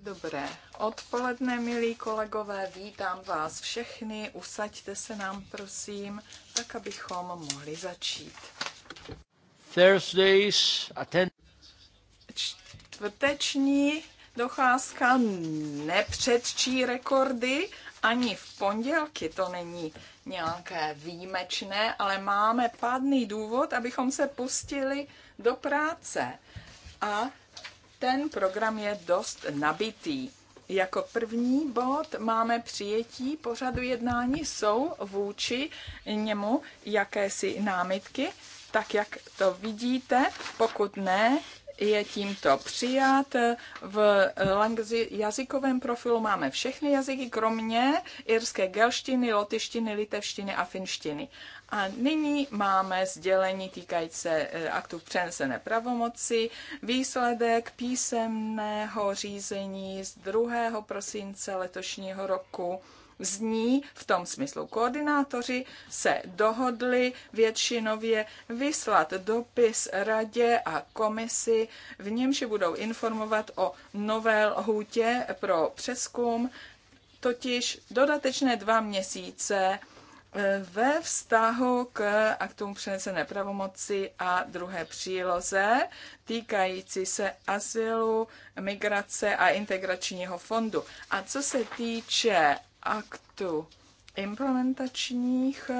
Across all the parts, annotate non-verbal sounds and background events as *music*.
Dobré odpoledne, milí kolegové, vítám vás všechny. Usaďte se nám, prosím, tak abychom mohli začít. Thursdays, attend... Čtvrteční docházka nepředčí rekordy, ani v pondělky to není nějaké výjimečné, ale máme pádný důvod, abychom se pustili do práce. A ten program je dost nabitý. Jako první bod máme přijetí pořadu jednání. Jsou vůči němu jakési námitky, tak jak to vidíte. Pokud ne, je tímto přijat. V jazykovém profilu máme všechny jazyky, kromě irské gelštiny, lotyštiny, litevštiny a finštiny. A nyní máme sdělení týkající se eh, aktu přenesené pravomoci, výsledek písemného řízení z 2. prosince letošního roku zní v tom smyslu. Koordinátoři se dohodli většinově vyslat dopis radě a komisi, v němž budou informovat o nové lhůtě pro přeskum, totiž dodatečné dva měsíce eh, ve vztahu k aktům přenesené pravomoci a druhé příloze týkající se asilu, migrace a integračního fondu. A co se týče aktu implementačních,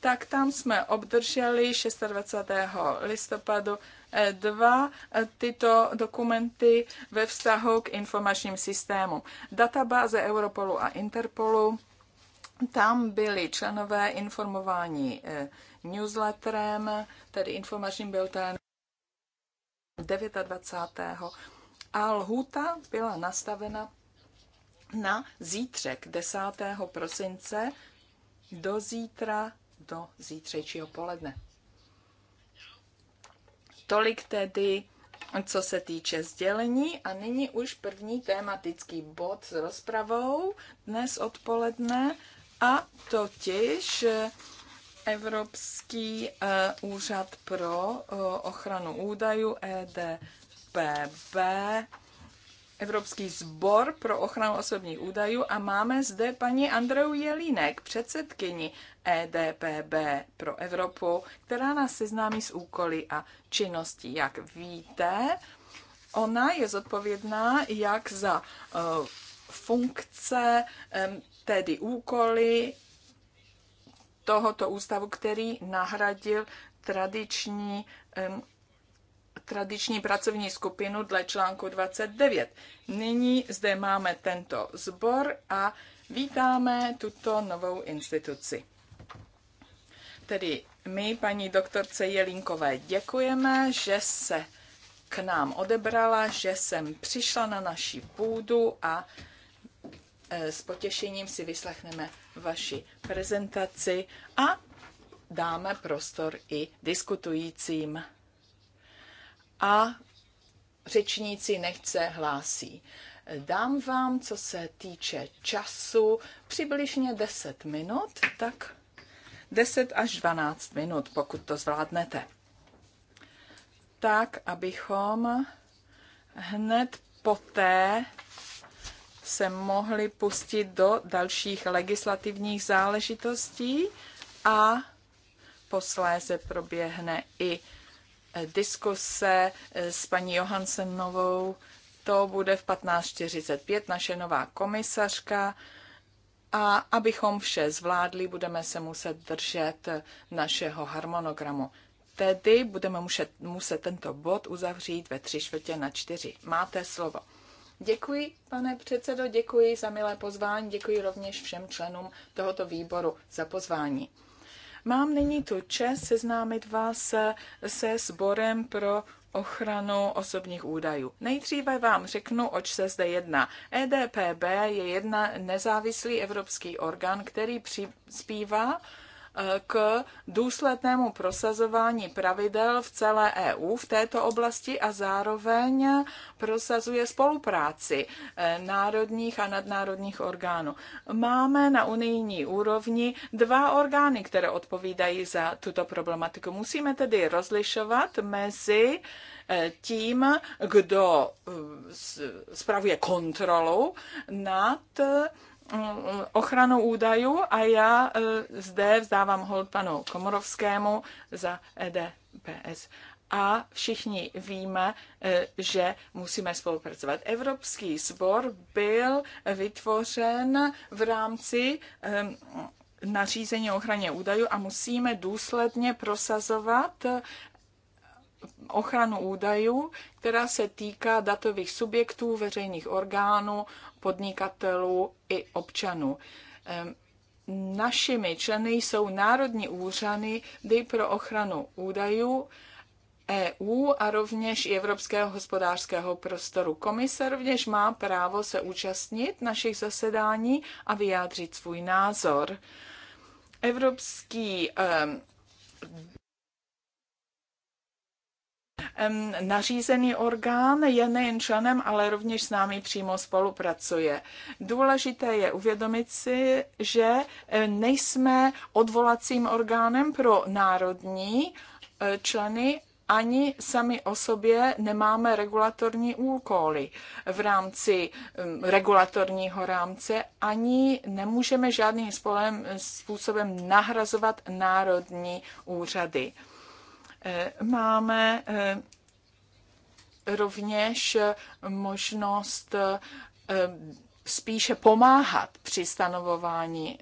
tak tam jsme obdrželi 26. listopadu eh, dva eh, tyto dokumenty ve vztahu k informačním systémům. Databáze Europolu a Interpolu, tam byli členové informování eh, newsletterem, tedy informačním biltem 29. A lhůta byla nastavena na zítřek 10. prosince do zítra, do zítřejšího poledne. Tolik tedy, co se týče sdělení a nyní už první tématický bod s rozpravou dnes odpoledne a totiž eh, Evropský eh, úřad pro eh, ochranu údajů EDPB Evropský sbor pro ochranu osobních údajů a máme zde paní Andreu Jelínek, předsedkyni EDPB pro Evropu, která nás seznámí s úkoly a činností. Jak víte, ona je zodpovědná jak za uh, funkce, um, tedy úkoly tohoto ústavu, který nahradil tradiční um, tradiční pracovní skupinu dle článku 29. Nyní zde máme tento sbor a vítáme tuto novou instituci. Tedy my paní doktorce Jelinkové děkujeme, že se k nám odebrala, že jsem přišla na naši půdu a e, s potěšením si vyslechneme vaši prezentaci a dáme prostor i diskutujícím a řečníci nechce hlásí. Dám vám, co se týče času, přibližně 10 minut, tak 10 až 12 minut, pokud to zvládnete. Tak, abychom hned poté se mohli pustit do dalších legislativních záležitostí a posléze proběhne i Eh, diskuse eh, s paní Johansenovou. To bude v 15.45 naše nová komisařka. A abychom vše zvládli, budeme se muset držet našeho harmonogramu. Tedy budeme muset, muset tento bod uzavřít ve tři čtvrtě na čtyři. Máte slovo. Děkuji, pane předsedo, děkuji za milé pozvání, děkuji rovněž všem členům tohoto výboru za pozvání. Mám nyní tu čest seznámit vás se sborem pro ochranu osobních údajů. Nejdříve vám řeknu, oč se zde jedná. EDPB je jedna nezávislý evropský orgán, který přispívá k důslednému prosazování pravidel v celé EU v této oblasti a zároveň prosazuje spolupráci eh, národních a nadnárodních orgánů. Máme na unijní úrovni dva orgány, které odpovídají za tuto problematiku. Musíme tedy rozlišovat mezi eh, tím, kdo eh, spravuje kontrolu nad ochranu údajů a já e, zde vzdávám hold panu Komorovskému za EDPS. A všichni víme, e, že musíme spolupracovat. Evropský sbor byl vytvořen v rámci e, nařízení o ochraně údajů a musíme důsledně prosazovat ochranu údajů, která se týká datových subjektů, veřejných orgánů, podnikatelů i občanů. Našimi členy jsou národní úřady pro ochranu údajů, EU a rovněž i Evropského hospodářského prostoru. Komise rovněž má právo se účastnit našich zasedání a vyjádřit svůj názor. Evropský um, Nařízený orgán je nejen členem, ale rovněž s námi přímo spolupracuje. Důležité je uvědomit si, že e, nejsme odvolacím orgánem pro národní e, členy, ani sami o sobě nemáme regulatorní úkoly v rámci regulatorního rámce, ani nemůžeme žádným způsobem nahrazovat národní úřady. Eh, máme eh, rovněž možnost eh, spíše pomáhat při stanovování.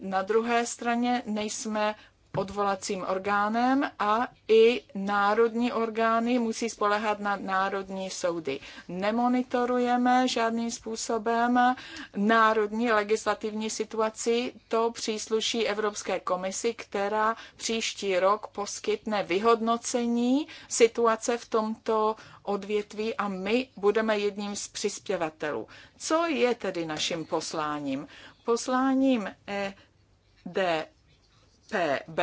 Na druhé straně nejsme odvolacím orgánem a i národní orgány musí spolehat na národní soudy. Nemonitorujeme žádným způsobem národní legislativní situaci, to přísluší Evropské komisi, která příští rok poskytne vyhodnocení situace v tomto odvětví a my budeme jedním z přispěvatelů. Co je tedy naším posláním? Posláním je D PB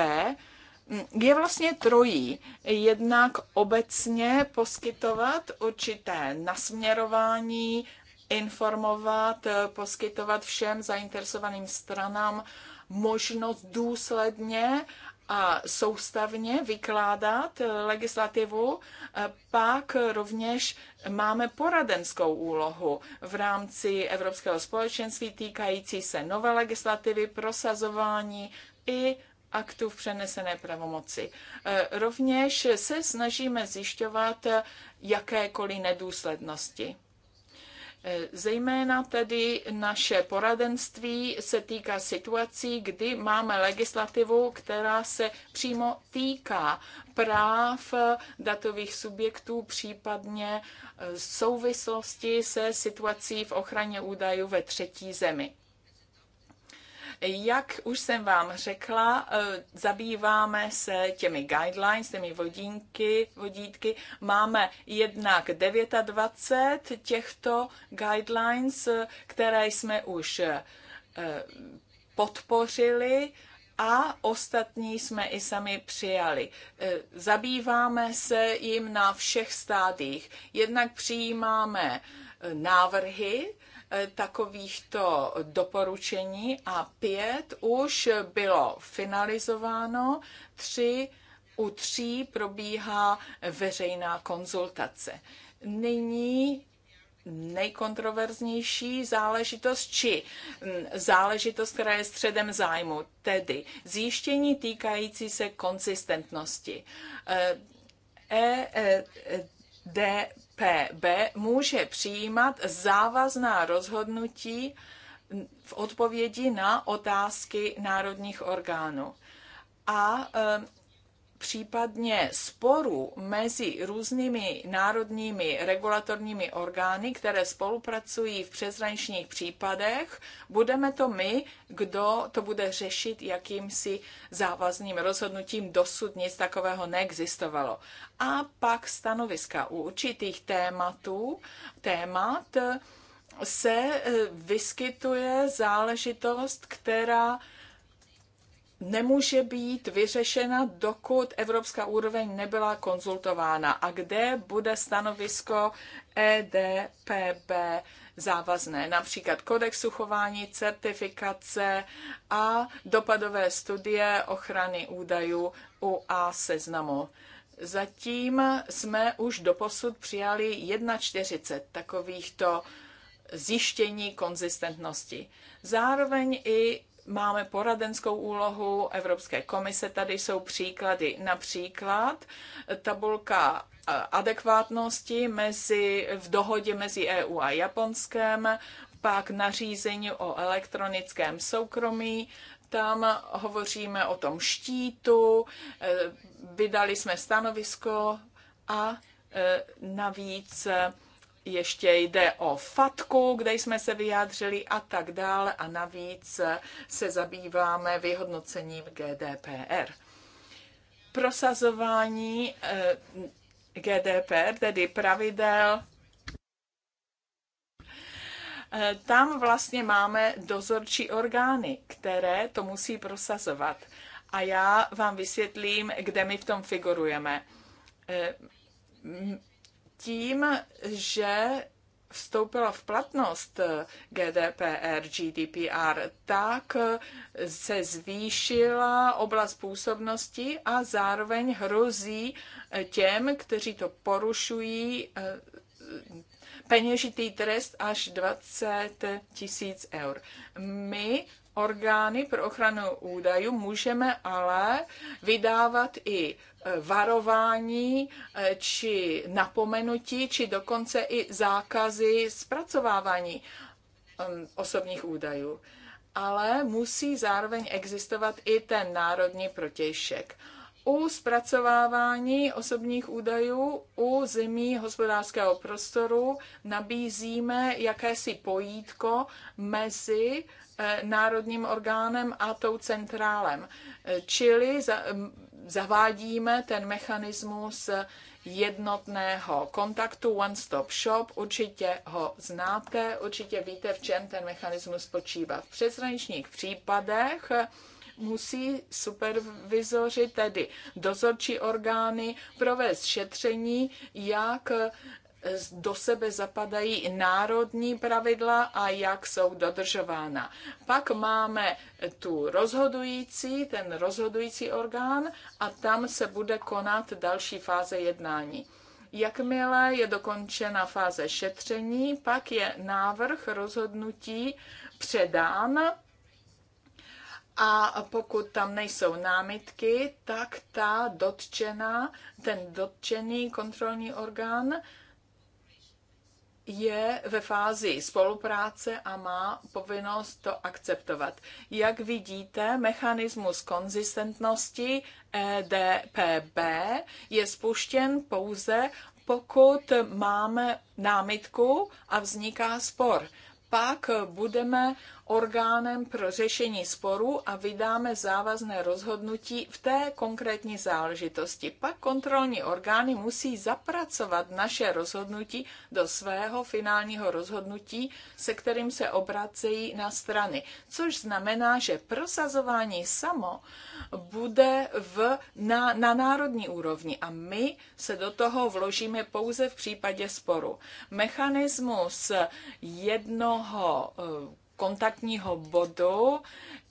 je vlastně trojí. Jednak obecně poskytovat určité nasměrování, informovat, poskytovat všem zainteresovaným stranám možnost důsledně a soustavně vykládat legislativu. Pak rovněž máme poradenskou úlohu v rámci Evropského společenství týkající se nové legislativy, prosazování i aktů v přenesené pravomoci. E, rovněž se snažíme zjišťovat e, jakékoliv nedůslednosti. E, zejména tedy naše poradenství se týká situací, kdy máme legislativu, která se přímo týká práv datových subjektů, případně souvislosti se situací v ochraně údajů ve třetí zemi. Jak už jsem vám řekla, eh, zabýváme se těmi guidelines, těmi vodínky, vodítky. Máme jednak 29 těchto guidelines, které jsme už eh, podpořili a ostatní jsme i sami přijali. Eh, zabýváme se jim na všech stádích. Jednak přijímáme návrhy takovýchto doporučení a pět už bylo finalizováno, tři u tří probíhá veřejná konzultace. Nyní nejkontroverznější záležitost, či mm, záležitost, která je středem zájmu, tedy zjištění týkající se konsistentnosti. E, eh, e, eh, e, eh, D, Pb může přijímat závazná rozhodnutí v odpovědi na otázky národních orgánů. A případně sporů mezi různými národními regulatorními orgány, které spolupracují v přeshraničních případech, budeme to my, kdo to bude řešit jakýmsi závazným rozhodnutím. Dosud nic takového neexistovalo. A pak stanoviska u určitých tématů, témat se eh, vyskytuje záležitost, která nemůže být vyřešena, dokud evropská úroveň nebyla konzultována. A kde bude stanovisko EDPB závazné, například kodex chování, certifikace a dopadové studie ochrany údajů u A seznamu. Zatím jsme už doposud přijali 140 takovýchto zjištění konzistentnosti. Zároveň i Máme poradenskou úlohu Evropské komise, tady jsou příklady. Například tabulka eh, adekvátnosti mezi, v dohodě mezi EU a Japonském, pak nařízení o elektronickém soukromí, tam hovoříme o tom štítu, eh, vydali jsme stanovisko a eh, navíc ještě jde o fatku, kde jsme se vyjádřili a tak dále a navíc se zabýváme vyhodnocením GDPR. Prosazování eh, GDPR, tedy pravidel eh, tam vlastně máme dozorčí orgány, které to musí prosazovat. A já vám vysvětlím, kde my v tom figurujeme. Eh, tím, že vstoupila v platnost eh, GDPR, GDPR, tak eh, se zvýšila oblast působnosti a zároveň hrozí eh, těm, kteří to porušují, peněžitý trest až 20 tisíc eur. My orgány pro ochranu údajů můžeme ale vydávat i e, varování e, či napomenutí, či dokonce i zákazy zpracovávání osobních údajů. Ale musí zároveň existovat i ten národní protějšek. U zpracovávání osobních údajů u zemí hospodářského prostoru nabízíme jakési pojítko mezi Eh, národním orgánem a tou centrálem. Eh, čili zavádíme ten mechanismus jednotného kontaktu, one-stop shop, určitě ho znáte, určitě víte, v čem ten mechanismus spočívá. V přeshraničních případech musí supervizoři, tedy dozorčí orgány, provést šetření, jak do sebe zapadají národní pravidla a jak jsou dodržována. Pak máme tu rozhodující, ten rozhodující orgán a tam se bude konat další fáze jednání. Jakmile je dokončena fáze šetření, pak je návrh rozhodnutí předán a pokud tam nejsou námitky, tak ta dotčená, ten dotčený kontrolní orgán je ve fázi spolupráce a má povinnost to akceptovat. Jak vidíte, mechanismus konzistentnosti EDPB je spuštěn pouze pokud máme námitku a vzniká spor. Pak budeme orgánem pro řešení sporů a vydáme závazné rozhodnutí v té konkrétní záležitosti. Pak kontrolní orgány musí zapracovat naše rozhodnutí do svého finálního rozhodnutí, se kterým se obracejí na strany. Což znamená, že prosazování samo bude v, na, na národní úrovni a my se do toho vložíme pouze v případě sporu. Mechanismus jednoho eh, kontaktního bodu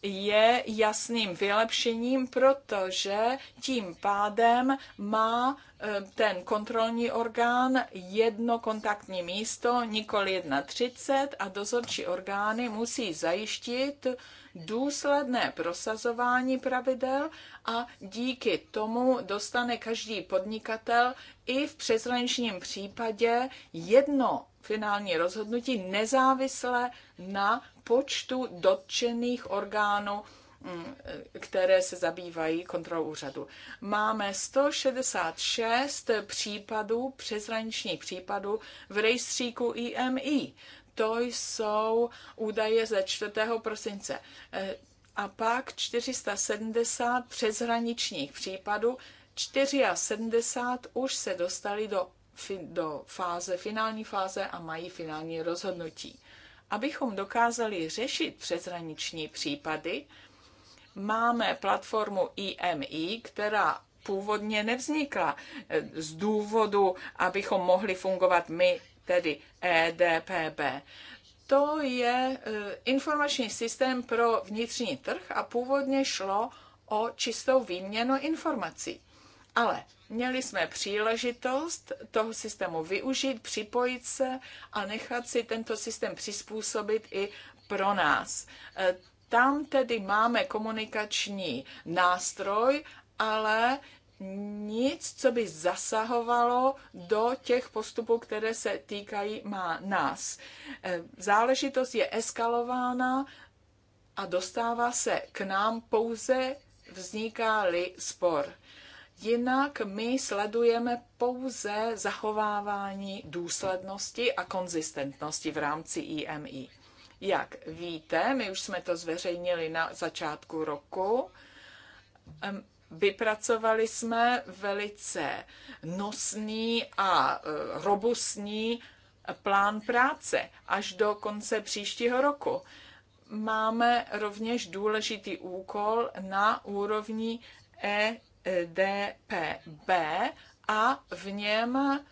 je jasným vylepšením, protože tím pádem má eh, ten kontrolní orgán jedno kontaktní místo, nikoli 1,30 a dozorčí orgány musí zajištit důsledné prosazování pravidel a díky tomu dostane každý podnikatel i v přeshraničním případě jedno finální rozhodnutí nezávisle na počtu dotčených orgánů, mm, které se zabývají kontrolou úřadu. Máme 166 případů, přeshraničních případů v rejstříku IMI. To jsou údaje ze 4. prosince. Eh, a pak 470 přeshraničních případů, 74 už se dostali do, do fáze, finální fáze a mají finální rozhodnutí. Abychom dokázali řešit přeshraniční případy, máme platformu IMI, e která původně nevznikla eh, z důvodu, abychom mohli fungovat my, tedy EDPB. To je eh, informační systém pro vnitřní trh a původně šlo o čistou výměnu informací. Ale měli jsme příležitost toho systému využít, připojit se a nechat si tento systém přizpůsobit i pro nás. E, tam tedy máme komunikační nástroj, ale nic, co by zasahovalo do těch postupů, které se týkají má nás. E, záležitost je eskalována a dostává se k nám pouze vzniká-li spor. Jinak my sledujeme pouze zachovávání důslednosti a konzistentnosti v rámci IMI. Jak víte, my už jsme to zveřejnili na začátku roku. Vypracovali jsme velice nosný a e, robustní plán práce až do konce příštího roku. Máme rovněž důležitý úkol na úrovni E DPB a v něm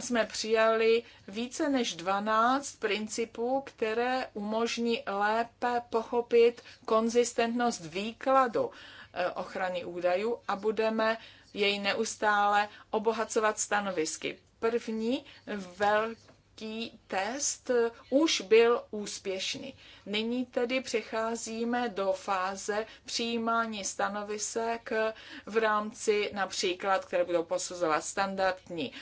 jsme přijali více než 12 principů, které umožní lépe pochopit konzistentnost výkladu eh, ochrany údajů a budeme jej neustále obohacovat stanovisky. První velký nějaký test už byl úspěšný. Nyní tedy přecházíme do fáze přijímání stanovisek v rámci například, které budou posuzovat standardní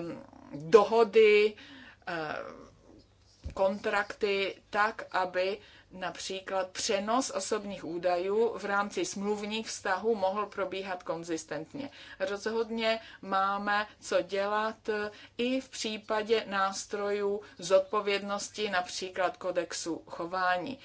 um, dohody, um, kontrakty tak, aby například přenos osobních údajů v rámci smluvních vztahů mohl probíhat konzistentně. Rozhodně máme co dělat i v případě nástrojů zodpovědnosti, například kodexu chování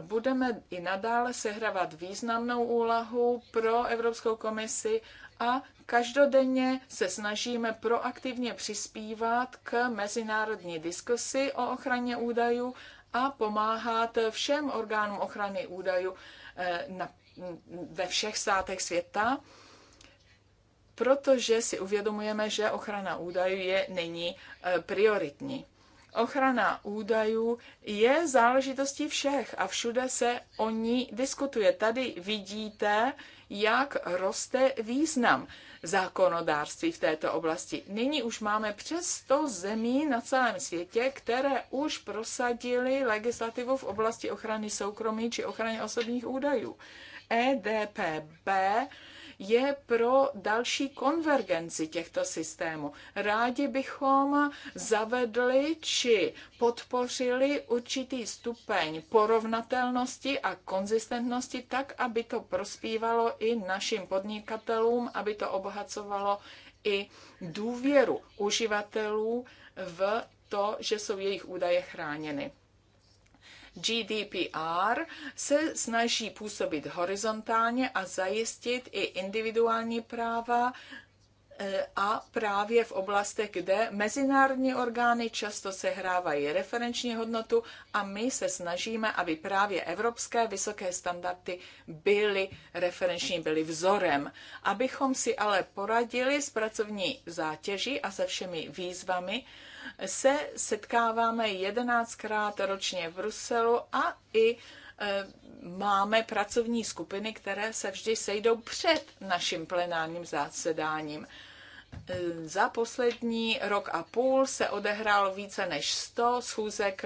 budeme i nadále sehrávat významnou úlohu pro Evropskou komisi a každodenně se snažíme proaktivně přispívat k mezinárodní diskusi o ochraně údajů a pomáhat všem orgánům ochrany údajů eh, ve všech státech světa, protože si uvědomujeme, že ochrana údajů je nyní eh, prioritní. Ochrana údajů je záležitostí všech a všude se o ní diskutuje. Tady vidíte, jak roste význam zákonodárství v této oblasti. Nyní už máme přes 100 zemí na celém světě, které už prosadili legislativu v oblasti ochrany soukromí či ochrany osobních údajů. EDPB je pro další konvergenci těchto systémů. Rádi bychom zavedli či podpořili určitý stupeň porovnatelnosti a konzistentnosti tak, aby to prospívalo i našim podnikatelům, aby to obohacovalo i důvěru uživatelů v to, že jsou jejich údaje chráněny. GDPR se snaží působit horizontálně a zajistit i individuální práva e, a právě v oblastech, kde mezinárodní orgány často sehrávají referenční hodnotu a my se snažíme, aby právě evropské vysoké standardy byly referenční, byly vzorem. Abychom si ale poradili s pracovní zátěží a se všemi výzvami, se setkáváme jedenáctkrát ročně v Bruselu a i e, máme pracovní skupiny, které se vždy sejdou před naším plenárním zasedáním. E, za poslední rok a půl se odehrálo více než 100 schůzek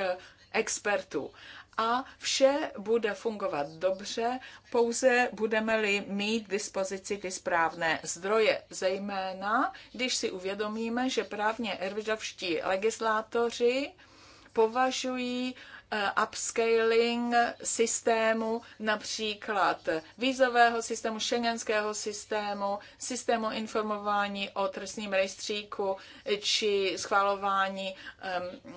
expertů a vše bude fungovat dobře, pouze budeme-li mít k dispozici ty správné zdroje, zejména když si uvědomíme, že právně ervidovští legislátoři považují eh, upscaling systému, například vízového systému, šengenského systému, systému informování o trestním rejstříku či schvalování um,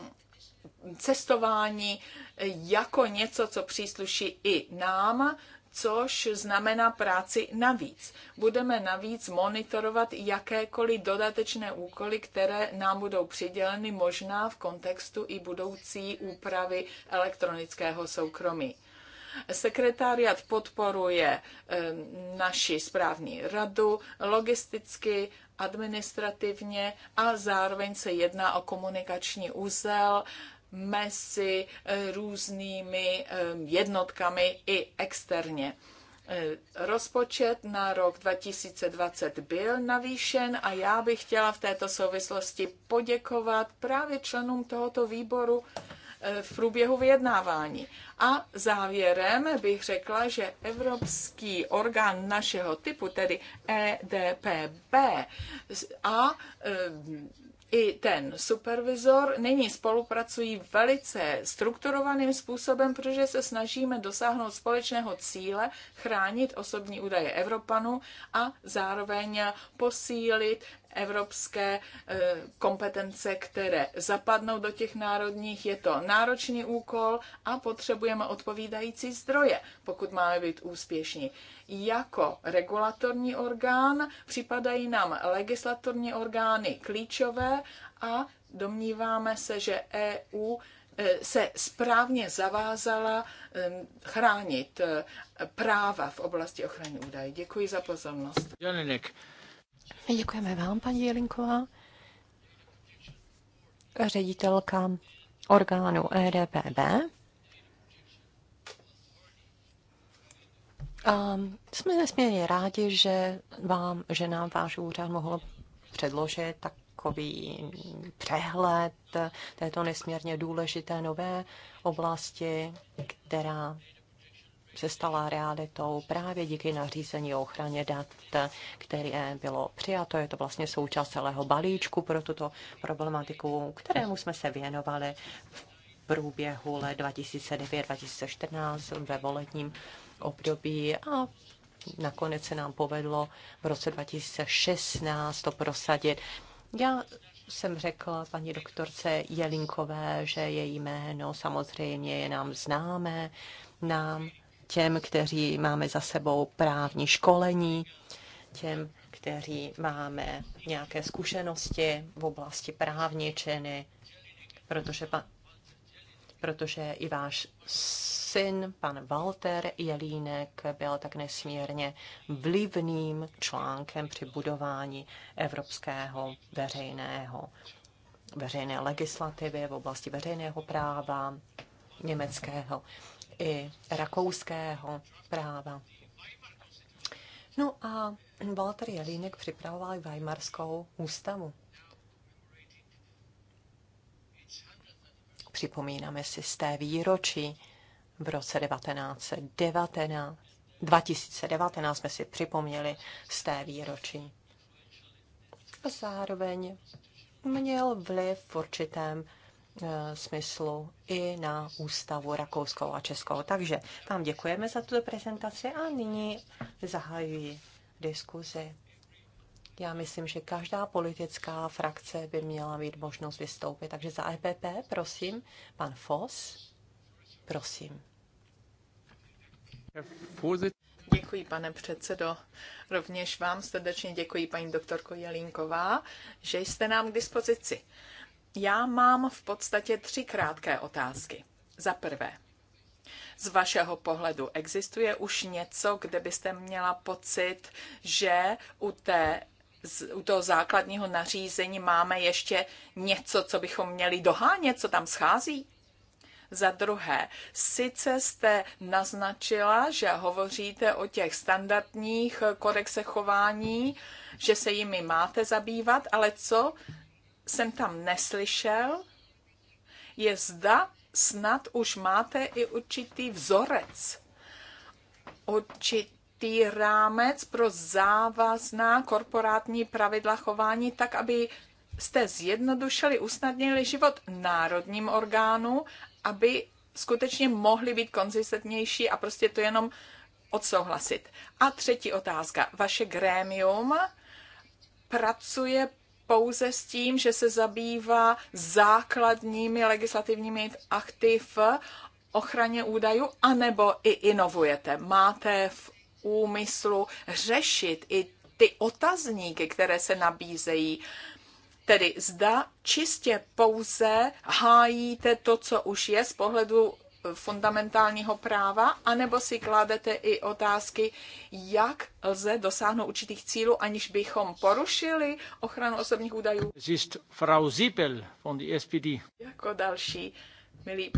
cestování jako něco, co přísluší i nám, což znamená práci navíc. Budeme navíc monitorovat jakékoliv dodatečné úkoly, které nám budou přiděleny možná v kontextu i budoucí úpravy elektronického soukromí. Sekretariat podporuje ehm, naši správní radu logisticky, administrativně a zároveň se jedná o komunikační úzel, mezi eh, různými eh, jednotkami i externě. Eh, rozpočet na rok 2020 byl navýšen a já bych chtěla v této souvislosti poděkovat právě členům tohoto výboru v průběhu vyjednávání. A závěrem bych řekla, že evropský orgán našeho typu, tedy EDPB a i ten supervizor nyní spolupracují velice strukturovaným způsobem, protože se snažíme dosáhnout společného cíle chránit osobní údaje Evropanů a zároveň posílit evropské eh, kompetence, které zapadnou do těch národních. Je to náročný úkol a potřebujeme odpovídající zdroje, pokud máme být úspěšní. Jako regulatorní orgán připadají nám legislatorní orgány klíčové a domníváme se, že EU eh, se správně zavázala eh, chránit práva v oblasti ochrany údajů. Děkuji za pozornost. Janinek. Děkujeme vám, paní Jelinková. Ředitelka orgánu EDPB. A jsme nesmírně rádi, že vám, že nám váš úřad mohl předložit takový přehled této nesmírně důležité nové oblasti, která se stala realitou právě díky nařízení o ochraně dat, které bylo přijato. Je to vlastně součást celého balíčku pro tuto problematiku, kterému jsme se věnovali v průběhu let 2009-2014 ve volebním období a nakonec se nám povedlo v roce 2016 to prosadit. Já jsem řekla paní doktorce Jelinkové, že její jméno samozřejmě je nám známé, nám těm, kteří máme za sebou právní školení, těm, kteří máme nějaké zkušenosti v oblasti právní činy, protože, pa, protože i váš syn, pan Walter Jelínek, byl tak nesmírně vlivným článkem při budování evropského veřejného veřejné legislativy v oblasti veřejného práva německého i rakouského práva. No a Walter Jelínek připravoval Weimarskou ústavu. Připomínáme si z té výročí v roce 1919, 2019 jsme si připomněli z té výročí. A zároveň měl vliv v určitém E, smyslu i na ústavu rakouskou a českou. Takže vám děkujeme za tuto prezentaci a nyní zahajuji diskuzi. Já myslím, že každá politická frakce by měla mít možnost vystoupit. Takže za EPP, prosím, pan Fos, prosím. Děkuji, pane předsedo. Rovněž vám srdečně děkuji, paní doktorko Jelínková, že jste nám k dispozici. Já mám v podstatě tři krátké otázky. Za prvé, z vašeho pohledu existuje už něco, kde byste měla pocit, že u té u toho základního nařízení máme ještě něco, co bychom měli dohánět, co tam schází? Za druhé, sice jste naznačila, že hovoříte o těch standardních kodexech chování, že se jimi máte zabývat, ale co jsem tam neslyšel, je zda snad už máte i určitý vzorec, určitý rámec pro závazná korporátní pravidla chování, tak aby jste zjednodušili, usnadnili život národním orgánu, aby skutečně mohli být konzistentnější a prostě to jenom odsouhlasit. A třetí otázka. Vaše grémium pracuje pouze s tím, že se zabývá základními legislativními akty v ochraně údajů, anebo i inovujete? Máte v úmyslu řešit i ty otazníky, které se nabízejí? Tedy zda čistě pouze hájíte to, co už je z pohledu fundamentálního práva, anebo si kládete i otázky, jak lze dosáhnout určitých cílů, aniž bychom porušili ochranu osobních údajů. Zist Frau Zippel von die SPD. Jako další, milí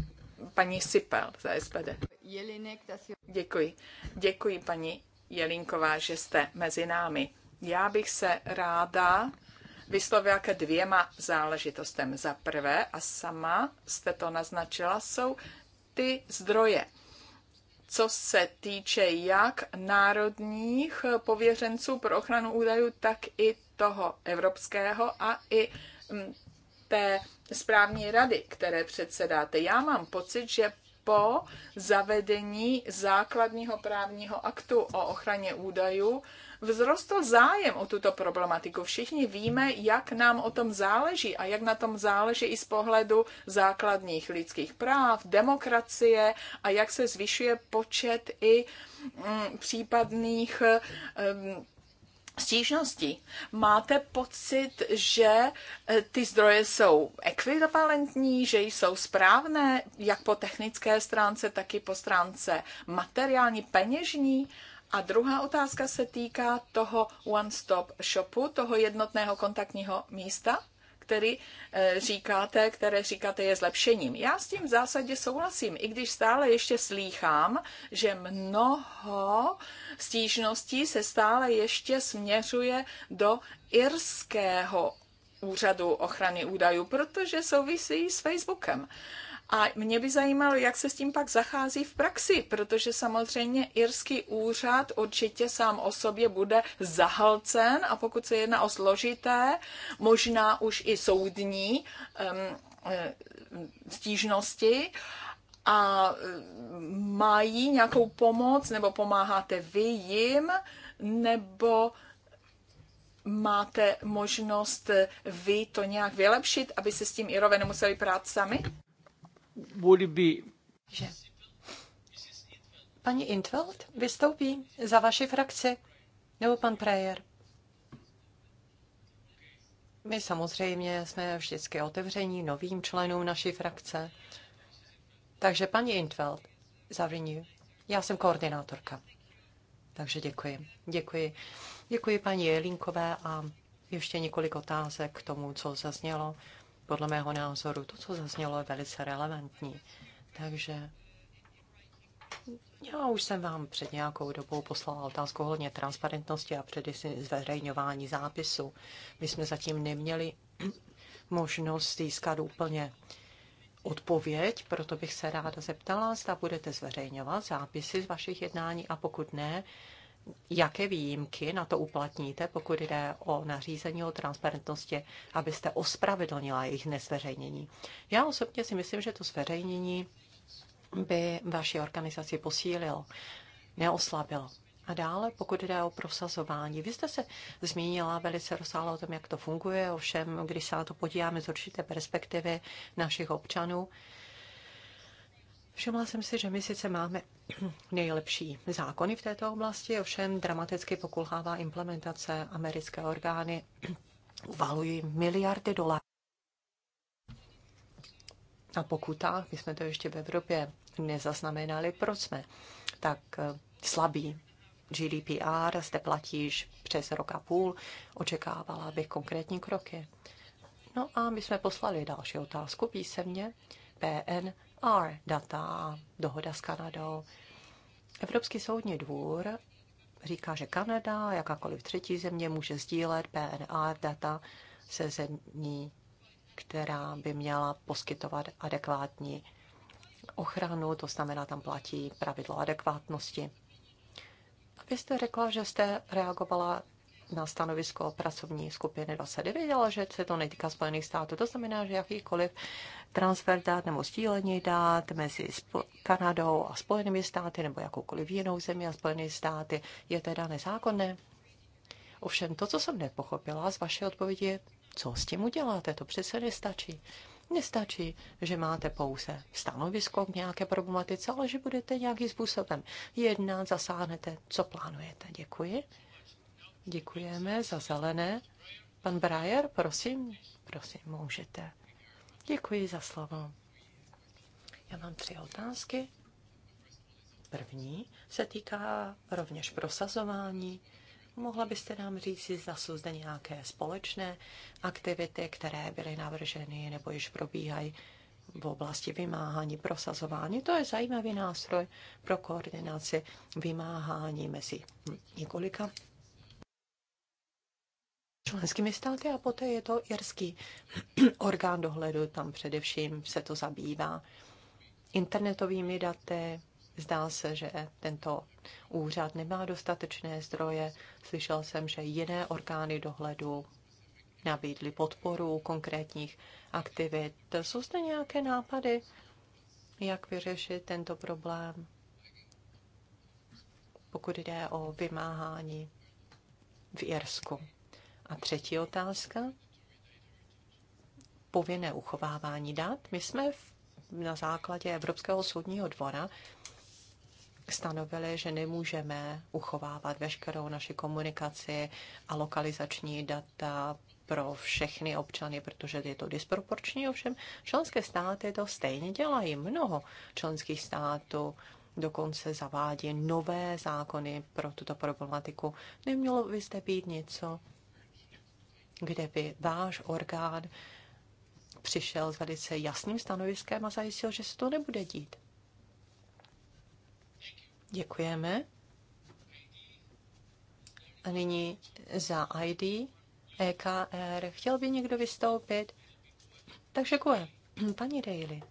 paní Sipel za SPD. Jelinek, Děkuji. Děkuji, paní Jelinková, že jste mezi námi. Já bych se ráda vyslovila ke dvěma záležitostem. Za prvé, a sama jste to naznačila, jsou ty zdroje. Co se týče jak národních pověřenců pro ochranu údajů, tak i toho evropského a i mm, té správní rady, které předsedáte. Já mám pocit, že po zavedení základního právního aktu o ochraně údajů vzrostl zájem o tuto problematiku. Všichni víme, jak nám o tom záleží a jak na tom záleží i z pohledu základních lidských práv, demokracie a jak se zvyšuje počet i mm, případných mm, stížností. Máte pocit, že e, ty zdroje jsou ekvivalentní, že jsou správné, jak po technické stránce, tak i po stránce materiální, peněžní? A druhá otázka se týká toho one-stop shopu, toho jednotného kontaktního místa, který eh, říkáte, které říkáte je zlepšením. Já s tím v zásadě souhlasím, i když stále ještě slýchám, že mnoho stížností se stále ještě směřuje do irského úřadu ochrany údajů, protože souvisí s Facebookem. A mě by zajímalo, jak se s tím pak zachází v praxi, protože samozřejmě irský úřad určitě sám o sobě bude zahalcen a pokud se jedná o složité, možná už i soudní um, stížnosti, a eh, mají nějakou pomoc, nebo pomáháte vy jim, nebo máte možnost eh, vy to nějak vylepšit, aby se s tím Irové nemuseli prát sami? would it be... Že. Pani Intveld vystoupí za vaši frakci, nebo pan Prejer? My samozřejmě jsme vždycky otevření novým členům naší frakce. Takže paní Intveld, zavření. Já jsem koordinátorka. Takže děkuji. Děkuji. Děkuji paní Jelinkové a ještě několik otázek k tomu, co zaznělo podle mého názoru to, co zaznělo, je velice relevantní. Takže já už jsem vám před nějakou dobou poslala otázku ohledně transparentnosti a především zveřejňování zápisu. My jsme zatím neměli *clears throat* možnost získat úplně odpověď, proto bych se ráda zeptala, zda budete zveřejňovat zápisy z vašich jednání a pokud ne, jaké výjimky na to uplatníte, pokud jde o nařízení o transparentnosti, abyste ospravedlnila jejich nezveřejnění. Já osobně si myslím, že to zveřejnění by vaši organizaci posílilo, neoslabilo. A dále, pokud jde o prosazování, vy jste se zmínila velice rozsáhle o tom, jak to funguje, ovšem, když se na to podíváme z určité perspektivy našich občanů, Všimla jsem si, že my sice máme *clears throat* nejlepší zákony v této oblasti, ovšem dramaticky pokulhává implementace americké orgány, *clears throat* uvalují miliardy dolarů. A pokuta, my jsme to ještě v Evropě nezaznamenali, proč jsme tak eh, slabí. GDPR zde platíš přes rok a půl, očekávala bych konkrétní kroky. No a my jsme poslali další otázku písemně. PN R data, dohoda s Kanadou. Evropský soudní dvůr říká, že Kanada jakákoliv třetí země může sdílet PNR data se zemí, která by měla poskytovat adekvátní ochranu, to znamená, tam platí pravidlo adekvátnosti. vy jste řekla, že jste reagovala na stanovisko pracovní skupiny 29, ale že se to netýká Spojených států. To znamená, že jakýkoliv transfer dát nebo sdílení dát mezi Kanadou a Spojenými státy nebo jakoukoliv jinou zemi a Spojené státy je teda nezákonné. Ovšem to, co jsem nepochopila z vaší odpovědi, je, co s tím uděláte, to přece nestačí. Nestačí, že máte pouze stanovisko k nějaké problematice, ale že budete nějakým způsobem jednat, zasáhnete, co plánujete. Děkuji. Děkujeme za zelené. Pan Brajer, prosím, prosím, můžete. Děkuji za slovo. Já mám tři otázky. První se týká rovněž prosazování. Mohla byste nám říct, zda jsou zde nějaké společné aktivity, které byly navrženy nebo již probíhají v oblasti vymáhání, prosazování. To je zajímavý nástroj pro koordinaci vymáhání mezi několika členskými státy a poté je to irský *clears throat* orgán dohledu, tam především se to zabývá internetovými daty. Zdá se, že tento úřad nemá dostatečné zdroje. Slyšel jsem, že jiné orgány dohledu nabídly podporu konkrétních aktivit. Jsou zde nějaké nápady, jak vyřešit tento problém, pokud jde o vymáhání v Irsku? A třetí otázka. Povinné uchovávání dat. My jsme na základě Evropského soudního dvora stanovili, že nemůžeme uchovávat veškerou naši komunikaci a lokalizační data pro všechny občany, protože je to disproporční. Ovšem, členské státy to stejně dělají. Mnoho členských států dokonce zavádí nové zákony pro tuto problematiku. Nemělo byste být něco kde by váš orgán přišel s velice jasným stanoviskem a zajistil, že se to nebude dít. Děkujeme. A nyní za ID EKR. Chtěl by někdo vystoupit? Takže kvůli. Paní Daly.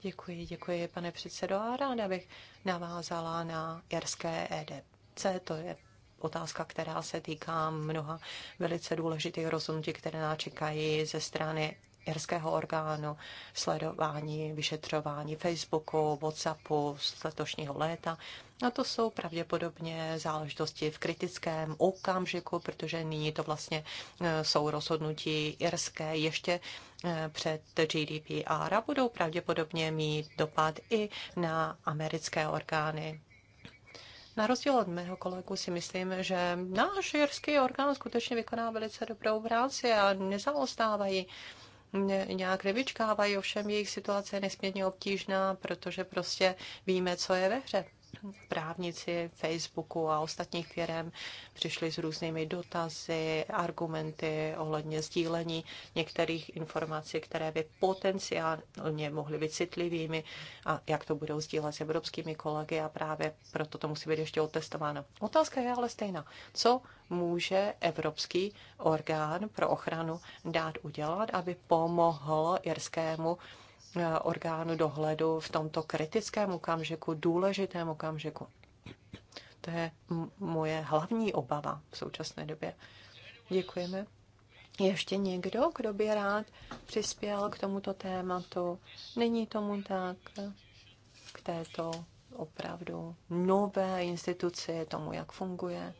Děkuji, děkuji, pane předsedo. A ráda bych navázala na jarské EDC. To je otázka, která se týká mnoha velice důležitých rozhodnutí, které nás čekají ze strany irského orgánu, sledování, vyšetřování Facebooku, Whatsappu z letošního léta. A to jsou pravděpodobně záležitosti v kritickém okamžiku, protože nyní to vlastně e, jsou rozhodnutí irské ještě e, před GDPR a budou pravděpodobně mít dopad i na americké orgány. Na rozdíl od mého kolegu si myslím, že náš jirský orgán skutečně vykoná velice dobrou práci a nezaostávají nějak nevyčkávají, ovšem jejich situace je nesmírně obtížná, protože prostě víme, co je ve hře právníci Facebooku a ostatních firm přišli s různými dotazy, argumenty ohledně sdílení některých informací, které by potenciálně mohly být citlivými a jak to budou sdílet s evropskými kolegy a právě proto to musí být ještě otestováno. Otázka je ale stejná. Co může Evropský orgán pro ochranu dát udělat, aby pomohl irskému Eh, orgánu dohledu v tomto kritickém okamžiku, důležitém okamžiku. To je moje hlavní obava v současné době. Děkujeme. Ještě někdo, kdo by rád přispěl k tomuto tématu? Není tomu tak k této opravdu nové instituci, tomu, jak funguje,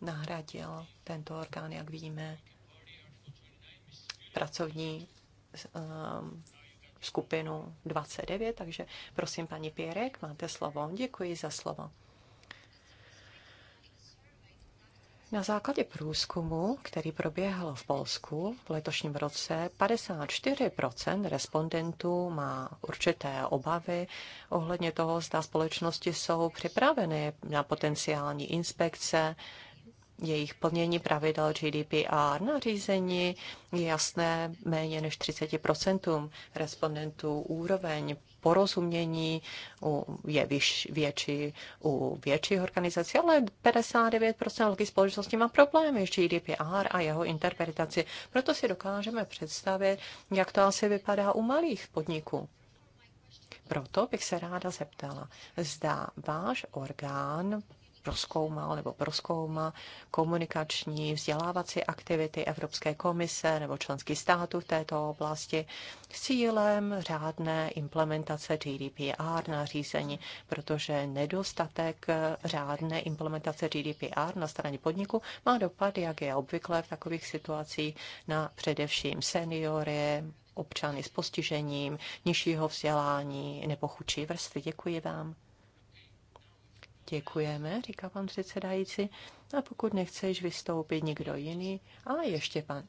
nahradil tento orgán, jak víme, pracovní Um, skupinu 29, takže prosím, paní Pěrek, máte slovo. Děkuji za slovo. Na základě průzkumu, který proběhl v Polsku v letošním roce, 54 respondentů má určité obavy ohledně toho, zda společnosti jsou připraveny na potenciální inspekce jejich plnění pravidel GDPR. Nařízení je jasné méně než 30% respondentů úroveň porozumění je vyš, větší u větších organizací, ale 59% velkých společností má problémy s GDPR a jeho interpretaci. Proto si dokážeme představit, jak to asi vypadá u malých podniků. Proto bych se ráda zeptala, zda váš orgán proskoumal nebo proskoumá komunikační vzdělávací aktivity Evropské komise nebo členských států v této oblasti s cílem řádné implementace GDPR nařízení, protože nedostatek řádné implementace GDPR na straně podniku má dopad, jak je obvykle v takových situacích, na především seniory, občany s postižením, nižšího vzdělání nebo chudší vrstvy. Děkuji vám. Děkujeme, říká pan předsedající. A pokud nechceš vystoupit nikdo jiný, a ještě pan.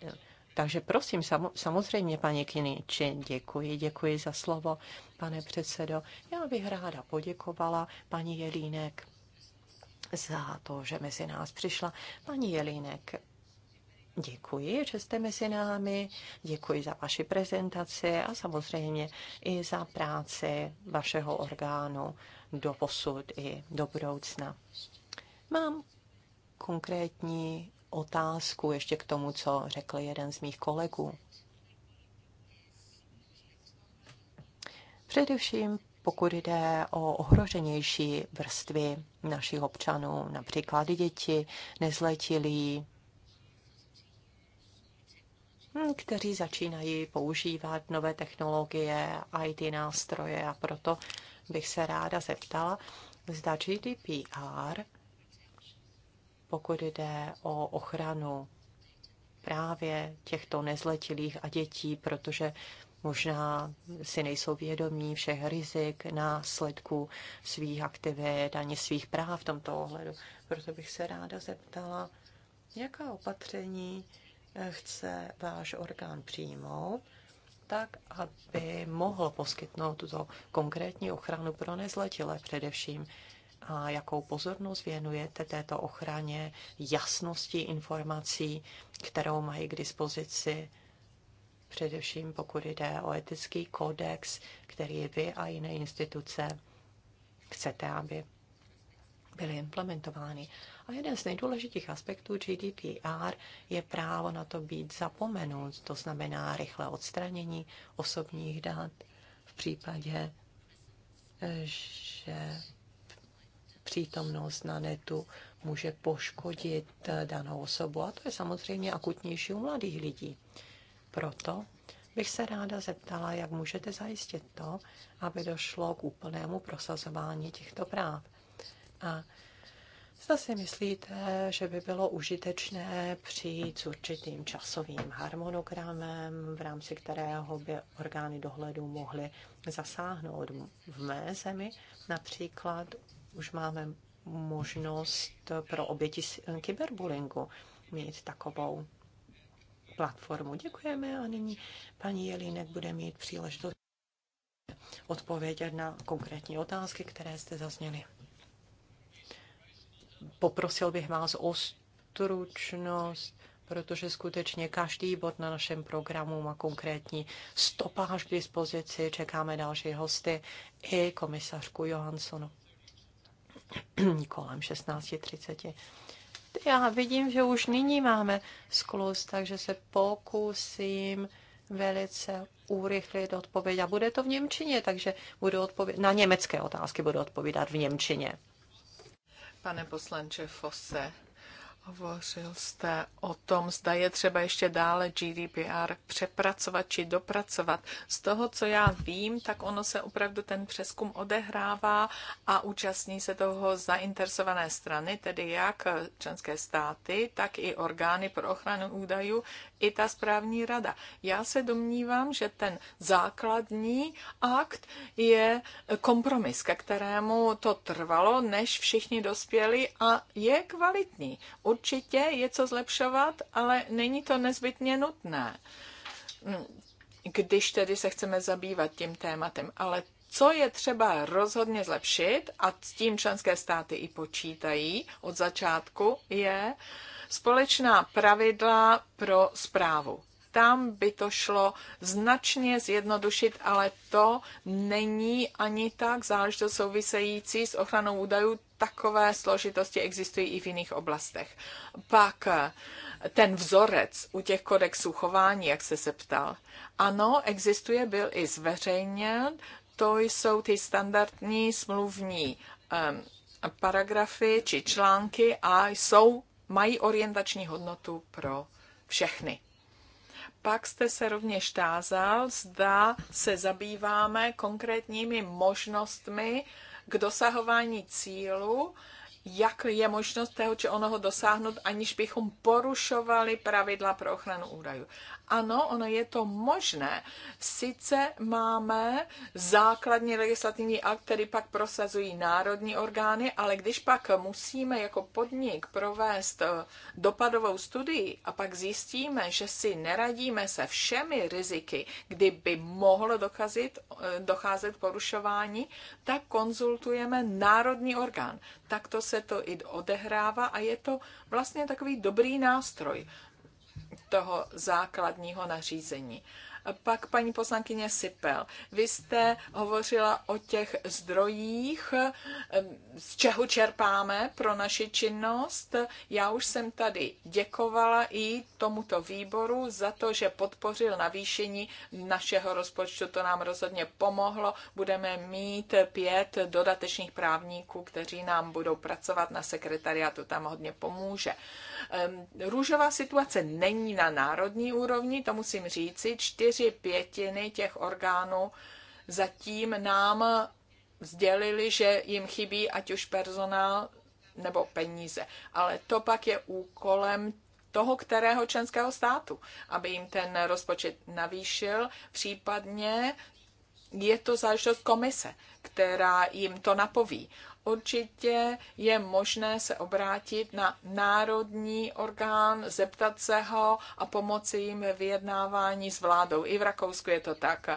Takže prosím, samozřejmě, paní Kiniči, děkuji, děkuji za slovo, pane předsedo. Já bych ráda poděkovala paní Jelínek za to, že mezi nás přišla. Paní Jelínek, Děkuji, že jste mezi námi, děkuji za vaši prezentaci a samozřejmě i za práci vašeho orgánu do posud i do budoucna. Mám konkrétní otázku ještě k tomu, co řekl jeden z mých kolegů. Především pokud jde o ohroženější vrstvy našich občanů, například děti, nezletilí, hm, kteří začínají používat nové technologie, IT nástroje a proto bych se ráda zeptala, zda GDPR, pokud jde o ochranu právě těchto nezletilých a dětí, protože možná si nejsou vědomí všech rizik, následků svých aktivit, ani svých práv v tomto ohledu. Proto bych se ráda zeptala, jaká opatření chce váš orgán přijmout, tak, aby mohl poskytnout tuto konkrétní ochranu pro nezletilé především. A jakou pozornost věnujete této ochraně, jasnosti informací, kterou mají k dispozici, především pokud jde o etický kodex, který vy a jiné instituce chcete, aby byly implementovány. A jeden z nejdůležitých aspektů GDPR je právo na to být zapomenut, to znamená rychlé odstranění osobních dat v případě, eh, že přítomnost na netu může poškodit eh, danou osobu. A to je samozřejmě akutnější u mladých lidí. Proto bych se ráda zeptala, jak můžete zajistit to, aby došlo k úplnému prosazování těchto práv. A Zda si myslíte, že by bylo užitečné přijít s určitým časovým harmonogramem, v rámci kterého by orgány dohledu mohly zasáhnout v mé zemi? Například už máme možnost pro oběti kyberbullyingu mít takovou platformu. Děkujeme a nyní paní Jelínek bude mít příležitost odpovědět na konkrétní otázky, které jste zazněli poprosil bych vás o stručnost, protože skutečně každý bod na našem programu má konkrétní stopáž k dispozici. Čekáme další hosty i komisařku Johanssonu *clears throat* kolem 16.30. Já vidím, že už nyní máme sklus, takže se pokusím velice urychlit odpověď. A bude to v Němčině, takže budu odpověd- na německé otázky budu odpovídat v Němčině. Pane poslanče Fose, hovořil jste o tom, zda je třeba ještě dále GDPR přepracovat či dopracovat. Z toho, co já vím, tak ono se opravdu ten přeskum odehrává a účastní se toho zainteresované strany, tedy jak členské státy, tak i orgány pro ochranu údajů, i ta správní rada. Já se domnívám, že ten základní akt je kompromis, ke kterému to trvalo, než všichni dospěli a je kvalitní. Určitě je co zlepšovat, ale není to nezbytně nutné když tedy se chceme zabývat tím tématem. Ale co je třeba rozhodně zlepšit, a s tím členské státy i počítají od začátku, je společná pravidla pro zprávu. Tam by to šlo značně zjednodušit, ale to není ani tak záležitost související s ochranou údajů. Takové složitosti existují i v jiných oblastech. Pak eh, ten vzorec u těch kodexů chování, jak se se ptal. Ano, existuje, byl i zveřejněn, to jsou ty standardní smluvní um, paragrafy či články a jsou mají orientační hodnotu pro všechny. Pak jste se rovněž tázal, zda se zabýváme konkrétními možnostmi k dosahování cílu, jak je možnost toho či onoho dosáhnout, aniž bychom porušovali pravidla pro ochranu údajů. Ano, ono je to možné. Sice máme základní legislativní akt, který pak prosazují národní orgány, ale když pak musíme jako podnik provést eh, dopadovou studii a pak zjistíme, že si neradíme se všemi riziky, kdyby mohlo dokazit, eh, docházet porušování, tak konzultujeme národní orgán. Takto se to i odehrává a je to vlastně takový dobrý nástroj toho základního nařízení. Pak paní poslankyně Sipel, vy jste hovořila o těch zdrojích, z čeho čerpáme pro naši činnost. Já už jsem tady děkovala i tomuto výboru za to, že podpořil navýšení našeho rozpočtu. To nám rozhodně pomohlo. Budeme mít pět dodatečných právníků, kteří nám budou pracovat na sekretariátu. Tam hodně pomůže. Růžová situace není na národní úrovni, to musím říci. Čtyři pětiny těch orgánů zatím nám sdělili, že jim chybí ať už personál nebo peníze. Ale to pak je úkolem toho, kterého členského státu, aby jim ten rozpočet navýšil, případně je to záležitost komise, která jim to napoví určitě je možné se obrátit na národní orgán, zeptat se ho a pomoci jim ve vyjednávání s vládou. I v Rakousku je to tak.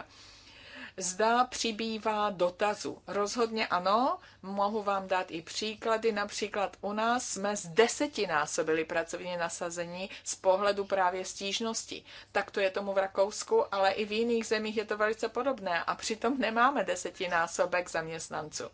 Zda přibývá dotazu. Rozhodně ano, mohu vám dát i příklady. Například u nás jsme z desetinásobili pracovně nasazení z pohledu právě stížnosti. Tak to je tomu v Rakousku, ale i v jiných zemích je to velice podobné a přitom nemáme desetinásobek zaměstnanců. E,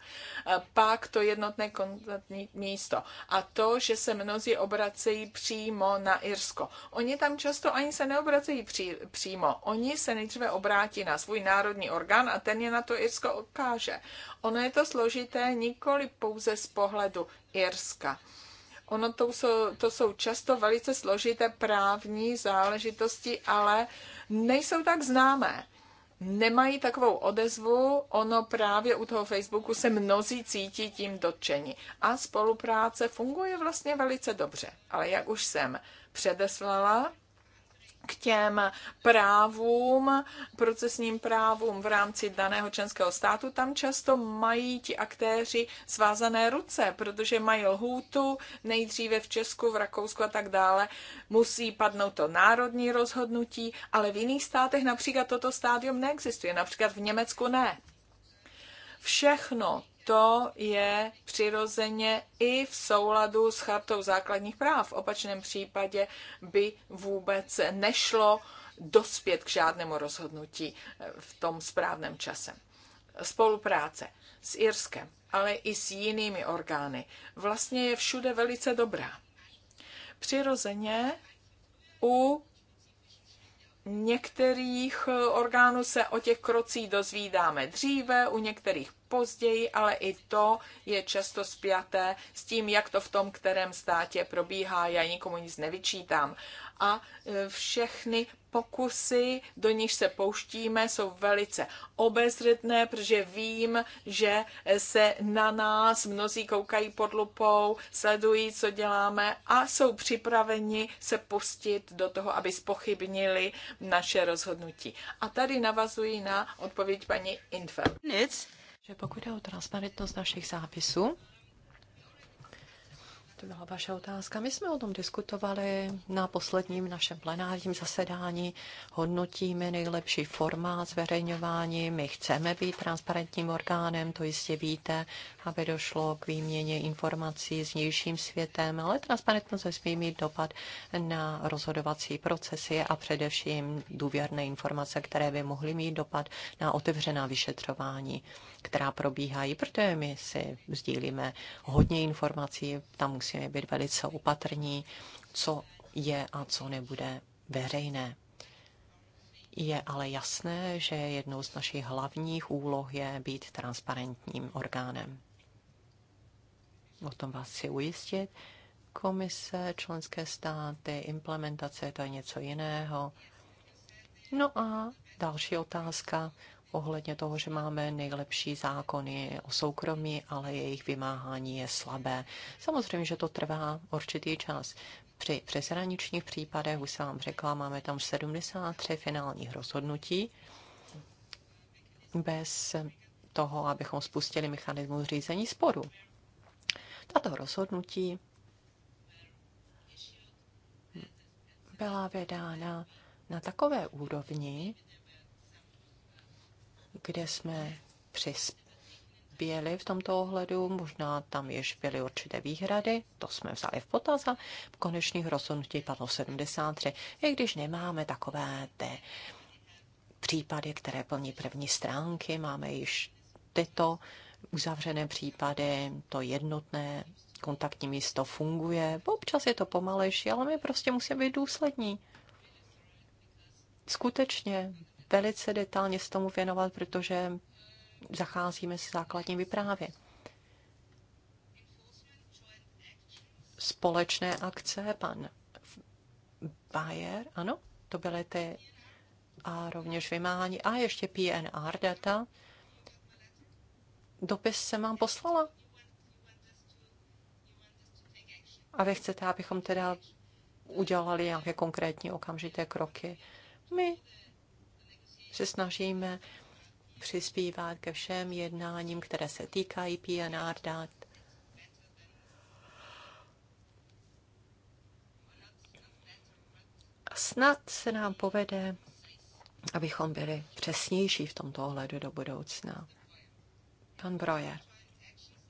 pak to jednotné kontaktní místo a to, že se mnozí obracejí přímo na Irsko. Oni tam často ani se neobracejí pří, přímo. Oni se nejdříve obrátí na svůj národní orgán, orgán a ten je na to Irsko odkáže. Ono je to složité nikoli pouze z pohledu Irska. Ono to jsou, to jsou často velice složité právní záležitosti, ale nejsou tak známé nemají takovou odezvu, ono právě u toho Facebooku se mnozí cítí tím dotčeni. A spolupráce funguje vlastně velice dobře. Ale jak už jsem předeslala, k těm právům, procesním právům v rámci daného členského státu, tam často mají ti aktéři svázané ruce, protože mají lhůtu nejdříve v Česku, v Rakousku a tak dále. Musí padnout to národní rozhodnutí, ale v jiných státech například toto stádium neexistuje, například v Německu ne. Všechno to je přirozeně i v souladu s chartou základních práv. V opačném případě by vůbec nešlo dospět k žádnému rozhodnutí eh, v tom správném čase. Spolupráce s Irskem, ale i s jinými orgány vlastně je všude velice dobrá. Přirozeně u některých eh, orgánů se o těch krocích dozvídáme dříve, u některých později, ale i to je často spjaté s tím, jak to v tom kterém státě probíhá. Já nikomu nic nevyčítám, a e, všechny pokusy, do nich se pouštíme, jsou velice obezřetné, protože vím, že se na nás mnozí koukají pod lupou, sledují, co děláme a jsou připraveni se pustit do toho, aby spochybnili naše rozhodnutí. A tady navazuji na odpověď paní Infel. Nic. Že pokud je o transparentnost našich zápisů, to byla vaše otázka. My jsme o tom diskutovali na posledním našem plenárním zasedání. Hodnotíme nejlepší forma zveřejňování. My chceme být transparentním orgánem, to jistě víte, aby došlo k výměně informací s vnějším světem, ale transparentnost nesmí mít dopad na rozhodovací procesy a především důvěrné informace, které by mohly mít dopad na otevřená vyšetřování, která probíhají, protože my si sdílíme hodně informací, tam musí musíme být velice opatrní, co je a co nebude veřejné. Je ale jasné, že jednou z našich hlavních úloh je být transparentním orgánem. O tom vás chci ujistit. Komise, členské státy, implementace, to je něco jiného. No a další otázka ohledně toho, že máme nejlepší zákony o soukromí, ale jejich vymáhání je slabé. Samozřejmě, že to trvá určitý čas. Při přeshraničních případech, už jsem vám řekla, máme tam 73 finálních rozhodnutí bez toho, abychom spustili mechanismus řízení sporu. Tato rozhodnutí byla vydána na takové úrovni, kde jsme přispěli v tomto ohledu. Možná tam již byly určité výhrady, to jsme vzali v potaz a v konečných rozhodnutí padlo 73, i když nemáme takové ty případy, které plní první stránky, máme již tyto uzavřené případy, to jednotné kontaktní místo funguje. Občas je to pomalejší, ale my prostě musíme být důslední. Skutečně velice detailně se tomu věnovat, protože zacházíme s základní vyprávě. Společné akce, pan Bayer, ano, to byly ty a rovněž vymáhání a ještě PNR data. Dopis jsem vám poslala. A vy chcete, abychom teda udělali nějaké konkrétní okamžité kroky. My se snažíme přispívat ke všem jednáním, které se týkají PNR dat. Snad se nám povede, abychom byli přesnější v tomto ohledu do budoucna. Pan Brojer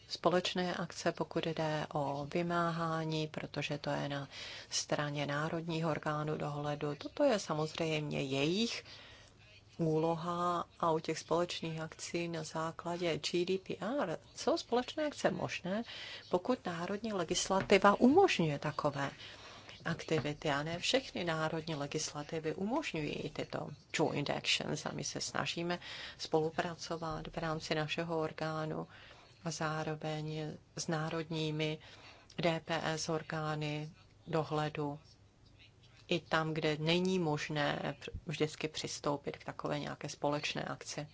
společné akce, pokud jde o vymáhání, protože to je na straně národních orgánů dohledu. Toto je samozřejmě jejich úloha a u těch společných akcí na základě GDPR. Jsou společné akce možné, pokud národní legislativa umožňuje takové aktivity a ne všechny národní legislativy umožňují tyto joint actions a my se snažíme spolupracovat v rámci našeho orgánu a zároveň s národními DPS orgány dohledu i tam, kde není možné vždycky přistoupit k takové nějaké společné akci.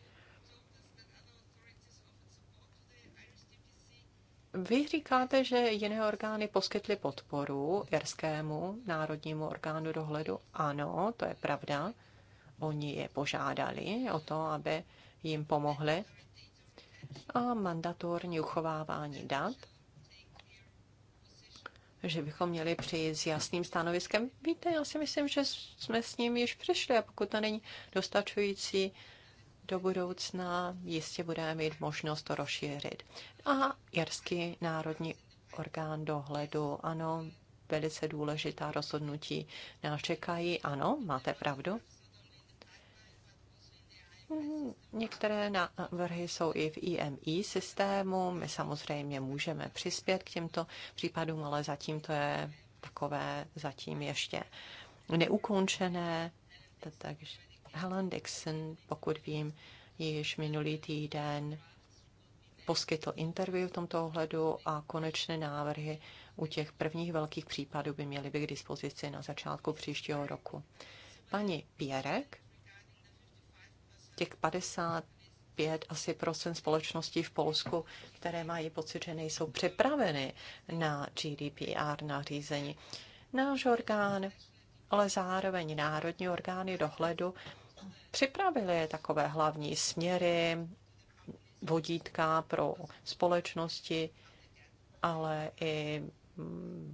Vy říkáte, že jiné orgány poskytly podporu Jerskému národnímu orgánu dohledu. Ano, to je pravda. Oni je požádali o to, aby jim pomohli. A mandatorní uchovávání dat že bychom měli přijít s jasným stanoviskem. Víte, já si myslím, že jsme s ním již přišli a pokud to není dostačující, do budoucna jistě budeme mít možnost to rozšířit. A Jarský národní orgán dohledu, ano, velice důležitá rozhodnutí nás čekají, ano, máte pravdu. Některé návrhy jsou i v IMI systému. My samozřejmě můžeme přispět k těmto případům, ale zatím to je takové zatím ještě neukončené. Takže Helen Dixon, pokud vím, již minulý týden poskytl interview v tomto ohledu a konečné návrhy u těch prvních velkých případů by měly být k dispozici na začátku příštího roku. Paní Pěrek těch 55 asi procent společností v Polsku, které mají pocit, že nejsou připraveny na GDPR nařízení. Náš orgán, ale zároveň národní orgány dohledu připravili takové hlavní směry, vodítka pro společnosti, ale i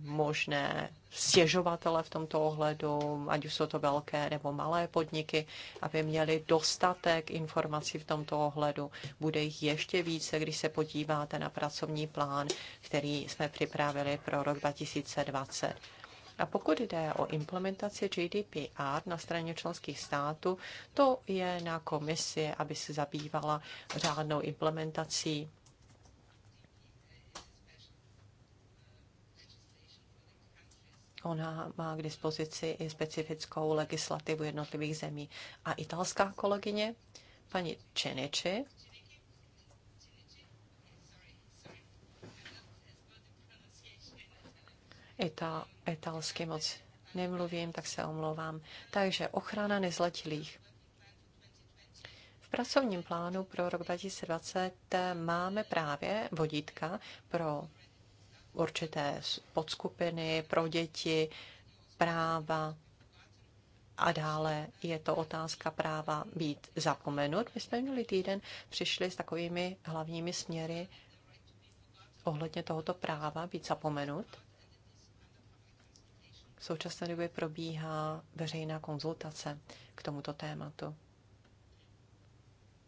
možné stěžovatele v tomto ohledu, ať už jsou to velké nebo malé podniky, aby měli dostatek informací v tomto ohledu. Bude jich ještě více, když se podíváte na pracovní plán, který jsme připravili pro rok 2020. A pokud jde o implementaci GDPR na straně členských států, to je na komisi, aby se zabývala řádnou implementací Ona má k dispozici i specifickou legislativu jednotlivých zemí. A italská kolegyně, paní Čeneči, Ita, italsky moc nemluvím, tak se omlouvám. Takže ochrana nezletilých. V pracovním plánu pro rok 2020 máme právě vodítka pro určité podskupiny pro děti, práva a dále je to otázka práva být zapomenut. My jsme minulý týden přišli s takovými hlavními směry ohledně tohoto práva být zapomenut. V současné době probíhá veřejná konzultace k tomuto tématu.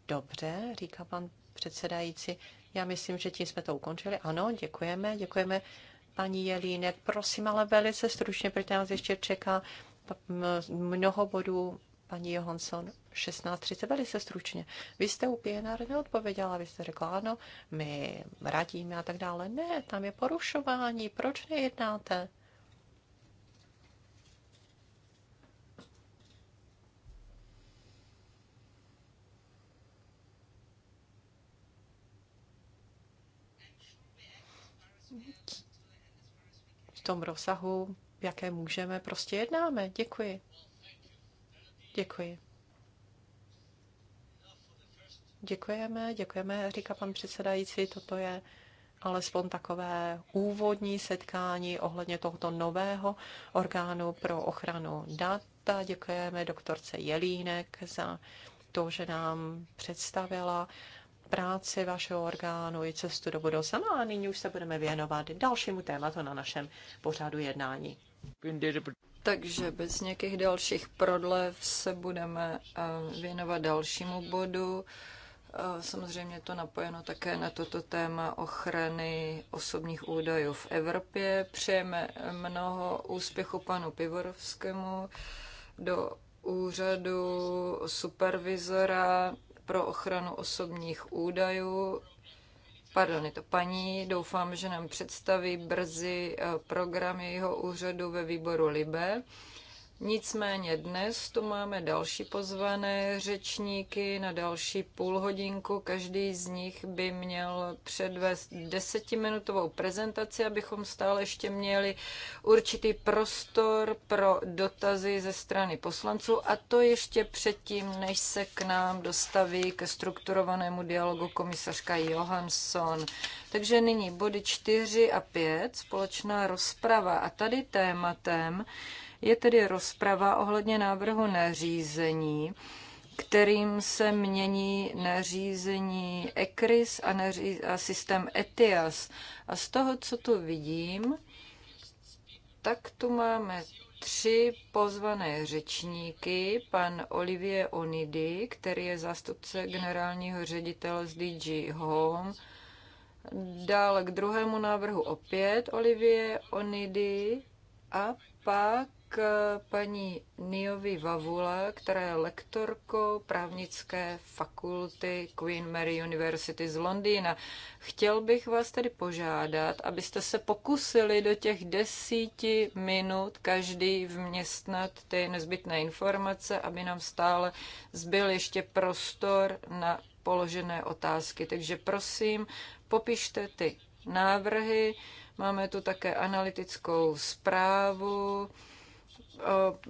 Dobře, říká pan předsedající. Já myslím, že tím jsme to ukončili. Ano, děkujeme, děkujeme paní Jelínek. Prosím, ale velice stručně, protože nás ještě čeká mnoho bodů. Paní Johansson, 16.30, velice stručně. Vy jste u PNR neodpověděla, vy jste řekla, ano, my radíme a tak dále. Ne, tam je porušování, proč nejednáte? v tom rozsahu, v jaké můžeme, prostě jednáme. Děkuji. Děkuji. Děkujeme, děkujeme, říká pan předsedající. Toto je alespoň takové úvodní setkání ohledně tohoto nového orgánu pro ochranu dat. Děkujeme doktorce Jelínek za to, že nám představila práci vašeho orgánu i cestu do budoucna. No a nyní už se budeme věnovat dalšímu tématu na našem pořadu jednání. Takže bez nějakých dalších prodlev se budeme eh, věnovat dalšímu bodu. Eh, samozřejmě to napojeno také na toto téma ochrany osobních údajů v Evropě. Přejeme mnoho úspěchu panu Pivorovskému do úřadu supervizora pro ochranu osobních údajů. Pardon, je to paní. Doufám, že nám představí brzy eh, program jejího úřadu ve výboru LIBE. Nicméně dnes tu máme další pozvané řečníky na další půl hodinku. Každý z nich by měl předvést desetiminutovou prezentaci, abychom stále ještě měli určitý prostor pro dotazy ze strany poslanců a to ještě předtím, než se k nám dostaví ke strukturovanému dialogu komisařka Johansson. Takže nyní body 4 a 5, společná rozprava a tady tématem je tedy rozprava ohledně návrhu nařízení, kterým se mění nařízení ECRIS a, naří- a systém ETIAS. A z toho, co tu vidím, tak tu máme tři pozvané řečníky. Pan Olivier Onidy, který je zástupce generálního ředitele z DG Home. Dále k druhému návrhu opět Olivier Onidy a pak paní Niovi Vavule, která je lektorkou právnické fakulty Queen Mary University z Londýna. Chtěl bych vás tedy požádat, abyste se pokusili do těch desíti minut každý vměstnat ty nezbytné informace, aby nám stále zbyl ještě prostor na položené otázky. Takže prosím, popište ty návrhy. Máme tu také analytickou zprávu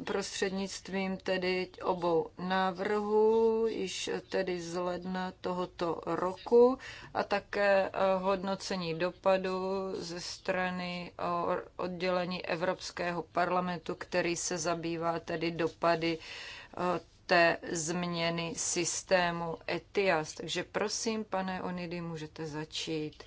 prostřednictvím tedy obou návrhů, již tedy z ledna tohoto roku a také hodnocení dopadu ze strany oddělení Evropského parlamentu, který se zabývá tedy dopady té změny systému ETIAS. Takže prosím, pane Onidy, můžete začít.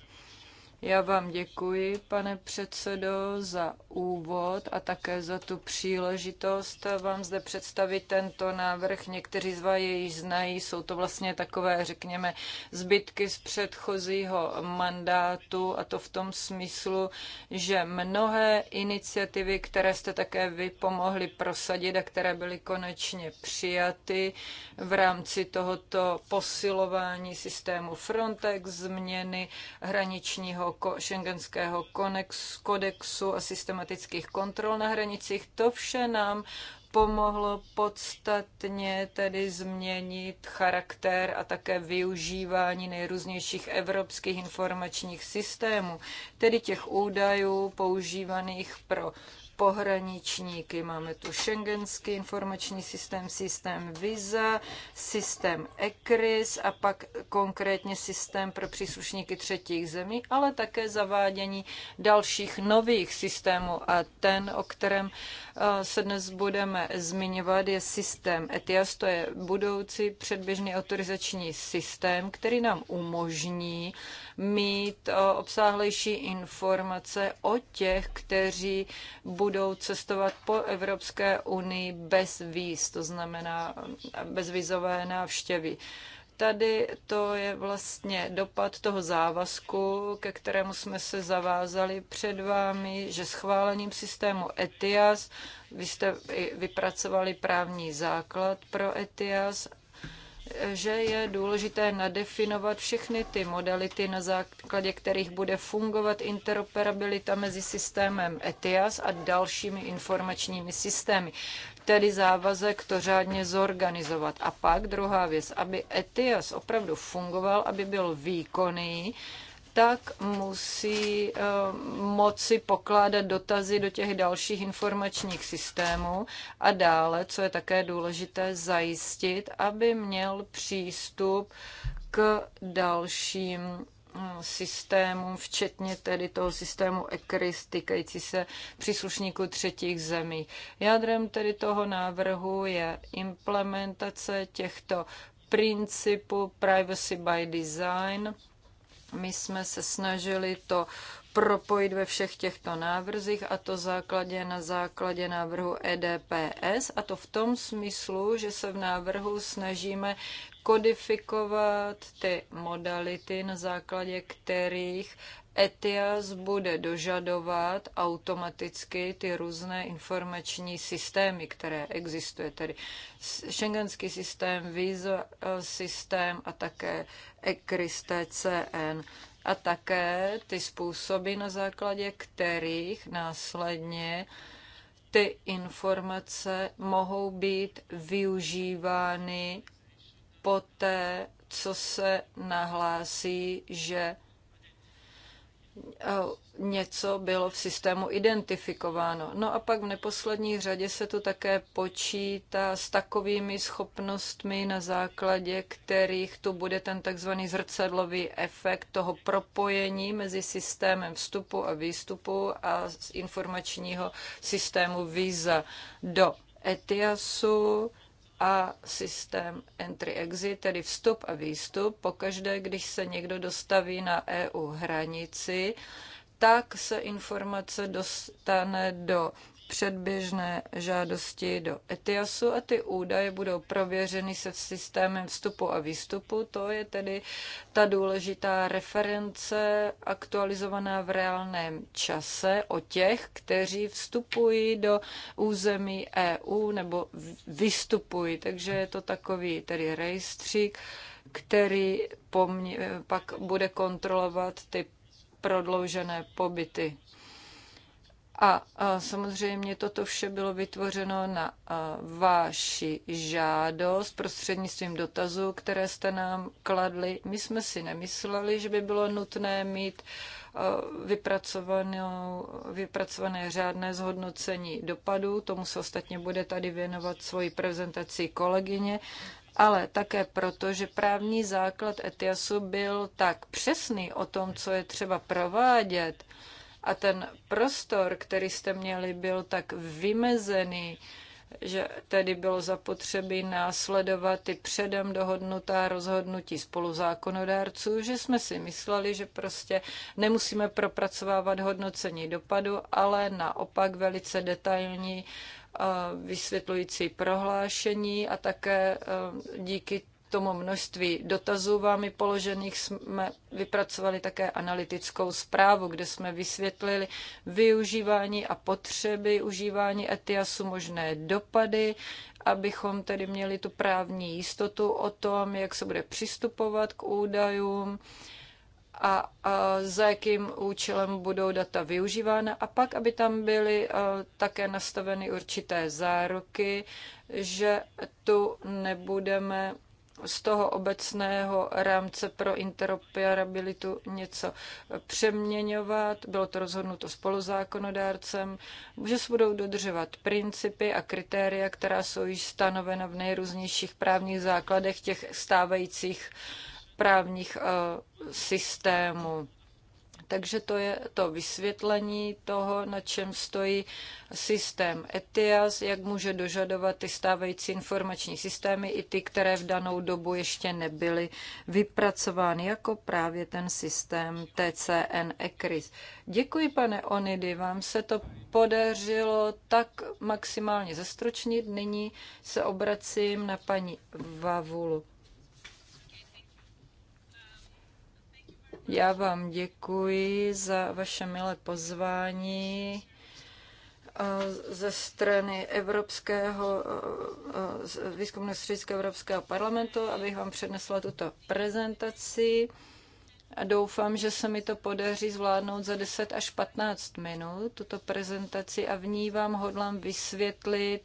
Já vám děkuji, pane předsedo, za úvod a také za tu příležitost vám zde představit tento návrh. Někteří z vás jej znají, jsou to vlastně takové, řekněme, zbytky z předchozího mandátu a to v tom smyslu, že mnohé iniciativy, které jste také vy pomohli prosadit a které byly konečně přijaty v rámci tohoto posilování systému Frontex, změny hraničního šengenského kodexu a systematických kontrol na hranicích. To vše nám pomohlo podstatně tedy změnit charakter a také využívání nejrůznějších evropských informačních systémů, tedy těch údajů používaných pro pohraničníky. Máme tu šengenský informační systém, systém VISA, systém ECRIS a pak konkrétně systém pro příslušníky třetích zemí, ale také zavádění dalších nových systémů. A ten, o kterém eh, se dnes budeme zmiňovat, je systém ETIAS, to je budoucí předběžný autorizační systém, který nám umožní mít eh, obsáhlejší informace o těch, kteří budou cestovat po Evropské unii bez víz, to znamená eh, bezvízové návštěvy tady to je vlastně dopad toho závazku, ke kterému jsme se zavázali před vámi, že schválením systému ETIAS, vy jste vypracovali právní základ pro ETIAS že je důležité nadefinovat všechny ty modality, na základě kterých bude fungovat interoperabilita mezi systémem ETIAS a dalšími informačními systémy. Tedy závazek to řádně zorganizovat. A pak druhá věc, aby ETIAS opravdu fungoval, aby byl výkonný, tak musí eh, moci pokládat dotazy do těch dalších informačních systémů a dále, co je také důležité, zajistit, aby měl přístup k dalším eh, systémům, včetně tedy toho systému ECRIS týkající se příslušníků třetích zemí. Jádrem tedy toho návrhu je implementace těchto principů privacy by design my jsme se snažili to propojit ve všech těchto návrzích a to základě na základě návrhu EDPS a to v tom smyslu, že se v návrhu snažíme kodifikovat ty modality, na základě kterých ETIAS bude dožadovat automaticky ty různé informační systémy, které existuje, tedy šengenský systém, víza eh, systém a také ECRIS TCN a také ty způsoby, na základě kterých následně ty informace mohou být využívány poté, co se nahlásí, že něco bylo v systému identifikováno. No a pak v neposlední řadě se to také počítá s takovými schopnostmi, na základě kterých tu bude ten takzvaný zrcadlový efekt toho propojení mezi systémem vstupu a výstupu a z informačního systému víza do ETIASu, a systém entry-exit, tedy vstup a výstup. Pokaždé, když se někdo dostaví na EU hranici, tak se informace dostane do předběžné žádosti do ETIASu a ty údaje budou prověřeny se v systémem vstupu a výstupu. To je tedy ta důležitá reference aktualizovaná v reálném čase o těch, kteří vstupují do území EU nebo vystupují. Takže je to takový tedy rejstřík, který pak bude kontrolovat ty prodloužené pobyty a, a samozřejmě toto vše bylo vytvořeno na a, váši žádost prostřednictvím dotazů, které jste nám kladli. My jsme si nemysleli, že by bylo nutné mít vypracované řádné zhodnocení dopadů. Tomu se ostatně bude tady věnovat svoji prezentaci kolegyně ale také proto, že právní základ ETIASu byl tak přesný o tom, co je třeba provádět, a ten prostor, který jste měli, byl tak vymezený, že tedy bylo zapotřebí následovat ty předem dohodnutá rozhodnutí spoluzákonodárců, že jsme si mysleli, že prostě nemusíme propracovávat hodnocení dopadu, ale naopak velice detailní eh, vysvětlující prohlášení a také eh, díky tomu množství dotazů vámi položených jsme vypracovali také analytickou zprávu, kde jsme vysvětlili využívání a potřeby užívání ETIASu, možné dopady, abychom tedy měli tu právní jistotu o tom, jak se bude přistupovat k údajům a, a za jakým účelem budou data využívána a pak, aby tam byly e, také nastaveny určité záruky, že tu nebudeme z toho obecného rámce pro interoperabilitu něco přeměňovat. Bylo to rozhodnuto spoluzákonodárcem, že se budou dodržovat principy a kritéria, která jsou již stanovena v nejrůznějších právních základech těch stávajících právních eh, systémů. Takže to je to vysvětlení toho, na čem stojí systém ETIAS, jak může dožadovat ty stávající informační systémy, i ty, které v danou dobu ještě nebyly vypracovány, jako právě ten systém TCN ECRIS. Děkuji, pane Onidy, vám se to podařilo tak maximálně zestručnit. Nyní se obracím na paní Vavulu. Já vám děkuji za vaše milé pozvání eh, ze strany Evropského eh, výzkumného střediska Evropského parlamentu, abych vám přednesla tuto prezentaci. A doufám, že se mi to podaří zvládnout za 10 až 15 minut, tuto prezentaci, a v ní vám hodlám vysvětlit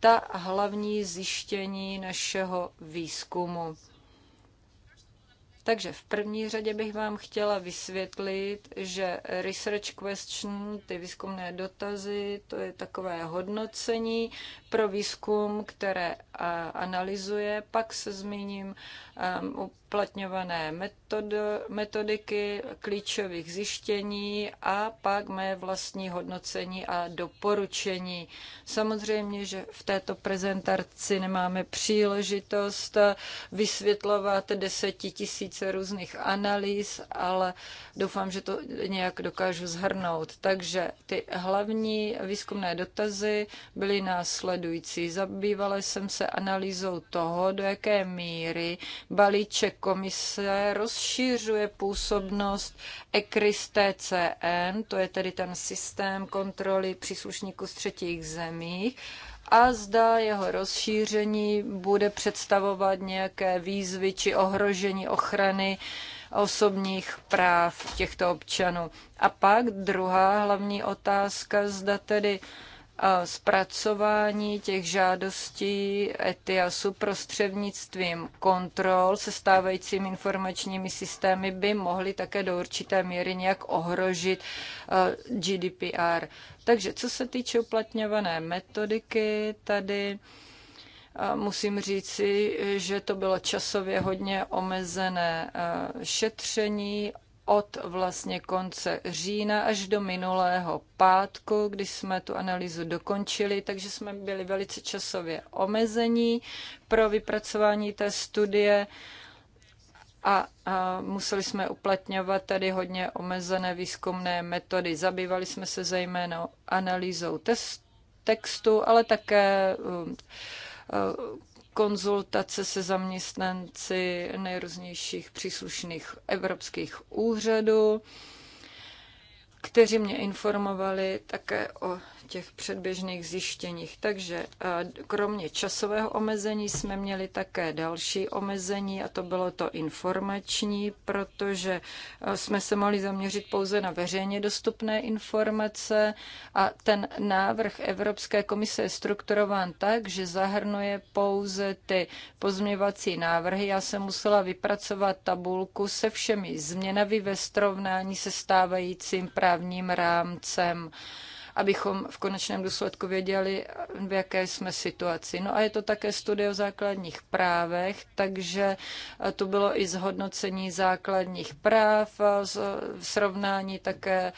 ta hlavní zjištění našeho výzkumu. Takže v první řadě bych vám chtěla vysvětlit, že research question, ty výzkumné dotazy, to je takové hodnocení pro výzkum, které analyzuje. Pak se zmíním Um, uplatňované metod, metodiky, klíčových zjištění a pak mé vlastní hodnocení a doporučení. Samozřejmě, že v této prezentaci nemáme příležitost vysvětlovat desetitisíce různých analýz, ale doufám, že to nějak dokážu zhrnout. Takže ty hlavní výzkumné dotazy byly následující. Zabývala jsem se analýzou toho, do jaké míry Balíček komise rozšiřuje působnost ECRIS TCN, to je tedy ten systém kontroly příslušníků z třetích zemí, a zda jeho rozšíření bude představovat nějaké výzvy či ohrožení ochrany osobních práv těchto občanů. A pak druhá hlavní otázka, zda tedy zpracování těch žádostí ETIASu prostřednictvím kontrol se stávajícími informačními systémy by mohly také do určité míry nějak ohrožit GDPR. Takže co se týče uplatňované metodiky, tady musím říci, že to bylo časově hodně omezené šetření od vlastně konce října až do minulého pátku, kdy jsme tu analýzu dokončili, takže jsme byli velice časově omezení pro vypracování té studie a, a museli jsme uplatňovat tady hodně omezené výzkumné metody. Zabývali jsme se zejména analýzou test, textu, ale také um, konzultace se zaměstnanci nejrůznějších příslušných evropských úřadů, kteří mě informovali také o těch předběžných zjištěních. Takže kromě časového omezení jsme měli také další omezení a to bylo to informační, protože jsme se mohli zaměřit pouze na veřejně dostupné informace a ten návrh Evropské komise je strukturován tak, že zahrnuje pouze ty pozměvací návrhy. Já jsem musela vypracovat tabulku se všemi změnami ve srovnání se stávajícím právním rámcem abychom v konečném důsledku věděli, v jaké jsme situaci. No a je to také studie o základních právech, takže eh, to bylo i zhodnocení základních práv, eh, srovnání také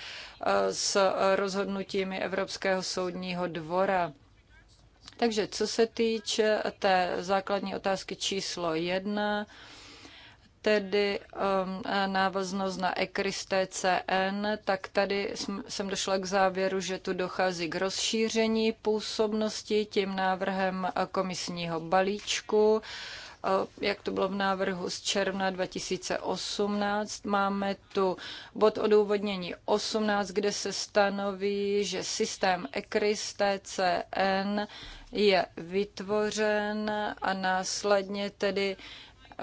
eh, s rozhodnutími Evropského soudního dvora. Takže co se týče té základní otázky číslo jedna, tedy um, návaznost na ECRIS TCN, tak tady jsem došla k závěru, že tu dochází k rozšíření působnosti tím návrhem uh, komisního balíčku uh, jak to bylo v návrhu z června 2018. Máme tu bod odůvodnění 18, kde se stanoví, že systém ECRIS TCN je vytvořen a následně tedy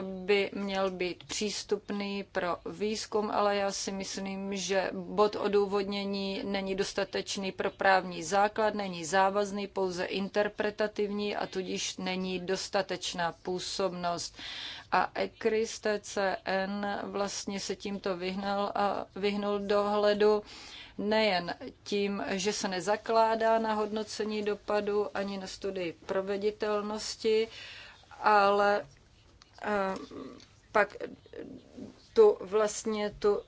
by měl být přístupný pro výzkum, ale já si myslím, že bod odůvodnění není dostatečný pro právní základ, není závazný, pouze interpretativní a tudíž není dostatečná působnost. A ECRIS TCN vlastně se tímto vyhnal a vyhnul dohledu nejen tím, že se nezakládá na hodnocení dopadu ani na studii proveditelnosti, ale pak tu vlastně tu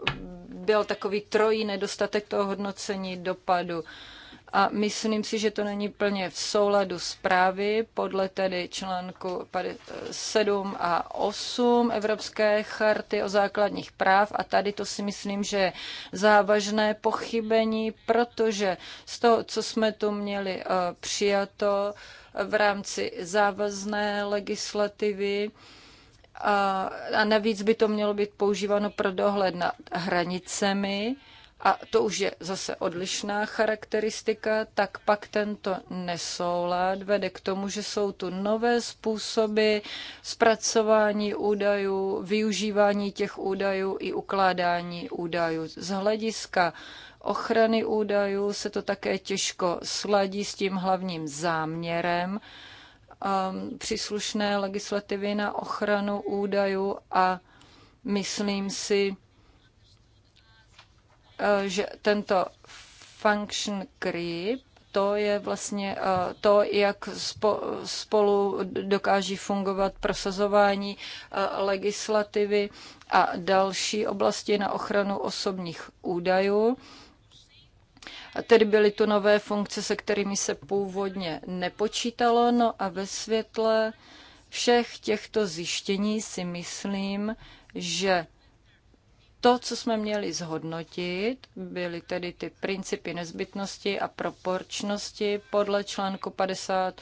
byl takový trojí nedostatek toho hodnocení dopadu. A myslím si, že to není plně v souladu s právy podle tedy článku 7 a 8 Evropské charty o základních práv. A tady to si myslím, že je závažné pochybení, protože z toho, co jsme tu měli eh, přijato v rámci závazné legislativy, a navíc by to mělo být používáno pro dohled nad hranicemi, a to už je zase odlišná charakteristika, tak pak tento nesoulad vede k tomu, že jsou tu nové způsoby zpracování údajů, využívání těch údajů i ukládání údajů. Z hlediska ochrany údajů se to také těžko sladí s tím hlavním záměrem, Um, příslušné legislativy na ochranu údajů a myslím si, uh, že tento function creep, to je vlastně uh, to, jak spolu dokáží fungovat prosazování uh, legislativy a další oblasti na ochranu osobních údajů. Tedy byly tu nové funkce, se kterými se původně nepočítalo, no a ve světle všech těchto zjištění si myslím, že to, co jsme měli zhodnotit, byly tedy ty principy nezbytnosti a proporčnosti podle článku 50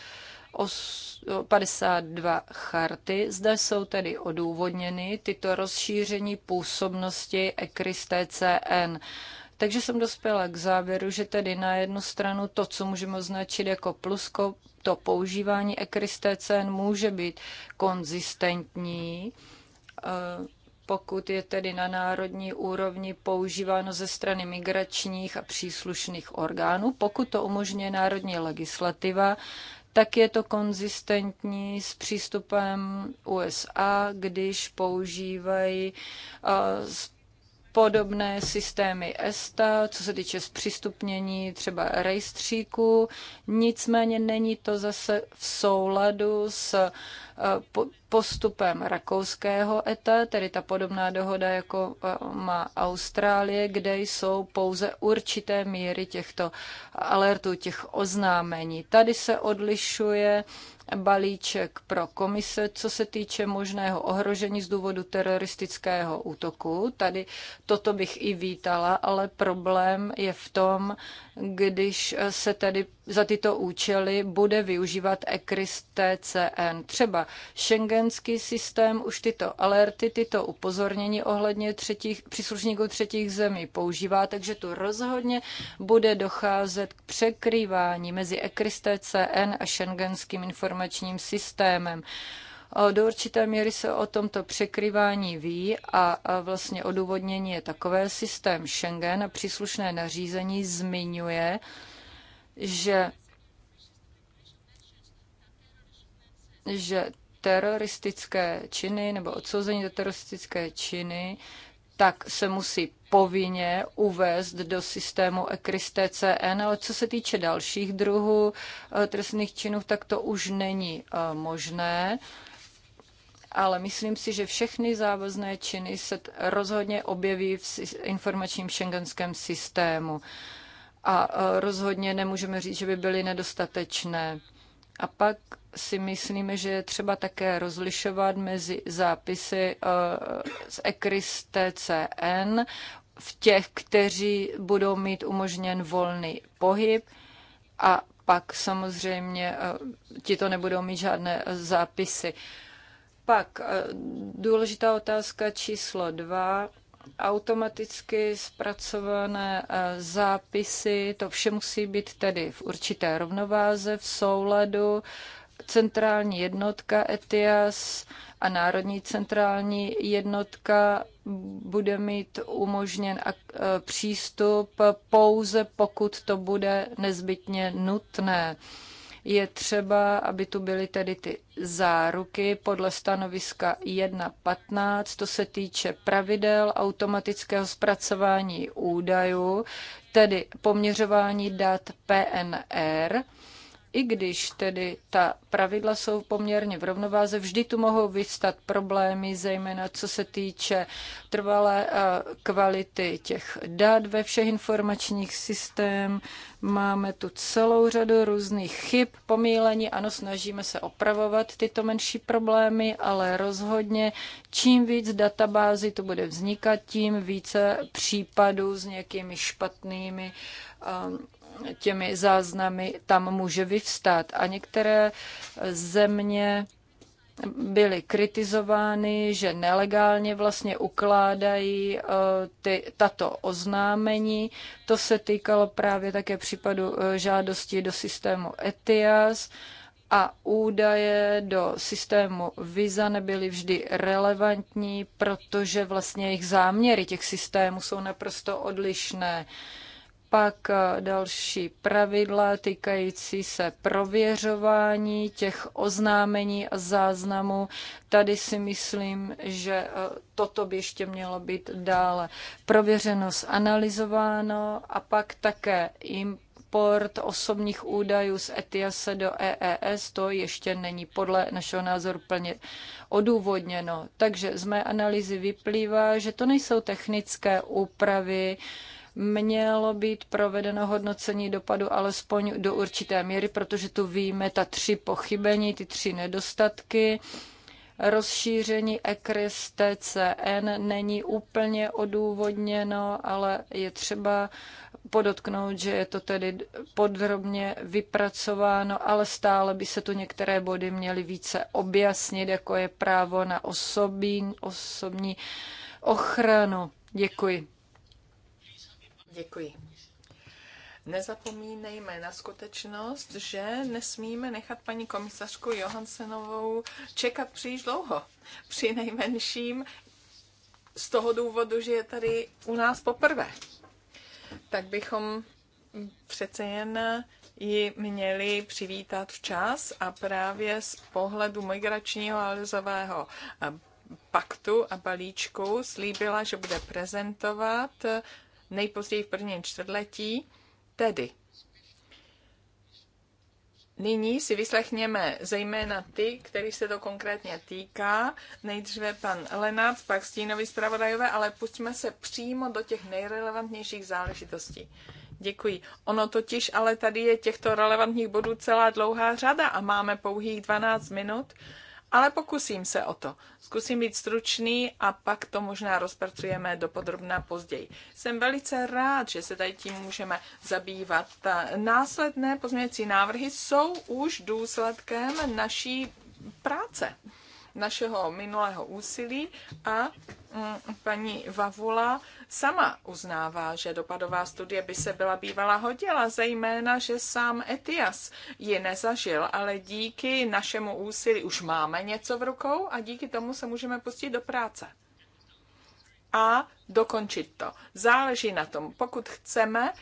52 charty. Zde jsou tedy odůvodněny tyto rozšíření působnosti ECRIS TCN. Takže jsem dospěla k závěru, že tedy na jednu stranu to, co můžeme označit jako plusko, to používání ekristécen může být konzistentní, eh, pokud je tedy na národní úrovni používáno ze strany migračních a příslušných orgánů, pokud to umožňuje národní legislativa, tak je to konzistentní s přístupem USA, když používají eh, podobné systémy ESTA, co se týče zpřístupnění třeba rejstříku, nicméně není to zase v souladu s eh, postupem rakouského ETA, tedy ta podobná dohoda, jako eh, má Austrálie, kde jsou pouze určité míry těchto alertů, těch oznámení. Tady se odlišuje balíček pro komise, co se týče možného ohrožení z důvodu teroristického útoku. Tady toto bych i vítala, ale problém je v tom, když se tedy za tyto účely bude využívat ECRIS TCN. Třeba šengenský systém už tyto alerty, tyto upozornění ohledně třetích, příslušníků třetích zemí používá, takže tu rozhodně bude docházet k překrývání mezi ECRIS TCN a šengenským informačním informačním systémem. Do určité míry se o tomto překrývání ví a vlastně odůvodnění je takové. Systém Schengen a příslušné nařízení zmiňuje, že že teroristické činy nebo odsouzení do teroristické činy, tak se musí povinně uvést do systému ECRIS TCN, ale co se týče dalších druhů eh, trestných činů, tak to už není eh, možné ale myslím si, že všechny závazné činy se rozhodně objeví v informačním šengenském systému a eh, rozhodně nemůžeme říct, že by byly nedostatečné. A pak si myslíme, že je třeba také rozlišovat mezi zápisy z ECRIS TCN v těch, kteří budou mít umožněn volný pohyb a pak samozřejmě eh, ti to nebudou mít žádné zápisy. Pak eh, důležitá otázka číslo dva. Automaticky zpracované eh, zápisy, to vše musí být tedy v určité rovnováze, v souladu. Centrální jednotka ETIAS a Národní centrální jednotka bude mít umožněn eh, přístup pouze pokud to bude nezbytně nutné je třeba, aby tu byly tedy ty záruky podle stanoviska 1.15, to se týče pravidel automatického zpracování údajů, tedy poměřování dat PNR i když tedy ta pravidla jsou poměrně v rovnováze, vždy tu mohou vystat problémy, zejména co se týče trvalé eh, kvality těch dat ve všech informačních systém. Máme tu celou řadu různých chyb, pomílení. Ano, snažíme se opravovat tyto menší problémy, ale rozhodně čím víc databází to bude vznikat, tím více případů s nějakými špatnými eh, těmi záznamy tam může vyvstát. A některé země byly kritizovány, že nelegálně vlastně ukládají eh, ty, tato oznámení. To se týkalo právě také případu eh, žádosti do systému ETIAS a údaje do systému Visa nebyly vždy relevantní, protože vlastně jejich záměry těch systémů jsou naprosto odlišné. Uh, pak eh, další pravidla týkající se prověřování těch oznámení a záznamů. Tady si myslím, že eh, toto by ještě mělo být dále prověřeno, zanalizováno a pak také jim import osobních údajů z ETIASe do EES, to ještě není podle našeho názoru plně odůvodněno. Takže z mé analýzy vyplývá, že to nejsou technické úpravy, mělo být provedeno hodnocení dopadu alespoň do určité míry, protože tu víme ta tři pochybení, ty tři nedostatky. Rozšíření ECRIS TCN není úplně odůvodněno, ale je třeba podotknout, že je to tedy podrobně vypracováno, ale stále by se tu některé body měly více objasnit, jako je právo na osobní osobní ochranu. Děkuji. Děkuji. Nezapomínejme na skutečnost, že nesmíme nechat paní komisařku Johansenovou čekat příliš dlouho. Při nejmenším z toho důvodu, že je tady u nás poprvé. Tak bychom přece jen ji měli přivítat včas a právě z pohledu migračního a lizového eh, paktu a balíčku slíbila, že bude prezentovat nejpozději v prvním čtvrtletí, tedy Nyní si vyslechněme zejména ty, který se to konkrétně týká. Nejdříve pan Lenát, pak stínovi zpravodajové, ale pustíme se přímo do těch nejrelevantnějších záležitostí. Děkuji. Ono totiž, ale tady je těchto relevantních bodů celá dlouhá řada a máme pouhých 12 minut ale pokusím se o to. Zkusím být stručný a pak to možná rozpracujeme dopodrobná později. Jsem velice rád, že se tady tím můžeme zabývat. Ta následné pozměňující návrhy jsou už důsledkem naší práce našeho minulého úsilí a mm, paní Vavula sama uznává, že dopadová studie by se byla bývala hodila, zejména, že sám Etias ji nezažil, ale díky našemu úsilí už máme něco v rukou a díky tomu se můžeme pustit do práce a dokončit to. Záleží na tom, pokud chceme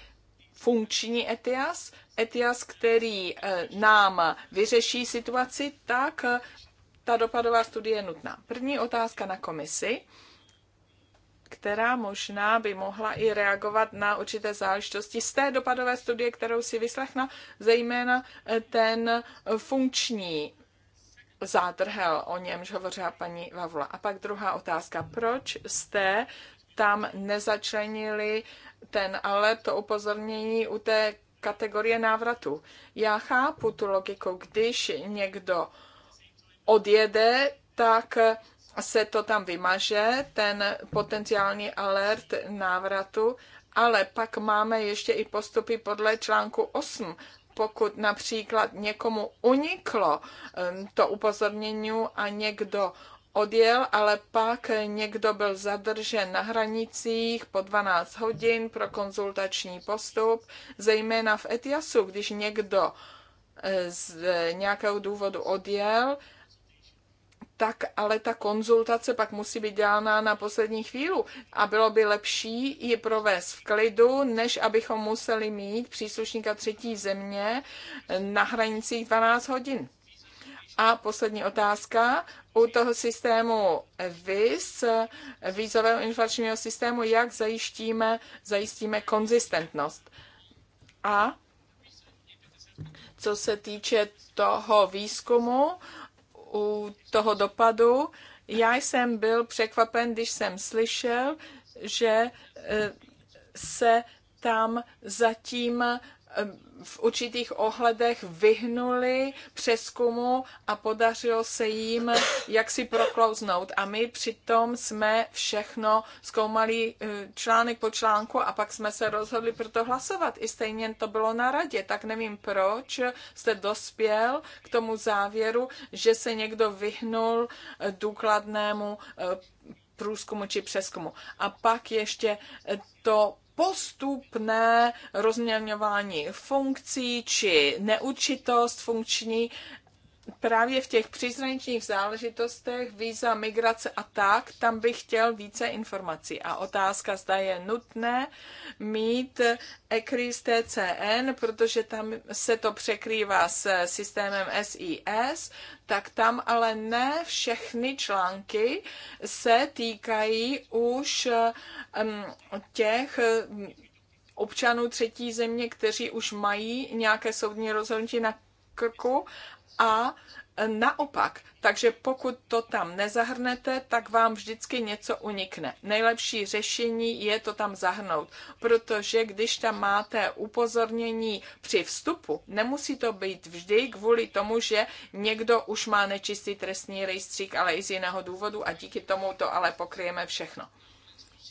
funkční ETIAS, ETIAS, který eh, nám vyřeší situaci, tak ta dopadová studie je nutná. První otázka na komisi, která možná by mohla i reagovat na určité záležitosti z té dopadové studie, kterou si vyslechna, zejména eh, ten funkční zátrhel, o němž hovořila paní Vavula. A pak druhá otázka. Proč jste tam nezačlenili ten ale to upozornění u té kategorie návratu? Já chápu tu logiku, když někdo uh, odjede, tak se to tam vymaže, ten potenciální alert návratu, ale pak máme ještě i postupy podle článku 8. Pokud například někomu uniklo to upozornění a někdo odjel, ale pak někdo byl zadržen na hranicích po 12 hodin pro konzultační postup, zejména v Etiasu, když někdo eh, z nějakého důvodu odjel, tak ale ta konzultace pak musí být dělána na poslední chvíli a bylo by lepší ji provést v klidu, než abychom museli mít příslušníka třetí země na hranicích 12 hodin. A poslední otázka. U toho systému VIS, vízového informačního systému, jak zajištíme, zajistíme konzistentnost? A co se týče toho výzkumu, u toho dopadu. Já jsem byl překvapen, když jsem slyšel, že eh, se tam zatím Eh, v určitých ohledech vyhnuli přeskumu a podařilo se jim jaksi proklouznout. A my přitom jsme všechno zkoumali eh, článek po článku a pak jsme se rozhodli pro to hlasovat. I stejně to bylo na radě, tak nevím proč jste dospěl k tomu závěru, že se někdo vyhnul eh, důkladnému průzkumu či přeskumu. A pak ještě to postupné rozmělňování funkcí či neurčitost funkční právě v těch příhraničních záležitostech, víza, migrace a tak, tam bych chtěl více informací. A otázka, zda je nutné mít ECRIS TCN, protože tam se to překrývá s systémem SIS, tak tam ale ne všechny články se týkají už těch občanů třetí země, kteří už mají nějaké soudní rozhodnutí na krku a naopak. Takže pokud to tam nezahrnete, tak vám vždycky něco unikne. Nejlepší řešení je to tam zahrnout, protože když tam máte upozornění při vstupu, nemusí to být vždy kvůli tomu, že někdo už má nečistý trestní rejstřík, ale i z jiného důvodu a díky tomu to ale pokryjeme všechno.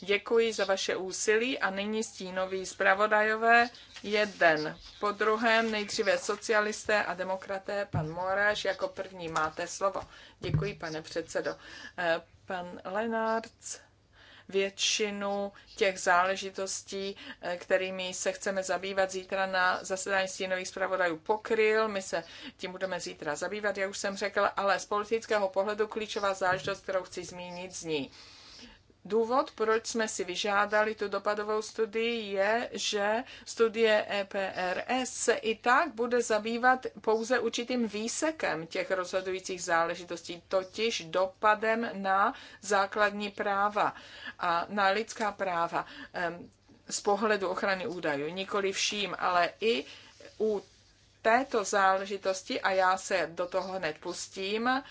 Děkuji za vaše úsilí a nyní stínoví zpravodajové jeden. Po druhém nejdříve socialisté a demokraté, pan Moraš, jako první máte slovo. Děkuji, pane předsedo. Eh, pan Lenárc většinu těch záležitostí, eh, kterými se chceme zabývat zítra na zasedání stínových zpravodajů pokryl. My se tím budeme zítra zabývat, jak už jsem řekla, ale z politického pohledu klíčová záležitost, kterou chci zmínit, zní Důvod, proč jsme si vyžádali tu dopadovou studii, je, že studie EPRS se i tak bude zabývat pouze určitým výsekem těch rozhodujících záležitostí, totiž dopadem na základní práva a na lidská práva z pohledu ochrany údajů, nikoli vším, ale i u této záležitosti, a já se do toho hned pustím,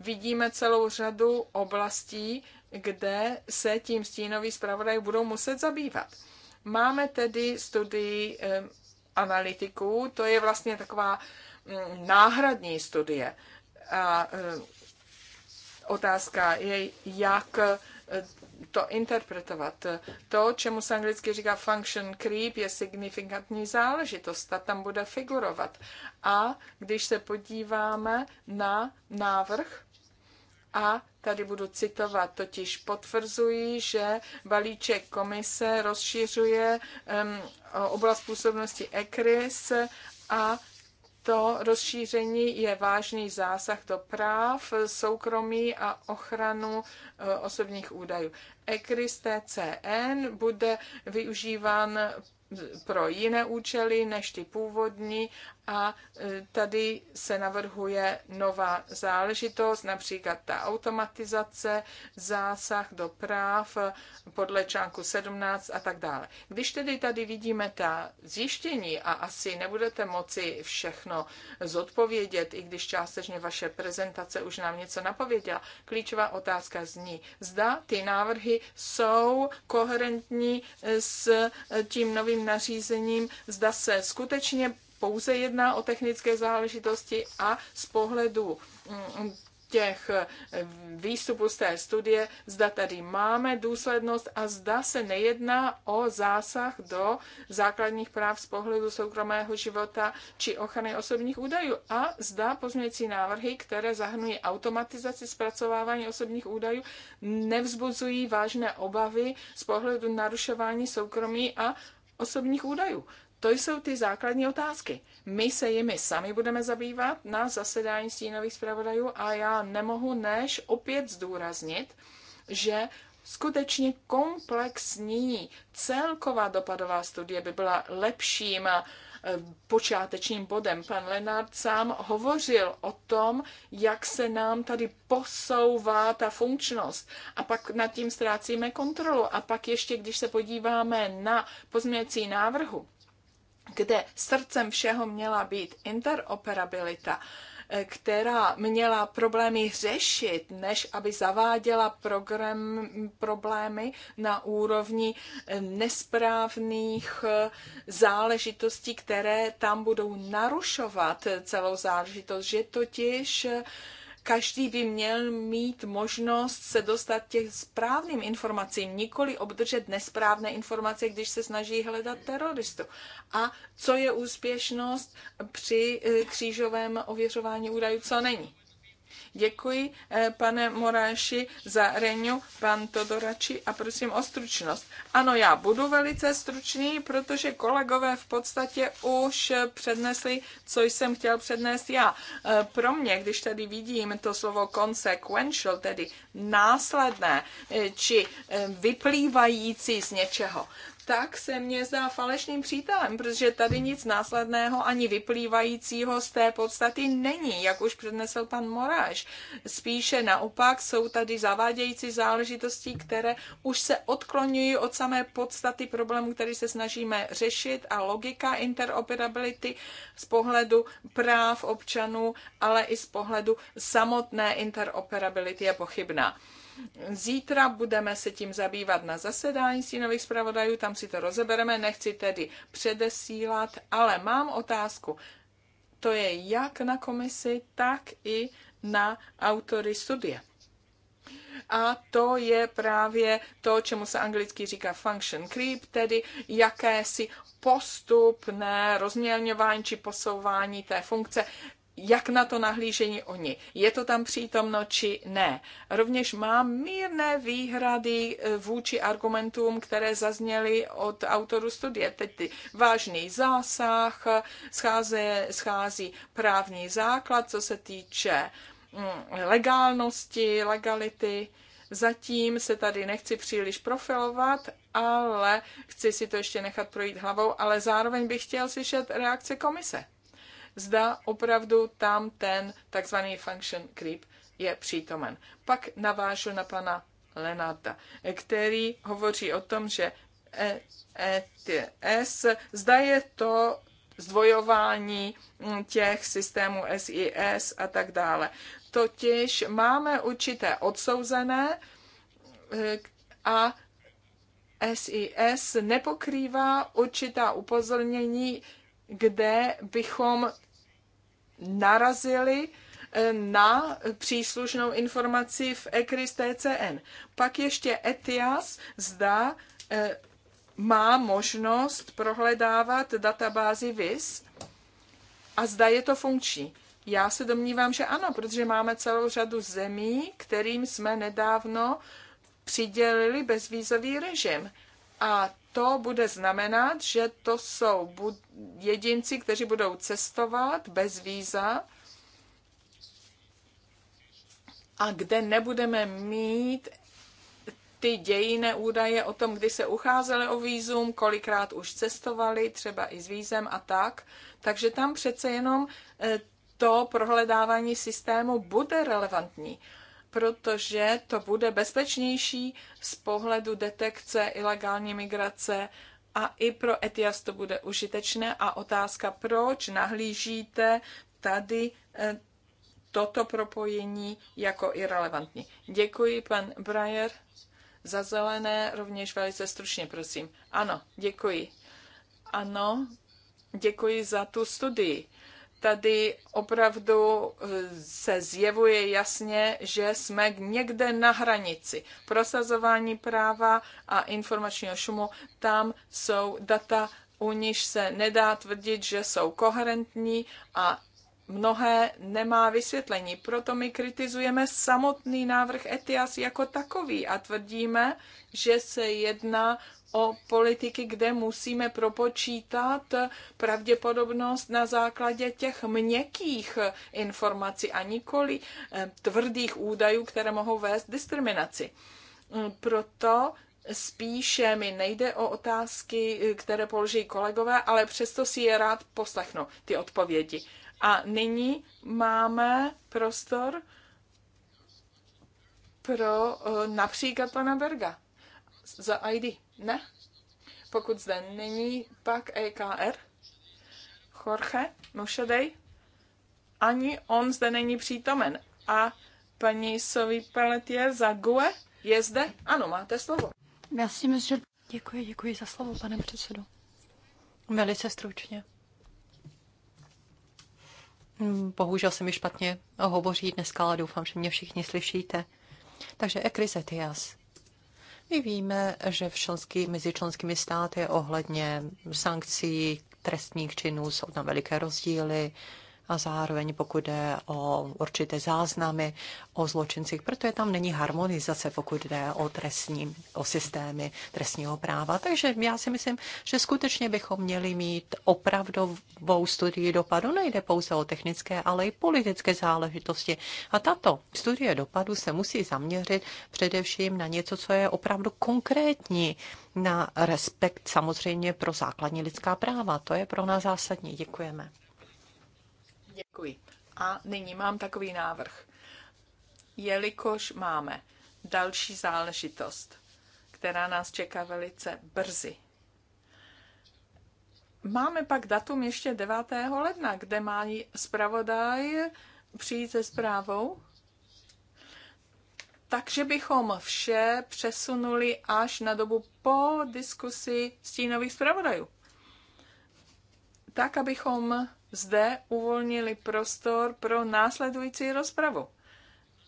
vidíme celou řadu oblastí, kde se tím stínový zpravodaj budou muset zabývat. Máme tedy studii analytiků, to je vlastně taková mm, náhradní studie. A otázka je, jak to interpretovat. To, čemu se anglicky říká function creep, je signifikantní záležitost, ta tam bude figurovat. A když se podíváme na návrh, a tady budu citovat, totiž potvrzují, že balíček komise rozšiřuje um, oblast působnosti ECRIS a to rozšíření je vážný zásah do práv, soukromí a ochranu e, osobních údajů. ECRIS TCN bude využíván pro jiné účely než ty původní a e, tady se navrhuje nová záležitost, například ta automatizace, zásah do práv e, podle článku 17 a tak dále. Když tedy tady vidíme ta zjištění, a asi nebudete moci všechno zodpovědět, i když částečně vaše prezentace už nám něco napověděla, klíčová otázka zní, zda ty návrhy jsou koherentní s e, tím novým nařízením, zda se skutečně pouze jedná o technické záležitosti a z pohledu mm, těch mm, výstupů z té studie, zda tady máme důslednost a zda se nejedná o zásah do základních práv z pohledu soukromého života či ochrany osobních údajů a zda pozměňující návrhy, které zahrnují automatizaci zpracovávání osobních údajů, nevzbuzují vážné obavy z pohledu narušování soukromí a osobních údajů. To jsou ty základní otázky. My se jimi sami budeme zabývat na zasedání stínových zpravodajů a já nemohu než opět zdůraznit, že skutečně komplexní celková dopadová studie by byla lepším eh, počátečním bodem. Pan Lenard sám hovořil o tom, jak se nám tady posouvá ta funkčnost a pak nad tím ztrácíme kontrolu. A pak ještě, když se podíváme na pozměňovací návrhu, kde srdcem všeho měla být interoperabilita, eh, která měla problémy řešit, než aby zaváděla program, problémy na úrovni eh, nesprávných eh, záležitostí, které tam budou narušovat celou záležitost, že totiž každý by měl mít možnost se dostat těch správným informacím, nikoli obdržet nesprávné informace, když se snaží hledat teroristu. A co je úspěšnost při eh, křížovém ověřování údajů, co není. Děkuji, eh, pane Moráši, za Reňu, pan Todorači a prosím o stručnost. Ano, já budu velice stručný, protože kolegové v podstatě už přednesli, co jsem chtěl přednést já. Eh, pro mě, když tady vidím to slovo consequential, tedy následné, eh, či vyplývající z něčeho, tak se mě zdá falešným přítelem, protože tady nic následného ani vyplývajícího z té podstaty není, jak už přednesl pan Moráš. Spíše naopak jsou tady zavádějící záležitosti, které už se odklonují od samé podstaty problému, který se snažíme řešit a logika interoperability z pohledu práv občanů, ale i z pohledu samotné interoperability je pochybná. Zítra budeme se tím zabývat na zasedání sínových zpravodajů, tam si to rozebereme, nechci tedy předesílat, ale mám otázku. To je jak na komisi, tak i na autory studie. A to je právě to, čemu se anglicky říká function creep, tedy jakési postupné rozmělňování či posouvání té funkce jak na to nahlížení oni. Je to tam přítomno či ne. Rovněž mám mírné výhrady eh, vůči argumentům, které zazněly od autorů studie. Teď ty vážný zásah, scháze, schází právní základ, co se týče mm, legálnosti, legality. Zatím se tady nechci příliš profilovat, ale chci si to ještě nechat projít hlavou, ale zároveň bych chtěl slyšet reakce komise zda opravdu tam ten takzvaný function creep je přítomen. Pak navážu na pana Lenarda, který hovoří o tom, že ETS, e, zda je to zdvojování mm, těch systémů SIS a tak dále. Totiž máme určité odsouzené e, a SIS nepokrývá určitá upozornění, kde bychom narazili eh, na příslušnou informaci v ECRIS TCN. Pak ještě ETIAS zdá eh, má možnost prohledávat databázi VIS a zda je to funkční. Já se domnívám, že ano, protože máme celou řadu zemí, kterým jsme nedávno přidělili bezvýzový režim. A to bude znamenat, že to jsou jedinci, kteří budou cestovat bez víza a kde nebudeme mít ty dějiné údaje o tom, kdy se ucházeli o vízum, kolikrát už cestovali, třeba i s vízem a tak. Takže tam přece jenom eh, to prohledávání systému bude relevantní protože to bude bezpečnější z pohledu detekce ilegální migrace a i pro ETIAS to bude užitečné. A otázka, proč nahlížíte tady eh, toto propojení jako irrelevantní. Děkuji, pan Breyer. Za zelené rovněž velice stručně, prosím. Ano, děkuji. Ano, děkuji za tu studii tady opravdu eh, se zjevuje jasně, že jsme někde na hranici. Prosazování práva a informačního šumu, tam jsou data, u níž se nedá tvrdit, že jsou koherentní a mnohé nemá vysvětlení. Proto my kritizujeme samotný návrh ETIAS jako takový a tvrdíme, že se jedná o politiky, kde musíme propočítat pravděpodobnost na základě těch měkkých informací a nikoli eh, tvrdých údajů, které mohou vést diskriminaci. Mm, proto spíše mi nejde o otázky, eh, které položí kolegové, ale přesto si je rád poslechnu, ty odpovědi. A nyní máme prostor pro eh, například pana Berga za ID. Ne? Pokud zde není, pak EKR. Jorge Mošedej, Ani on zde není přítomen. A paní Sovi Pelletier za GUE je zde? Ano, máte slovo. Merci, monsieur. Děkuji, děkuji za slovo, pane předsedo. Velice stručně. Bohužel se mi špatně hovoří dneska, ale doufám, že mě všichni slyšíte. Takže Ekrys Etias my víme, že v členský, mezi členskými státy ohledně sankcí trestních činů jsou tam veliké rozdíly a zároveň pokud jde o určité záznamy o zločincích, protože tam není harmonizace, pokud jde o trestní, o systémy trestního práva. Takže já si myslím, že skutečně bychom měli mít opravdovou studii dopadu. Nejde pouze o technické, ale i politické záležitosti. A tato studie dopadu se musí zaměřit především na něco, co je opravdu konkrétní, na respekt samozřejmě pro základní lidská práva. To je pro nás zásadní. Děkujeme. Děkuji. A nyní mám takový návrh. Jelikož máme další záležitost, která nás čeká velice brzy. Máme pak datum ještě 9. ledna, kde má zpravodaj přijít se zprávou. Takže bychom vše přesunuli až na dobu po diskusi stínových zpravodajů. Tak, abychom zde uvolnili prostor pro následující rozpravu,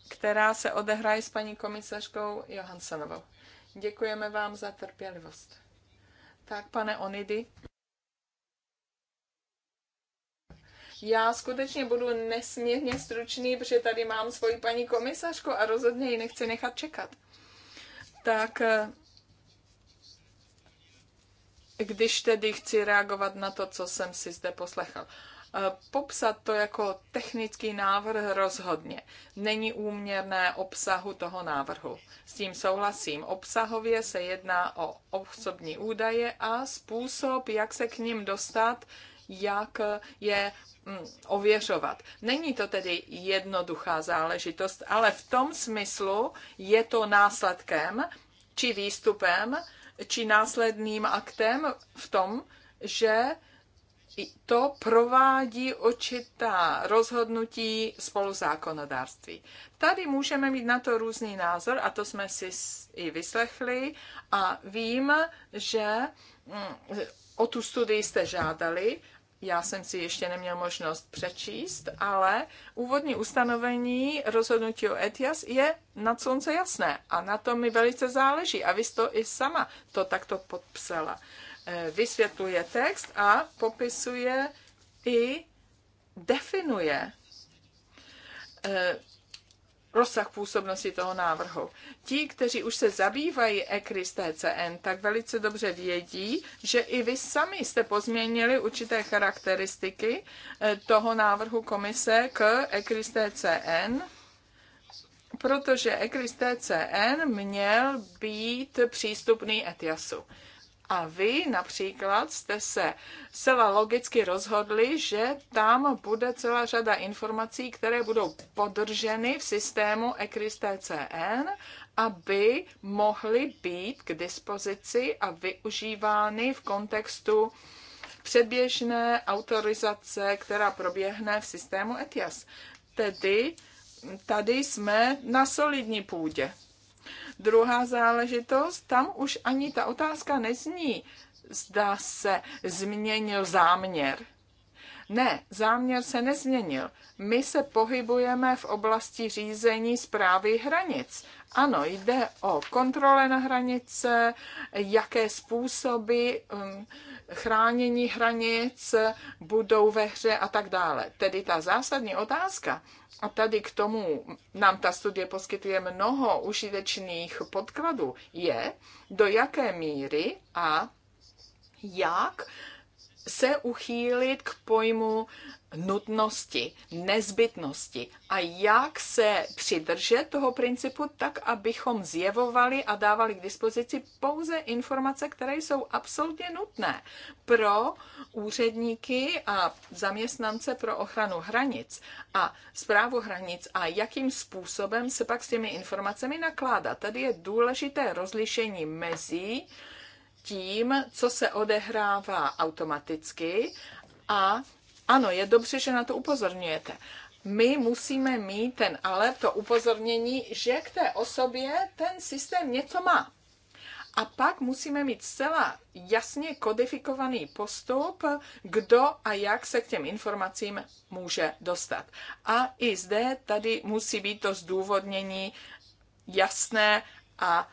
která se odehraje s paní komisařkou Johansanovou. Děkujeme vám za trpělivost. Tak, pane Onidy. Já skutečně budu nesmírně stručný, protože tady mám svoji paní komisařku a rozhodně ji nechci nechat čekat. Tak eh, když tedy chci reagovat na to, co jsem si zde poslechal. Popsat to jako technický návrh rozhodně není úměrné obsahu toho návrhu. S tím souhlasím. Obsahově se jedná o osobní údaje a způsob, jak se k ním dostat, jak je mm, ověřovat. Není to tedy jednoduchá záležitost, ale v tom smyslu je to následkem či výstupem či následným aktem v tom, že to provádí očitá rozhodnutí spoluzákonodárství. Tady můžeme mít na to různý názor a to jsme si i vyslechli a vím, že mm, o tu studii jste žádali, já jsem si ještě neměl možnost přečíst, ale úvodní ustanovení rozhodnutí o ETIAS je na slunce jasné a na to mi velice záleží. A vy jste to i sama to takto podpsala. Eh, vysvětluje text a popisuje i definuje eh, rozsah působnosti toho návrhu. Ti, kteří už se zabývají ECRIS TCN, tak velice dobře vědí, že i vy sami jste pozměnili určité charakteristiky eh, toho návrhu komise k ECRIS TCN, protože ECRIS TCN měl být přístupný ETIASu. A vy například jste se zcela logicky rozhodli, že tam bude celá řada informací, které budou podrženy v systému ECRIS-TCN, aby mohly být k dispozici a využívány v kontextu předběžné autorizace, která proběhne v systému ETIAS. Tedy tady jsme na solidní půdě. Druhá záležitost, tam už ani ta otázka nezní, zda se změnil záměr ne, záměr se nezměnil. My se pohybujeme v oblasti řízení zprávy hranic. Ano, jde o kontrole na hranice, jaké způsoby um, chránění hranic budou ve hře a tak dále. Tedy ta zásadní otázka, a tady k tomu nám ta studie poskytuje mnoho užitečných podkladů, je, do jaké míry a jak se uchýlit k pojmu nutnosti, nezbytnosti a jak se přidržet toho principu tak, abychom zjevovali a dávali k dispozici pouze informace, které jsou absolutně nutné pro úředníky a zaměstnance pro ochranu hranic a zprávu hranic a jakým způsobem se pak s těmi informacemi nakládá. Tady je důležité rozlišení mezi tím, co se odehrává automaticky a ano, je dobře, že na to upozorňujete. My musíme mít ten ale to upozornění, že k té osobě ten systém něco má. A pak musíme mít zcela jasně kodifikovaný postup, kdo a jak se k těm informacím může dostat. A i zde tady musí být to zdůvodnění jasné a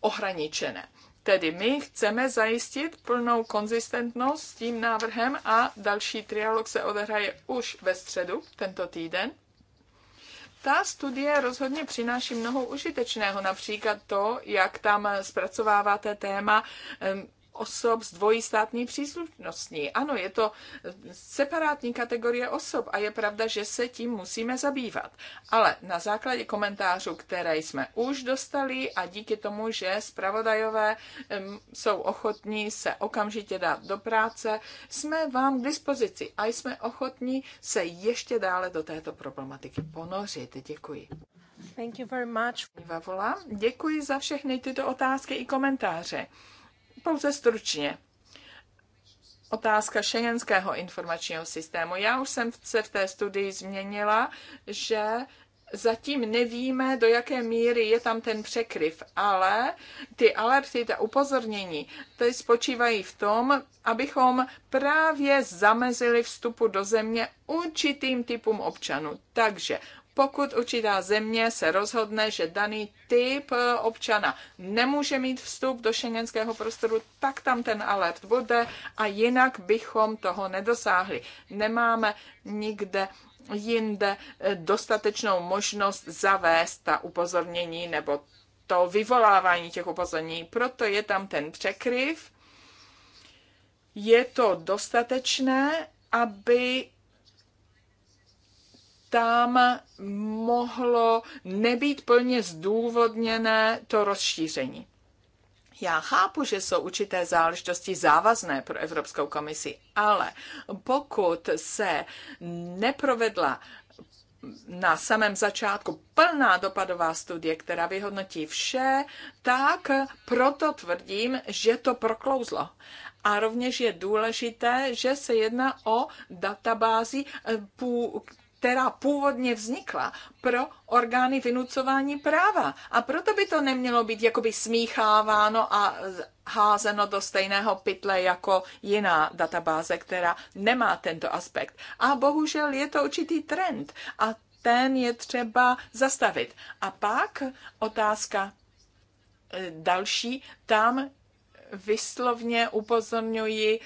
ohraničené. Tedy my chceme zajistit plnou konzistentnost s tím návrhem a další trialog se odehraje už ve středu tento týden. Ta studie rozhodně přináší mnoho užitečného, například to, jak tam zpracováváte téma osob s dvojí státní příslušností. Ano, je to separátní kategorie osob a je pravda, že se tím musíme zabývat. Ale na základě komentářů, které jsme už dostali a díky tomu, že zpravodajové jsou ochotní se okamžitě dát do práce, jsme vám k dispozici a jsme ochotní se ještě dále do této problematiky ponořit. Děkuji. Thank you very much. Děkuji za všechny tyto otázky i komentáře. Pouze stručně. Otázka šengenského informačního systému. Já už jsem se v té studii změnila, že zatím nevíme, do jaké míry je tam ten překryv, ale ty alerty, ta upozornění, ty spočívají v tom, abychom právě zamezili vstupu do země určitým typům občanů. Takže pokud určitá země se rozhodne, že daný typ eh, občana nemůže mít vstup do šengenského prostoru, tak tam ten alert bude a jinak bychom toho nedosáhli. Nemáme nikde jinde eh, dostatečnou možnost zavést ta upozornění nebo to vyvolávání těch upozornění. Proto je tam ten překryv. Je to dostatečné, aby tam mohlo nebýt plně zdůvodněné to rozšíření. Já chápu, že jsou určité záležitosti závazné pro Evropskou komisi, ale pokud se neprovedla na samém začátku plná dopadová studie, která vyhodnotí vše, tak proto tvrdím, že to proklouzlo. A rovněž je důležité, že se jedná o databázi, eh, která původně vznikla pro orgány vynucování práva. A proto by to nemělo být jakoby smícháváno a házeno do stejného pytle jako jiná databáze, která nemá tento aspekt. A bohužel je to určitý trend a ten je třeba zastavit. A pak otázka e, další, tam vyslovně upozorňuji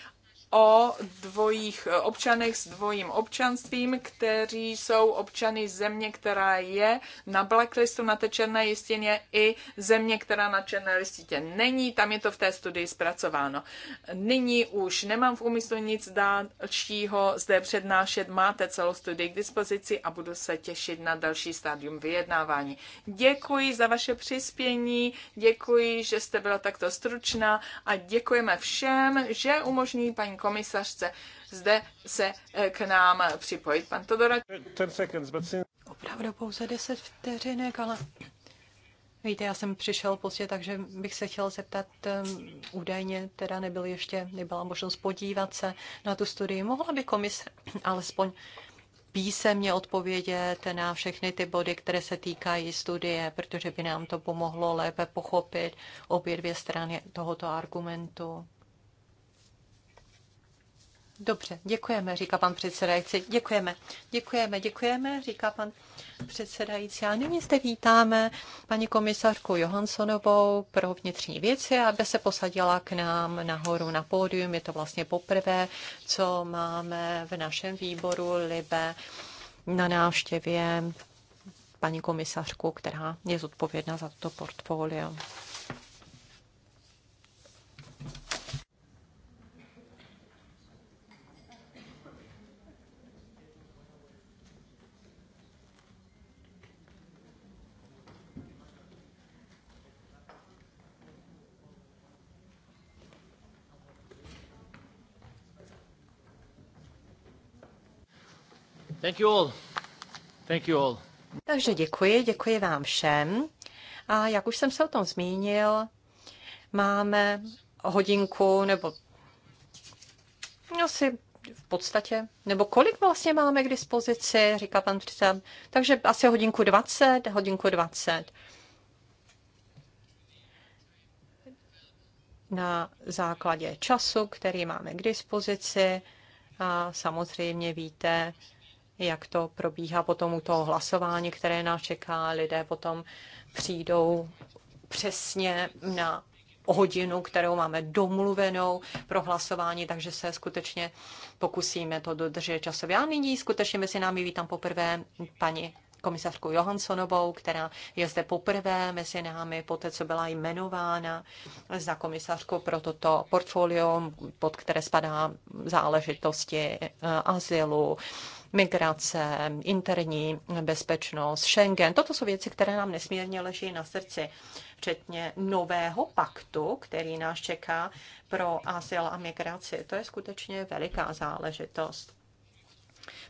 o dvojích občanech s dvojím občanstvím, kteří jsou občany země, která je na blacklistu, na té černé listině i země, která na černé listině není. Tam je to v té studii zpracováno. Nyní už nemám v úmyslu nic dalšího zde přednášet. Máte celou studii k dispozici a budu se těšit na další stádium vyjednávání. Děkuji za vaše přispění, děkuji, že jste byla takto stručná a děkujeme všem, že umožní paní komisařce zde se eh, k nám připojit. Pan Todora. Opravdu pouze 10 vteřinek, ale Víte, já jsem přišel pozdě, takže bych se chtěl zeptat, um, údajně teda nebyl ještě, nebyla možnost podívat se na tu studii. Mohla by komise alespoň písemně odpovědět na všechny ty body, které se týkají studie, protože by nám to pomohlo lépe pochopit obě dvě strany tohoto argumentu. Dobře, děkujeme, říká pan předsedající. Děkujeme, děkujeme, děkujeme, říká pan předsedající. A nyní zde vítáme paní komisařku Johanssonovou pro vnitřní věci, aby se posadila k nám nahoru na pódium. Je to vlastně poprvé, co máme v našem výboru Libe na návštěvě paní komisařku, která je zodpovědná za to portfolio. Thank you all. Thank you all. Takže děkuji, děkuji vám všem. A jak už jsem se o tom zmínil, máme hodinku nebo asi v podstatě, nebo kolik vlastně máme k dispozici, říká pan předseda. Takže asi hodinku 20, hodinku 20. Na základě času, který máme k dispozici, a samozřejmě víte, jak to probíhá po toho hlasování, které nás čeká. Lidé potom přijdou přesně na hodinu, kterou máme domluvenou pro hlasování, takže se skutečně pokusíme to dodržet časově. A nyní skutečně mezi námi vítám poprvé paní komisařku Johanssonovou, která je zde poprvé mezi námi, po té, co byla jmenována za komisařku pro toto portfolio, pod které spadá záležitosti eh, azylu, migrace, interní bezpečnost, Schengen. Toto jsou věci, které nám nesmírně leží na srdci, včetně nového paktu, který nás čeká pro azyl a migraci. To je skutečně veliká záležitost.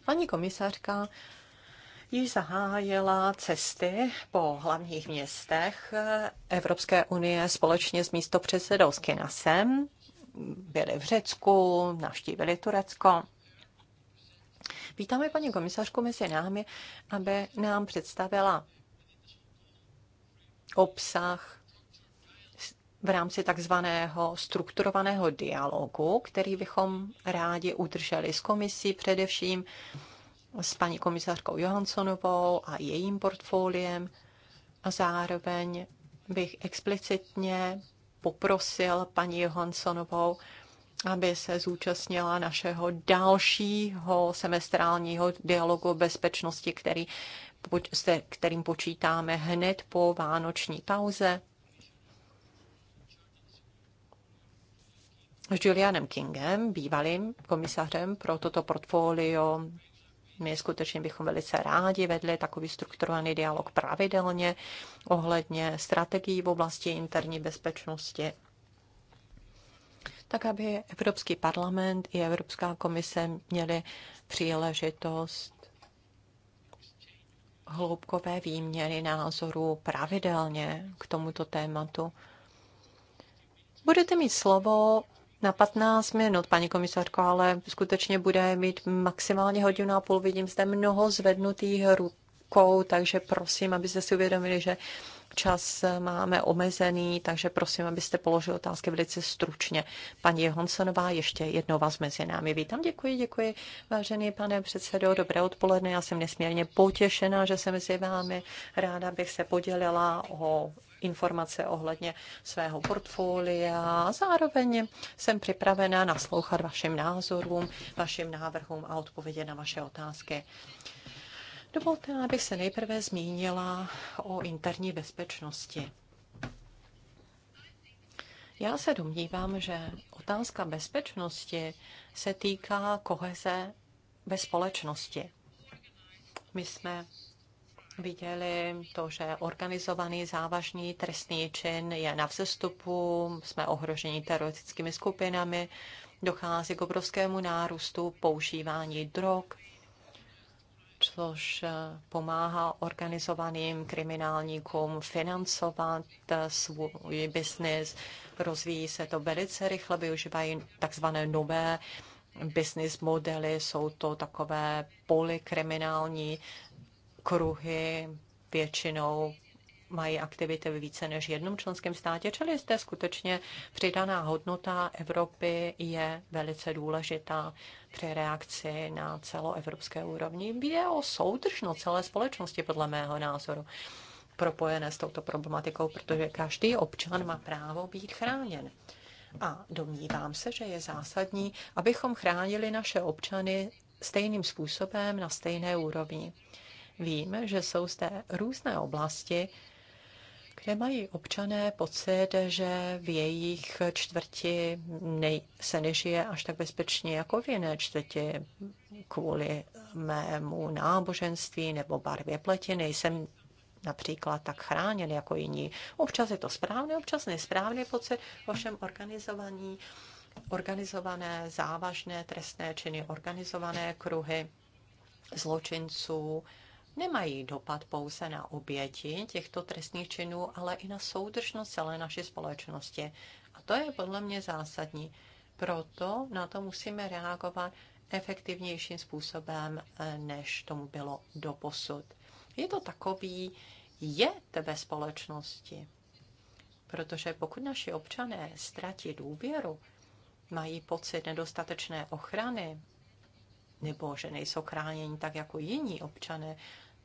Paní komisařka již zahájila cesty po hlavních městech Evropské unie společně s místopředsedou Skinasem. Byli v Řecku, navštívili Turecko. Vítáme paní komisařku mezi námi, aby nám představila obsah v rámci takzvaného strukturovaného dialogu, který bychom rádi udrželi s komisí, především s paní komisařkou Johanssonovou a jejím portfoliem. A zároveň bych explicitně poprosil paní Johanssonovou, aby se zúčastnila našeho dalšího semestrálního dialogu o bezpečnosti, který, se kterým počítáme hned po vánoční pauze s Julianem Kingem, bývalým komisařem pro toto portfolio. My skutečně bychom velice rádi vedli takový strukturovaný dialog pravidelně ohledně strategií v oblasti interní bezpečnosti tak aby Evropský parlament i Evropská komise měli příležitost hloubkové výměny názorů pravidelně k tomuto tématu. Budete mít slovo na 15 minut, paní komisarko, ale skutečně bude mít maximálně hodinu a půl. Vidím zde mnoho zvednutých rukou, takže prosím, abyste si uvědomili, že čas eh, máme omezený, takže prosím, abyste položili otázky velice stručně. Paní Honsonová, ještě jednou vás mezi námi vítám. Děkuji, děkuji, vážený pane předsedo. Dobré odpoledne. Já jsem nesmírně potěšená, že jsem mezi vámi. Ráda bych se podělila o informace ohledně svého portfolia. Zároveň jsem připravená naslouchat vašim názorům, vašim návrhům a odpovědi na vaše otázky. Dovolte, abych se nejprve zmínila o interní bezpečnosti. Já se domnívám, že otázka bezpečnosti se týká koheze ve společnosti. My jsme viděli to, že organizovaný závažný trestný čin je na vzestupu, jsme ohroženi teroristickými skupinami, dochází k obrovskému nárůstu používání drog, což eh, pomáhá organizovaným kriminálníkům financovat eh, svůj biznis. Rozvíjí se to velice rychle, využívají takzvané nové business modely, jsou to takové polikriminální kruhy, většinou mají aktivity ve více než jednom členském státě, čili zde skutečně přidaná hodnota Evropy je velice důležitá při reakci na celoevropské úrovni. Je o soudržno celé společnosti, podle mého názoru, propojené s touto problematikou, protože každý občan má právo být chráněn. A domnívám se, že je zásadní, abychom chránili naše občany stejným způsobem na stejné úrovni. Vím, že jsou zde různé oblasti, Mají občané pocit, že v jejich čtvrti nej, se nežije až tak bezpečně jako v jiné čtvrti kvůli mému náboženství nebo barvě pleti. Nejsem například tak chráněn jako jiní. Občas je to správný, občas nesprávný pocit, ovšem organizovaní, organizované závažné trestné činy, organizované kruhy zločinců, nemají dopad pouze na oběti těchto trestných činů, ale i na soudržnost celé naší společnosti. A to je podle mě zásadní. Proto na to musíme reagovat efektivnějším způsobem, eh, než tomu bylo doposud. Je to takový jed ve společnosti. Protože pokud naši občané ztratí důvěru, mají pocit nedostatečné ochrany, nebo že nejsou chráněni tak jako jiní občané,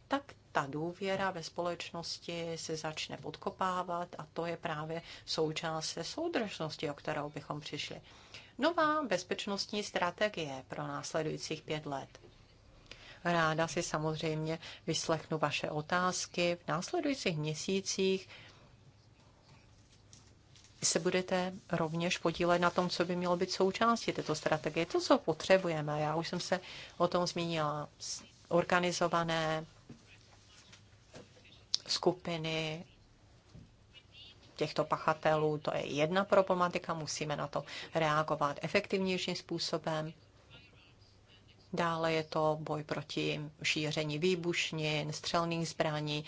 tak ta důvěra ve společnosti se začne podkopávat a to je právě součást té soudržnosti, o kterou bychom přišli. Nová bezpečnostní strategie pro následujících pět let. Ráda si samozřejmě vyslechnu vaše otázky. V následujících měsících se budete rovněž podílet na tom, co by mělo být součástí této strategie. To, co potřebujeme, já už jsem se o tom zmínila, organizované skupiny těchto pachatelů. To je jedna problematika, musíme na to reagovat efektivnějším způsobem. Dále je to boj proti šíření výbušnin, střelných zbraní,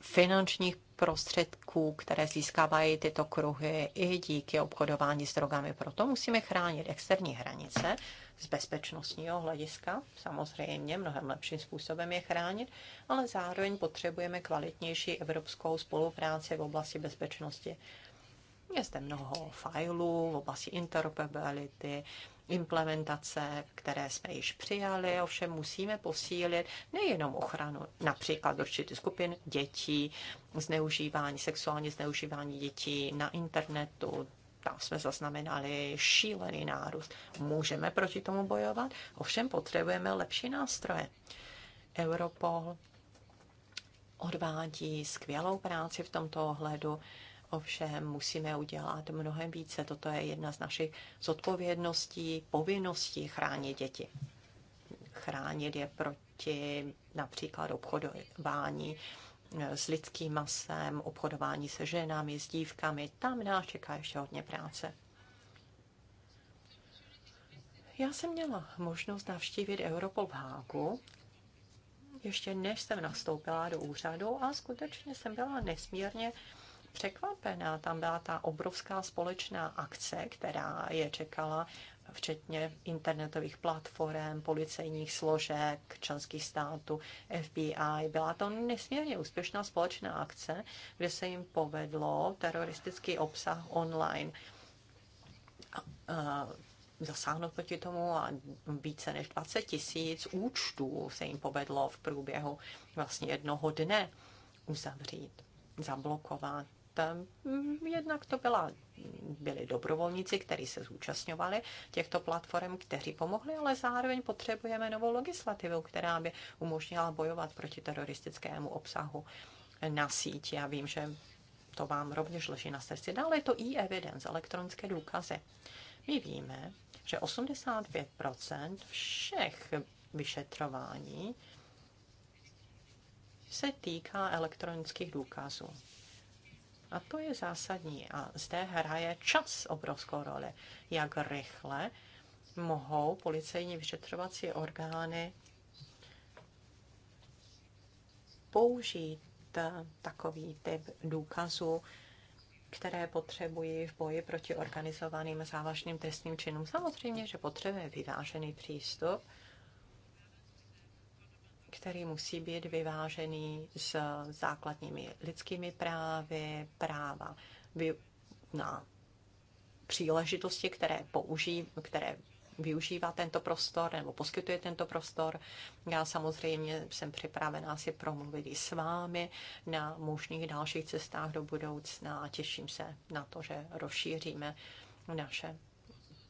finančních prostředků, které získávají tyto kruhy i díky obchodování s drogami. Proto musíme chránit externí hranice z bezpečnostního hlediska. Samozřejmě mnohem lepším způsobem je chránit, ale zároveň potřebujeme kvalitnější evropskou spolupráci v oblasti bezpečnosti. Je zde mnoho failů v oblasti interoperability, implementace, které jsme již přijali, ovšem musíme posílit nejenom ochranu například určitých skupin dětí, zneužívání, sexuální zneužívání dětí na internetu, tam jsme zaznamenali šílený nárůst. Můžeme proti tomu bojovat, ovšem potřebujeme lepší nástroje. Europol odvádí skvělou práci v tomto ohledu ovšem musíme udělat mnohem více. Toto je jedna z našich zodpovědností, povinností chránit děti. Chránit je proti například obchodování eh, s lidským masem, obchodování se ženami, s dívkami. Tam nás čeká ještě hodně práce. Já jsem měla možnost navštívit Europol v Hágu, ještě než jsem nastoupila do úřadu a skutečně jsem byla nesmírně překvapená. Tam byla ta obrovská společná akce, která je čekala včetně internetových platform, policejních složek, členských států, FBI. Byla to nesmírně úspěšná společná akce, kde se jim povedlo teroristický obsah online zasáhnout proti tomu a více než 20 tisíc účtů se jim povedlo v průběhu vlastně jednoho dne uzavřít, zablokovat Mm, jednak to byla, byli dobrovolníci, kteří se zúčastňovali těchto platform, kteří pomohli, ale zároveň potřebujeme novou legislativu, která by umožnila bojovat proti teroristickému obsahu na síti. Já vím, že to vám rovněž leží na srdci. Dále je to e-evidence, elektronické důkazy. My víme, že 85 všech vyšetrování se týká elektronických důkazů. A to je zásadní. A zde hraje čas obrovskou roli. Jak rychle mohou policejní vyšetřovací orgány použít eh, takový typ důkazů, které potřebují v boji proti organizovaným závažným trestným činům. Samozřejmě, že potřebuje vyvážený přístup který musí být vyvážený s základními lidskými právy, práva na příležitosti, které, použí, které využívá tento prostor nebo poskytuje tento prostor. Já samozřejmě jsem připravená si promluvit i s vámi na možných dalších cestách do budoucna a těším se na to, že rozšíříme naše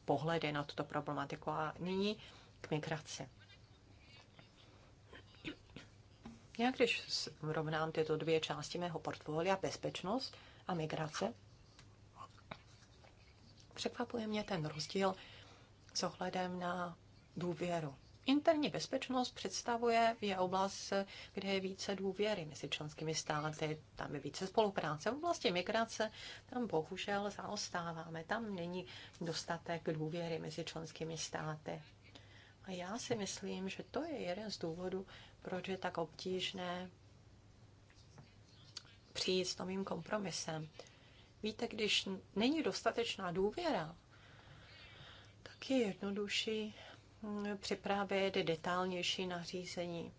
pohledy na tuto problematiku. A nyní k migraci. Já když rovnám tyto dvě části mého portfolia, bezpečnost a migrace, překvapuje mě ten rozdíl s ohledem na důvěru. Interní bezpečnost představuje je oblast, kde je více důvěry mezi členskými státy, tam je více spolupráce. V oblasti migrace tam bohužel zaostáváme, tam není dostatek důvěry mezi členskými státy. A já si myslím, že to je jeden z důvodů, proč je tak obtížné přijít s novým kompromisem. Víte, když není dostatečná důvěra, tak je jednodušší hm, připravit detailnější nařízení.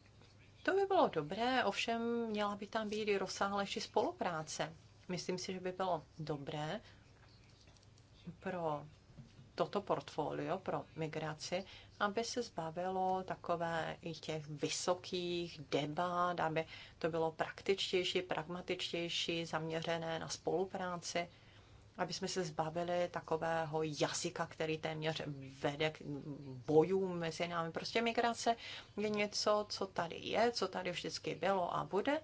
To by bylo dobré, ovšem měla by tam být i rozsáhlejší spolupráce. Myslím si, že by bylo dobré pro toto portfolio, pro migraci, aby se zbavilo takové i těch vysokých debat, aby to bylo praktičtější, pragmatičtější, zaměřené na spolupráci, aby jsme se zbavili takového jazyka, který téměř vede k bojům mezi námi. Prostě migrace je něco, co tady je, co tady vždycky bylo a bude.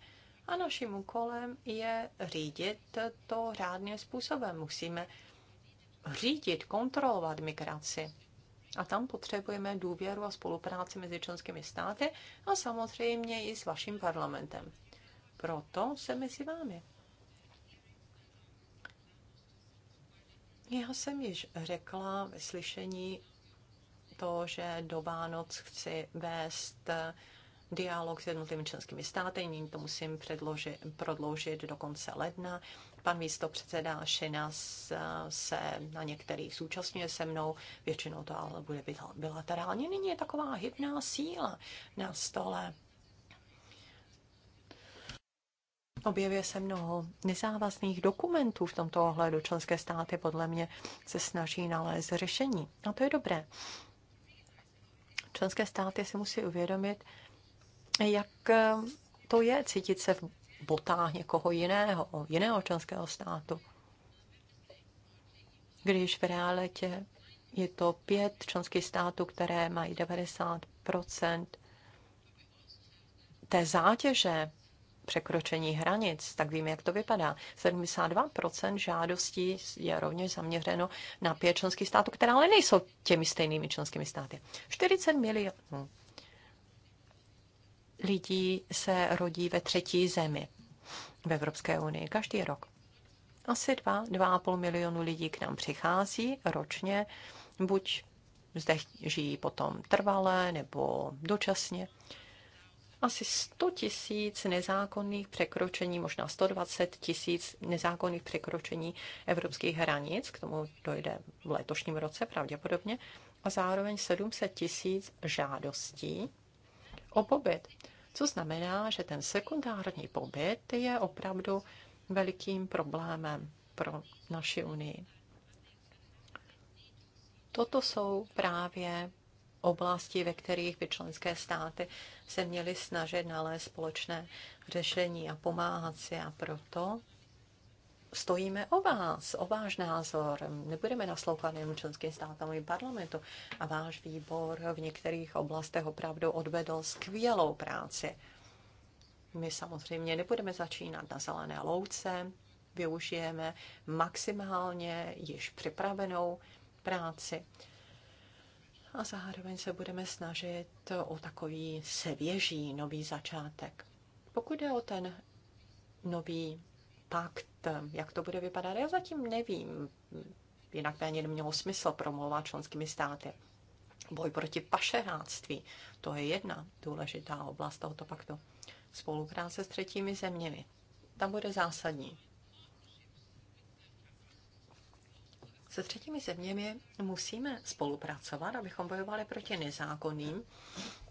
A naším úkolem je řídit to řádným způsobem. Musíme řídit, kontrolovat migraci a tam potřebujeme důvěru a spolupráci mezi členskými státy a samozřejmě i s vaším parlamentem. Proto se mezi vámi. Já jsem již řekla ve slyšení to, že do Vánoc chci vést dialog s jednotlivými členskými státy, nyní to musím předložit, prodloužit do konce ledna. Pan místopředseda Šina se na některých zúčastňuje se mnou, většinou to ale bude bilaterálně. Nyní je taková hybná síla na stole. Objevuje se mnoho nezávazných dokumentů v tomto ohledu. Členské státy podle mě se snaží nalézt řešení. A to je dobré. Členské státy si musí uvědomit, jak eh, to je cítit se v botách někoho jiného, jiného členského státu. Když v realitě je to pět členských států, které mají 90 té zátěže překročení hranic, tak víme, jak to vypadá. 72% žádostí je rovněž zaměřeno na pět členských států, které ale nejsou těmi stejnými členskými státy. 40 milionů lidí se rodí ve třetí zemi v Evropské unii každý rok. Asi 2, 2,5 milionu lidí k nám přichází ročně, buď zde žijí potom trvalé, nebo dočasně. Asi 100 tisíc nezákonných překročení, možná 120 tisíc nezákonných překročení evropských hranic, k tomu dojde v letošním roce pravděpodobně, a zároveň 700 tisíc žádostí o pobyt. Co znamená, že ten sekundární pobyt je opravdu velikým problémem pro naši Unii. Toto jsou právě oblasti, ve kterých by členské státy se měly snažit nalézt společné řešení a pomáhat si. A proto stojíme o vás, o váš názor. Nebudeme naslouchat jenom členským státům i parlamentu. A váš výbor v některých oblastech opravdu odvedl skvělou práci. My samozřejmě nebudeme začínat na zelené louce, využijeme maximálně již připravenou práci. A zároveň se budeme snažit o takový svěží nový začátek. Pokud je o ten nový pakt Eh, jak to bude vypadat. Já zatím nevím, jinak by ani nemělo smysl promluvat členskými státy. Boj proti pašeráctví, to je jedna důležitá oblast tohoto paktu. Spolupráce s třetími zeměmi, tam bude zásadní. Se třetími zeměmi musíme spolupracovat, abychom bojovali proti nezákonným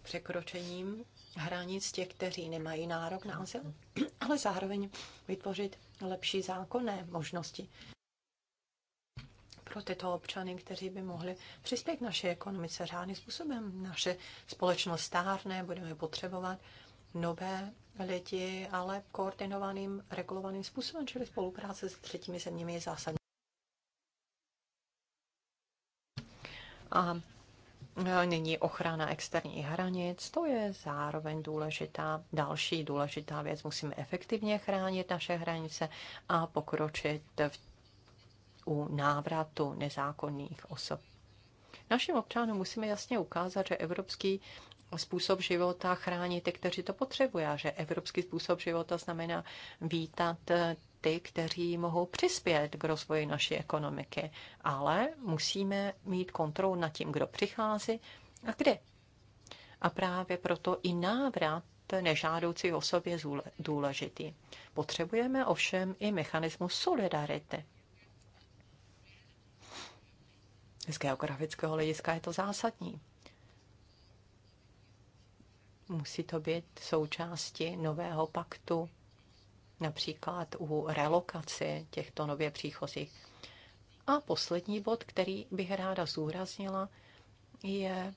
překročením hranic těch, kteří nemají nárok na azyl, *clears throat* ale zároveň vytvořit lepší zákonné možnosti pro tyto občany, kteří by mohli přispět k naší ekonomice řádným způsobem. Naše společnost stárne, budeme potřebovat nové lidi, ale koordinovaným, regulovaným způsobem, čili spolupráce s třetími zeměmi je zásadní. A Nyní ochrana externích hranic, to je zároveň důležitá, další důležitá věc. Musíme efektivně chránit naše hranice a pokročit v, u návratu nezákonných osob. Našim občanům musíme jasně ukázat, že evropský způsob života chrání ty, kteří to potřebují a že evropský způsob života znamená vítat ty, kteří mohou přispět k rozvoji naší ekonomiky, ale musíme mít kontrolu nad tím, kdo přichází a kde. A právě proto i návrat nežádoucí osoby je důležitý. Potřebujeme ovšem i mechanismus solidarity. Z geografického hlediska je to zásadní. Musí to být součástí nového paktu například u relokace těchto nově příchozích. A poslední bod, který bych ráda zúraznila, je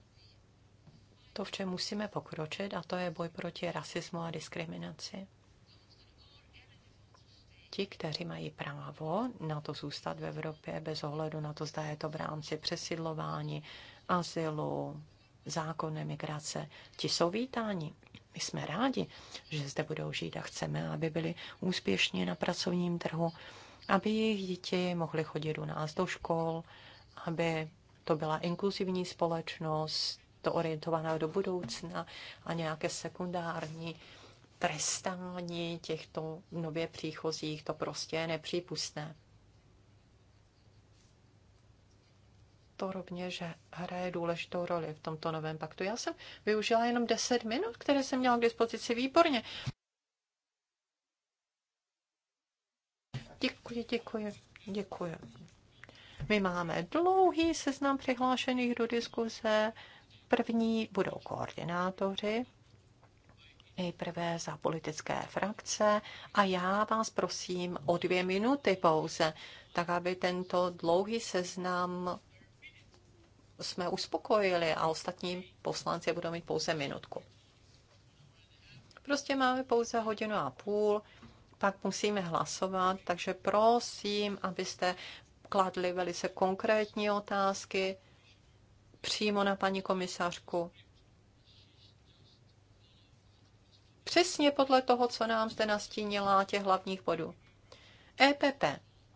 to, v čem musíme pokročit, a to je boj proti rasismu a diskriminaci. Ti, kteří mají právo na to zůstat v Evropě bez ohledu na to, zda je to v rámci přesidlování, azylu, zákonné migrace, ti jsou vítáni. My jsme rádi, že zde budou žít a chceme, aby byli úspěšní na pracovním trhu, aby jejich děti mohly chodit u nás do škol, aby to byla inkluzivní společnost, to orientovaná do budoucna a nějaké sekundární trestání těchto nově příchozích, to prostě je nepřípustné. to rovněž hraje důležitou roli v tomto novém paktu. Já jsem využila jenom 10 minut, které jsem měla k dispozici výborně. Děkuji, děkuji, děkuji. My máme dlouhý seznam přihlášených do diskuze. První budou koordinátoři, nejprve za politické frakce a já vás prosím o dvě minuty pouze, tak aby tento dlouhý seznam jsme uspokojili a ostatní poslanci budou mít pouze minutku. Prostě máme pouze hodinu a půl, pak musíme hlasovat, takže prosím, abyste kladli velice konkrétní otázky přímo na paní komisařku. Přesně podle toho, co nám zde nastínila těch hlavních bodů. EPP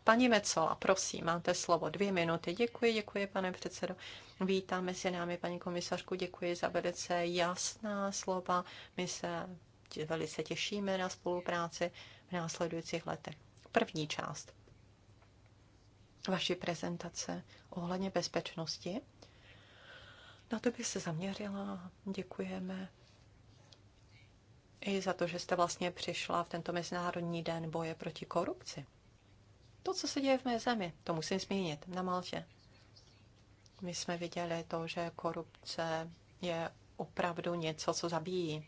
Paní Mecola, prosím, máte slovo. Dvě minuty. Děkuji, děkuji, pane předsedo. Vítám mezi námi, paní komisařku, děkuji za velice jasná slova. My se velice těšíme na spolupráci v následujících letech. První část vaší prezentace ohledně bezpečnosti. Na to bych se zaměřila. Děkujeme i za to, že jste vlastně přišla v tento Mezinárodní den boje proti korupci. To, co se děje v mé zemi, to musím zmínit na Maltě. My jsme viděli to, že korupce je opravdu něco, co zabíjí.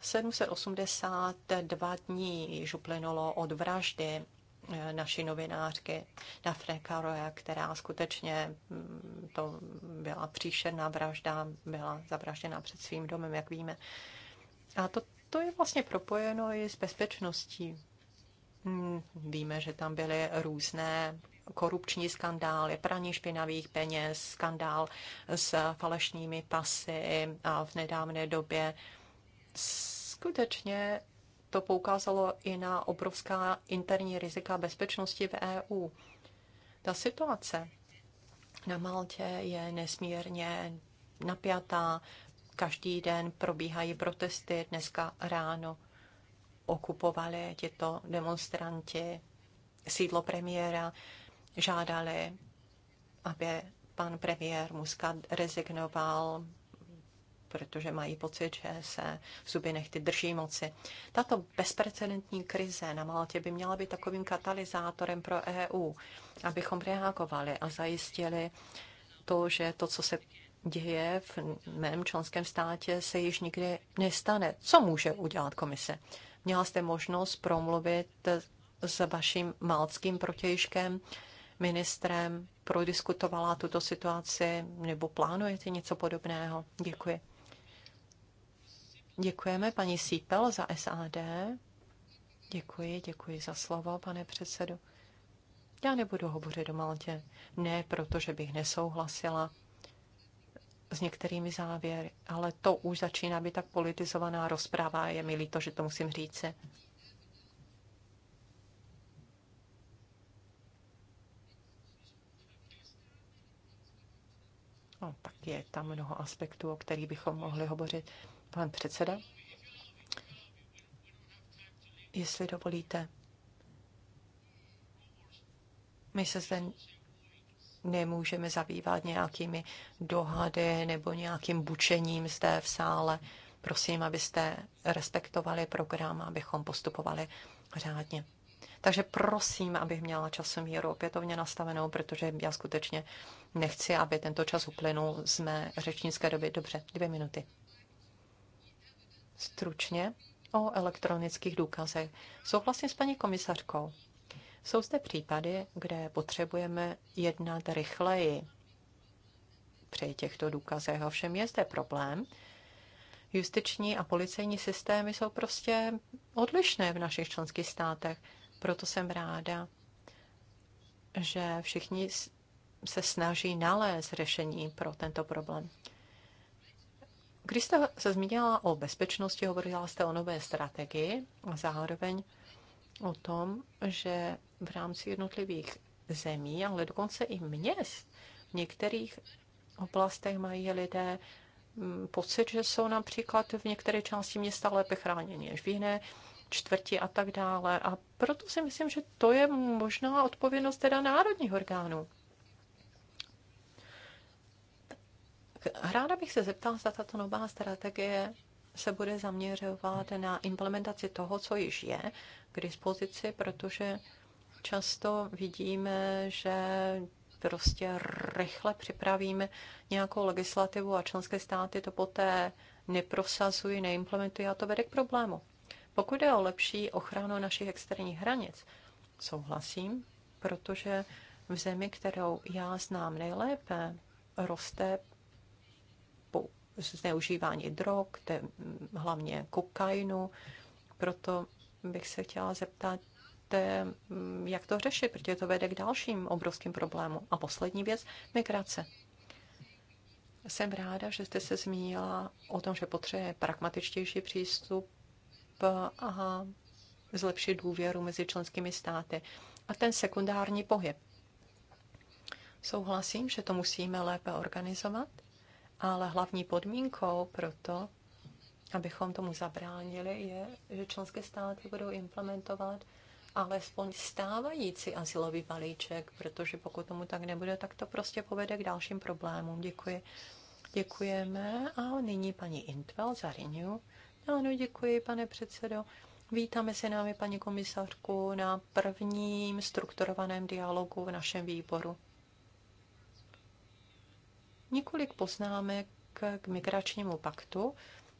782 dní již uplynulo od vraždy eh, naší novinářky na Frekaroja, která skutečně mm, to byla příšerná vražda, byla zavražděna před svým domem, jak víme. A to, to je vlastně propojeno i s bezpečností. Hmm, víme, že tam byly různé korupční skandály, praní špinavých peněz, skandál s falešnými pasy a v nedávné době skutečně to poukázalo i na obrovská interní rizika bezpečnosti v EU. Ta situace na Maltě je nesmírně napjatá. Každý den probíhají protesty dneska ráno okupovali tito demonstranti sídlo premiéra, žádali, aby pan premiér Muscat rezignoval, protože mají pocit, že se zuby nechty drží moci. Tato bezprecedentní krize na Maltě by měla být takovým katalyzátorem pro EU, abychom reagovali a zajistili to, že to, co se děje v mém členském státě, se již nikdy nestane. Co může udělat komise? Měla jste možnost promluvit s vaším malckým protějškem, ministrem, prodiskutovala tuto situaci nebo plánujete něco podobného? Děkuji. Děkujeme paní Sípel za SAD. Děkuji, děkuji za slovo, pane předsedu. Já nebudu hovořit o Maltě. Ne, protože bych nesouhlasila s některými závěry, ale to už začíná být tak politizovaná rozprava. Je mi líto, že to musím říct. No, tak je tam mnoho aspektů, o kterých bychom mohli hovořit. Pan předseda, jestli dovolíte, my se zde nemůžeme zabývat nějakými dohady nebo nějakým bučením zde v sále. Prosím, abyste respektovali program, abychom postupovali řádně. Takže prosím, abych měla časomíru opětovně nastavenou, protože já skutečně nechci, aby tento čas uplynul z mé řečnické doby. Dobře, dvě minuty. Stručně o elektronických důkazech. Souhlasím s paní komisařkou. Jsou zde případy, kde potřebujeme jednat rychleji při těchto důkazech. Ovšem je zde problém. Justiční a policejní systémy jsou prostě odlišné v našich členských státech. Proto jsem ráda, že všichni se snaží nalézt řešení pro tento problém. Když jste se zmínila o bezpečnosti, hovořila jste o nové strategii a zároveň o tom, že v rámci jednotlivých zemí, ale dokonce i měst, v některých oblastech mají lidé mm, pocit, že jsou například v některé části města lépe chráněni než v jiné čtvrti a tak dále. A proto si myslím, že to je možná odpovědnost teda národních orgánů. Ráda bych se zeptala, zda tato nová strategie se bude zaměřovat na implementaci toho, co již je k dispozici, protože často vidíme, že prostě rychle připravíme nějakou legislativu a členské státy to poté neprosazují, neimplementují a to vede k problému. Pokud je o lepší ochranu našich externích hranic, souhlasím, protože v zemi, kterou já znám nejlépe, roste zneužívání drog, te, hlavně kokainu. Proto bych se chtěla zeptat, jak to řešit, protože to vede k dalším obrovským problémům. A poslední věc, migrace. Jsem ráda, že jste se zmínila o tom, že potřebuje pragmatičtější přístup a zlepšit důvěru mezi členskými státy. A ten sekundární pohyb. Souhlasím, že to musíme lépe organizovat ale hlavní podmínkou pro to, abychom tomu zabránili, je, že členské státy budou implementovat alespoň stávající asilový balíček, protože pokud tomu tak nebude, tak to prostě povede k dalším problémům. Děkuji. Děkujeme. A nyní paní Intvel za Renew. Ano, děkuji, pane předsedo. Vítáme se námi, paní komisařku, na prvním strukturovaném dialogu v našem výboru. Několik poznámek k migračnímu paktu.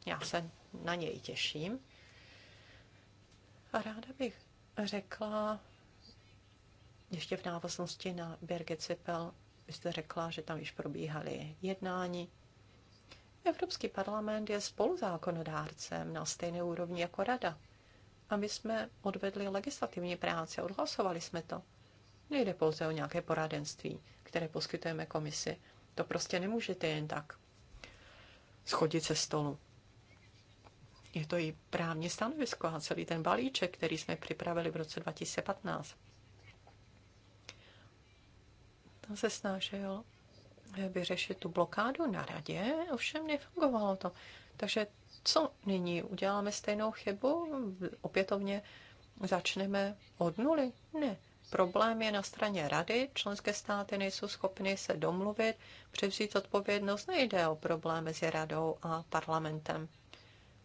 Já se na něj těším. A ráda bych řekla, ještě v návaznosti na Birgit Zippel, byste jste řekla, že tam již probíhaly jednání. Evropský parlament je spoluzákonodárcem na stejné úrovni jako rada. A my jsme odvedli legislativní práci, odhlasovali jsme to. Nejde pouze o nějaké poradenství, které poskytujeme komisi. To prostě nemůžete jen tak schodit se stolu. Je to i právní stanovisko a celý ten balíček, který jsme připravili v roce 2015. Tam se snažil eh, vyřešit tu blokádu na radě, ovšem nefungovalo to. Takže co nyní? Uděláme stejnou chybu? Opětovně začneme od nuly? Ne. Problém je na straně rady. Členské státy nejsou schopny se domluvit, převzít odpovědnost. Nejde o problém mezi radou a parlamentem.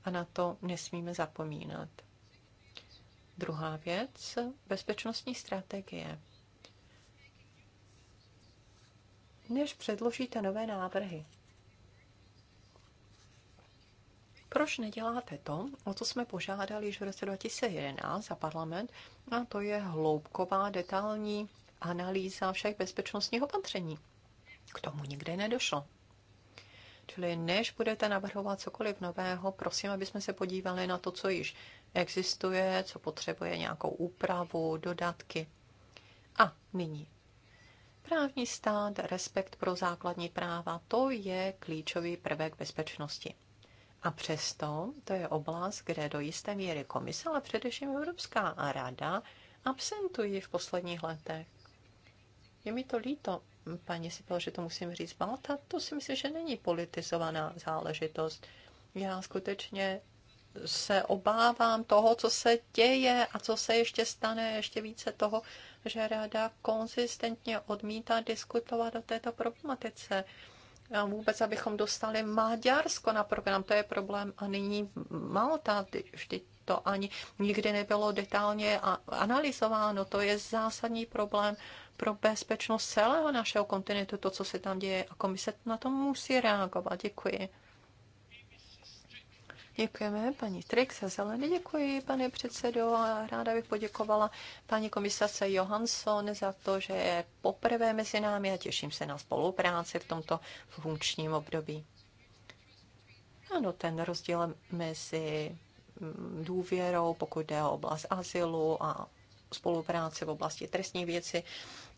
A na to nesmíme zapomínat. Druhá věc, bezpečnostní strategie. Než předložíte nové návrhy, Proč neděláte to, o co jsme požádali již v roce 2011 za parlament, a to je hloubková detailní analýza všech bezpečnostních opatření? K tomu nikde nedošlo. Čili než budete navrhovat cokoliv nového, prosím, aby jsme se podívali na to, co již existuje, co potřebuje nějakou úpravu, dodatky. A nyní. Právní stát, respekt pro základní práva, to je klíčový prvek bezpečnosti. A přesto to je oblast, kde do jisté míry komise, ale především Evropská rada absentují v posledních letech. Je mi to líto, paní Sipel, že to musím říct. ta to si myslím, že není politizovaná záležitost. Já skutečně se obávám toho, co se děje a co se ještě stane, ještě více toho, že rada konzistentně odmítá diskutovat o této problematice a vůbec, abychom dostali Maďarsko na program, to je problém. A nyní Malta, vždyť to ani nikdy nebylo detailně analyzováno. To je zásadní problém pro bezpečnost celého našeho kontinentu, to, co se tam děje. A komise na to musí reagovat. Děkuji. Děkujeme paní Trix a Zelený. Děkuji, pane předsedo. A ráda bych poděkovala paní komisace Johansson za to, že je poprvé mezi námi a těším se na spolupráci v tomto funkčním období. Ano, ten rozdíl mezi mm, důvěrou, pokud jde o oblast asilu a spolupráce v oblasti trestní věci,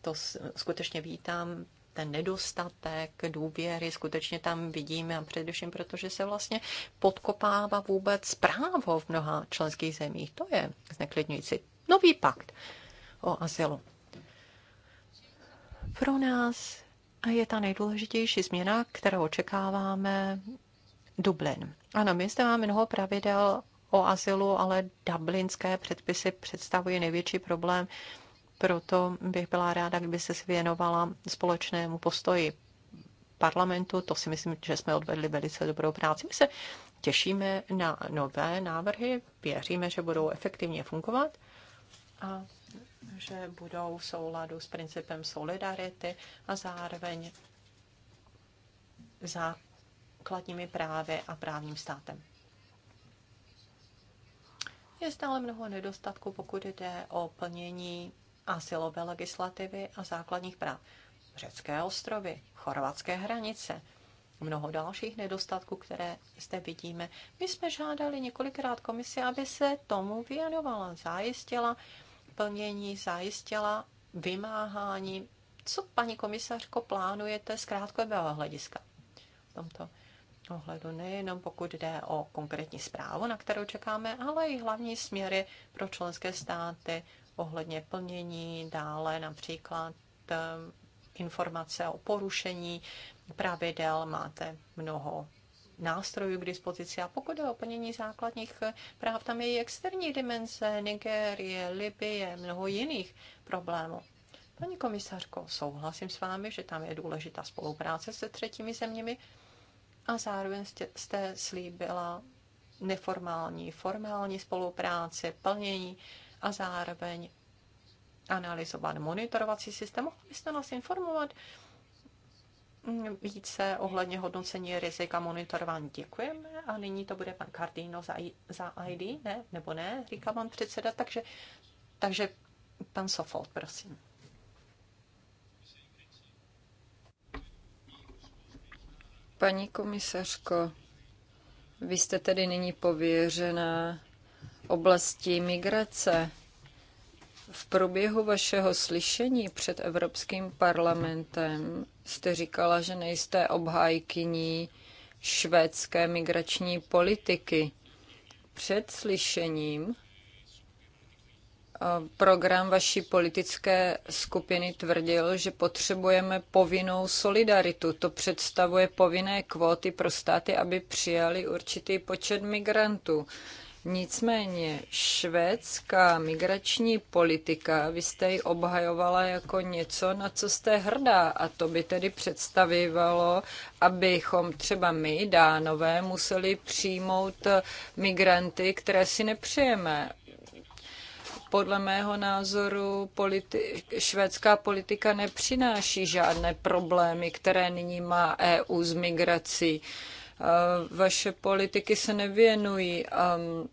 to skutečně vítám ten nedostatek důvěry skutečně tam vidíme a především proto, že se vlastně podkopává vůbec právo v mnoha členských zemích. To je zneklidňující. Nový pakt o azylu. Pro nás je ta nejdůležitější změna, kterou očekáváme, Dublin. Ano, my zde máme mnoho pravidel o azylu, ale dublinské předpisy představují největší problém proto bych byla ráda, kdyby se věnovala společnému postoji parlamentu. To si myslím, že jsme odvedli velice dobrou práci. My se těšíme na nové návrhy, věříme, že budou efektivně fungovat a že budou v souladu s principem solidarity a zároveň základními právy a právním státem. Je stále mnoho nedostatků, pokud jde o plnění asilové legislativy a základních práv. Řecké ostrovy, chorvatské hranice, mnoho dalších nedostatků, které zde vidíme. My jsme žádali několikrát komisi, aby se tomu věnovala, zajistila plnění, zajistila vymáhání. Co, paní komisařko, plánujete z krátkodobého hlediska v tomto ohledu? Nejenom pokud jde o konkrétní zprávu, na kterou čekáme, ale i hlavní směry pro členské státy ohledně plnění, dále například eh, informace o porušení pravidel, máte mnoho nástrojů k dispozici. A pokud je o plnění základních eh, práv, tam je i externí dimenze, Nigérie, Libie, mnoho jiných problémů. Paní komisařko, souhlasím s vámi, že tam je důležitá spolupráce se třetími zeměmi a zároveň jste, jste slíbila neformální, formální spolupráce, plnění a zároveň analyzovat monitorovací systém. Mohli byste nás informovat více ohledně hodnocení rizika monitorování. Děkujeme. A nyní to bude pan Cardino za, za ID, ne? Nebo ne? Říká pan předseda. Takže, takže pan Sofold, prosím. Paní komisařko, vy jste tedy nyní pověřená oblasti migrace. V průběhu vašeho slyšení před Evropským parlamentem jste říkala, že nejste obhájkyní švédské migrační politiky. Před slyšením eh, program vaší politické skupiny tvrdil, že potřebujeme povinnou solidaritu. To představuje povinné kvóty pro státy, aby přijali určitý počet migrantů. Nicméně švédská migrační politika, vy jste ji obhajovala jako něco, na co jste hrdá a to by tedy představivalo, abychom třeba my, dánové, museli přijmout migranty, které si nepřejeme podle mého názoru politi- švédská politika nepřináší žádné problémy, které nyní má EU s migrací. Uh, vaše politiky se nevěnují um,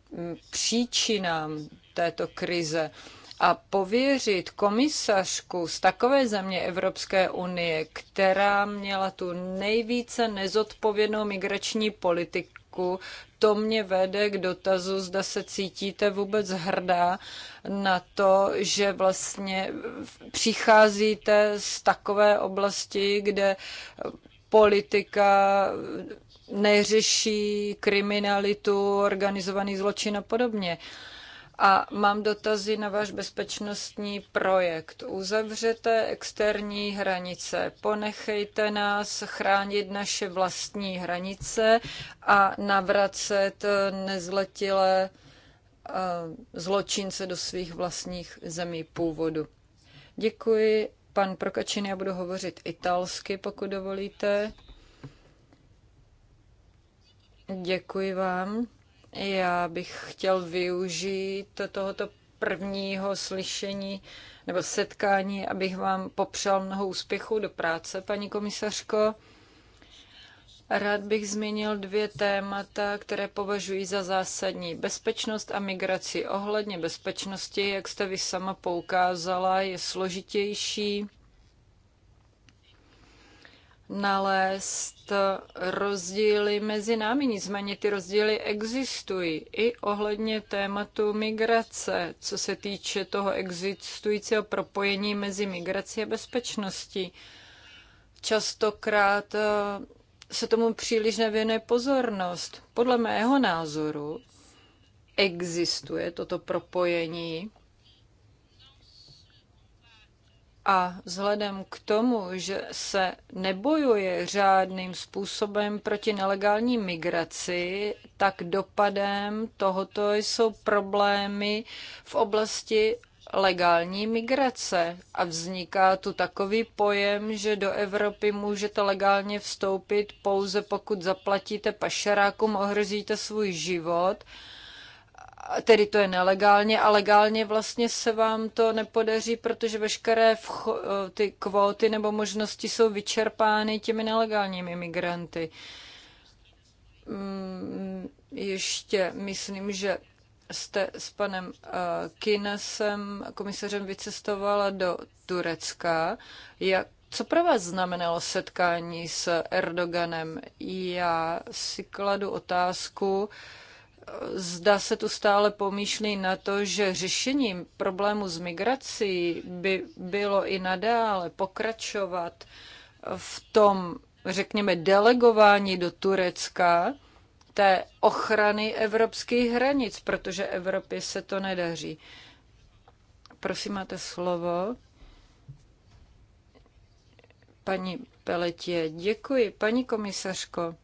příčinám této krize. A pověřit komisařku z takové země Evropské unie, která měla tu nejvíce nezodpovědnou migrační politiku, to mě vede k dotazu, zda se cítíte vůbec hrdá na to, že vlastně přicházíte z takové oblasti, kde politika neřeší kriminalitu, organizovaný zločin a podobně. A mám dotazy na váš bezpečnostní projekt. Uzavřete externí hranice, ponechejte nás chránit naše vlastní hranice a navracet nezletilé eh, zločince do svých vlastních zemí původu. Děkuji. Pan Prokačin, já budu hovořit italsky, pokud dovolíte. Děkuji vám. Já bych chtěl využít tohoto prvního slyšení nebo setkání, abych vám popřál mnoho úspěchů do práce, paní komisařko. Rád bych zmínil dvě témata, které považuji za zásadní. Bezpečnost a migraci. Ohledně bezpečnosti, jak jste vy sama poukázala, je složitější nalézt rozdíly mezi námi, nicméně ty rozdíly existují i ohledně tématu migrace, co se týče toho existujícího propojení mezi migrací a bezpečností. Častokrát eh, se tomu příliš nevěnuje pozornost. Podle mého názoru existuje toto propojení a vzhledem k tomu, že se nebojuje řádným způsobem proti nelegální migraci, tak dopadem tohoto jsou problémy v oblasti legální migrace. A vzniká tu takový pojem, že do Evropy můžete legálně vstoupit pouze pokud zaplatíte pašerákům, ohrozíte svůj život tedy to je nelegálně a legálně vlastně se vám to nepodaří, protože veškeré vcho, ty kvóty nebo možnosti jsou vyčerpány těmi nelegálními migranty. Mm, ještě myslím, že jste s panem eh, Kinesem, komisařem, vycestovala do Turecka. Jak, co pro vás znamenalo setkání s Erdoganem? Já si kladu otázku, uh, Zda se tu stále pomýšlí na to, že řešením problému s migrací by bylo i nadále pokračovat v tom, řekněme, delegování do Turecka té ochrany evropských hranic, protože Evropě se to nedaří. Prosím, máte slovo. Paní Peletě, děkuji. Paní komisařko,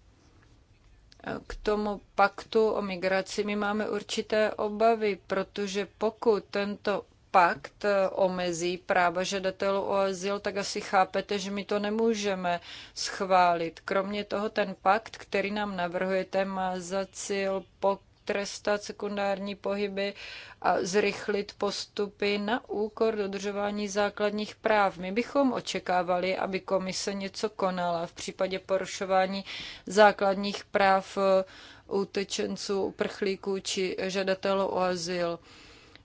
k tomu paktu o migraci my máme určité obavy, protože pokud tento pakt eh, omezí práva žadatelů o azyl, tak asi chápete, že my to nemůžeme schválit. Kromě toho ten pakt, který nám navrhujete, má za cíl pokud trestat sekundární pohyby a zrychlit postupy na úkor dodržování základních práv. My bychom očekávali, aby komise něco konala v případě porušování základních práv eh, utečenců, uprchlíků či žadatelů o azyl.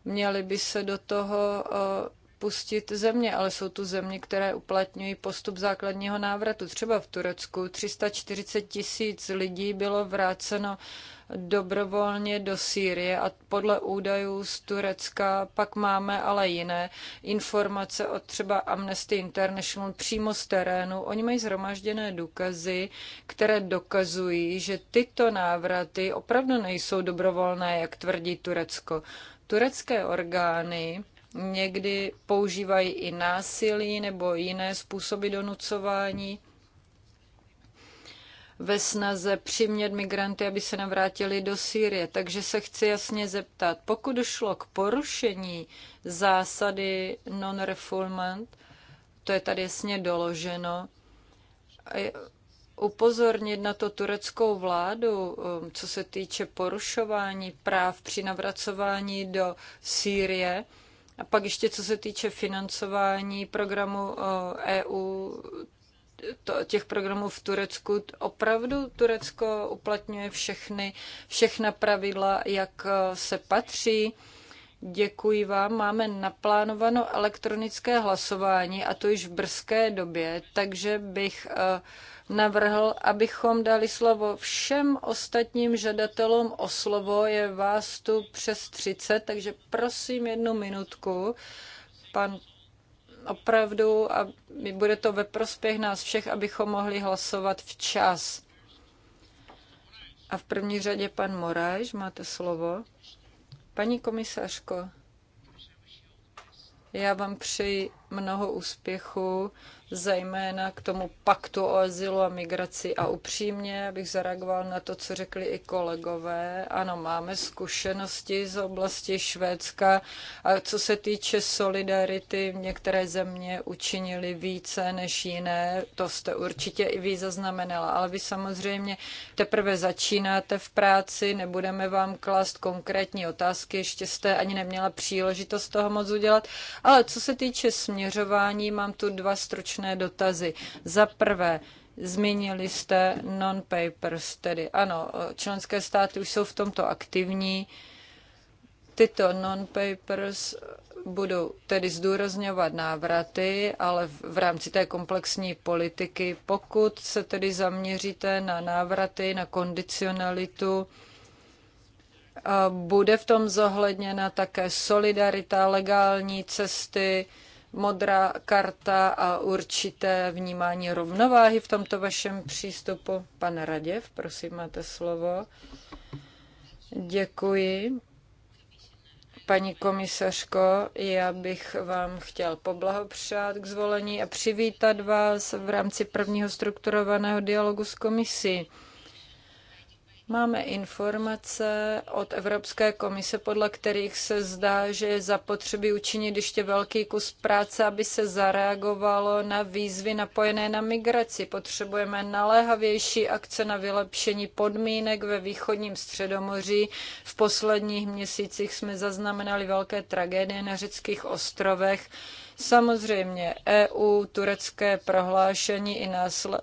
Měli by se do toho eh, pustit země, ale jsou tu země, které uplatňují postup základního návratu. Třeba v Turecku 340 tisíc lidí bylo vráceno dobrovolně do Sýrie a podle údajů z Turecka pak máme ale jiné informace od třeba Amnesty International přímo z terénu. Oni mají zhromažděné důkazy, které dokazují, že tyto návraty opravdu nejsou dobrovolné, jak tvrdí Turecko. Turecké orgány Někdy používají i násilí nebo jiné způsoby donucování ve snaze přimět migranty, aby se navrátili do Sýrie. Takže se chci jasně zeptat, pokud došlo k porušení zásady non-refoulement, to je tady jasně doloženo, upozornit na to tureckou vládu, um, co se týče porušování práv při navracování do Sýrie, a pak ještě co se týče financování programu EU, eh, e to, těch programů v Turecku, opravdu Turecko uplatňuje všechny, všechna pravidla, jak eh, se patří. Děkuji vám. Máme naplánováno elektronické hlasování a to již v brzké době, takže bych uh, navrhl, abychom dali slovo všem ostatním žadatelům o slovo. Je vás tu přes 30, takže prosím jednu minutku. Pan opravdu, a bude to ve prospěch nás všech, abychom mohli hlasovat včas. A v první řadě pan Moráš, máte slovo. Paní komisařko, já vám přeji mnoho úspěchu, zejména k tomu paktu o azylu a migraci. A upřímně bych zareagoval na to, co řekli i kolegové. Ano, máme zkušenosti z oblasti Švédska. A co se týče solidarity, některé země učinili více než jiné. To jste určitě i vy zaznamenala. Ale vy samozřejmě teprve začínáte v práci, nebudeme vám klást konkrétní otázky, ještě jste ani neměla příležitost toho moc udělat. Ale co se týče směru, směřování mám tu dva stručné dotazy. Za prvé, Zmínili jste non-papers, tedy ano, členské státy už jsou v tomto aktivní. Tyto non-papers budou tedy zdůrazňovat návraty, ale v rámci té komplexní politiky, pokud se tedy zaměříte na návraty, na kondicionalitu, bude v tom zohledněna také solidarita, legální cesty, modrá karta a určité vnímání rovnováhy v tomto vašem přístupu. Pane Raděv, prosím, máte slovo. Děkuji. Paní komisařko, já bych vám chtěl poblahopřát k zvolení a přivítat vás v rámci prvního strukturovaného dialogu s komisí. Máme informace od Evropské komise, podle kterých se zdá, že je zapotřebí učinit ještě velký kus práce, aby se zareagovalo na výzvy napojené na migraci. Potřebujeme naléhavější akce na vylepšení podmínek ve východním středomoří. V posledních měsících jsme zaznamenali velké tragédie na řeckých ostrovech. Samozřejmě EU, turecké prohlášení i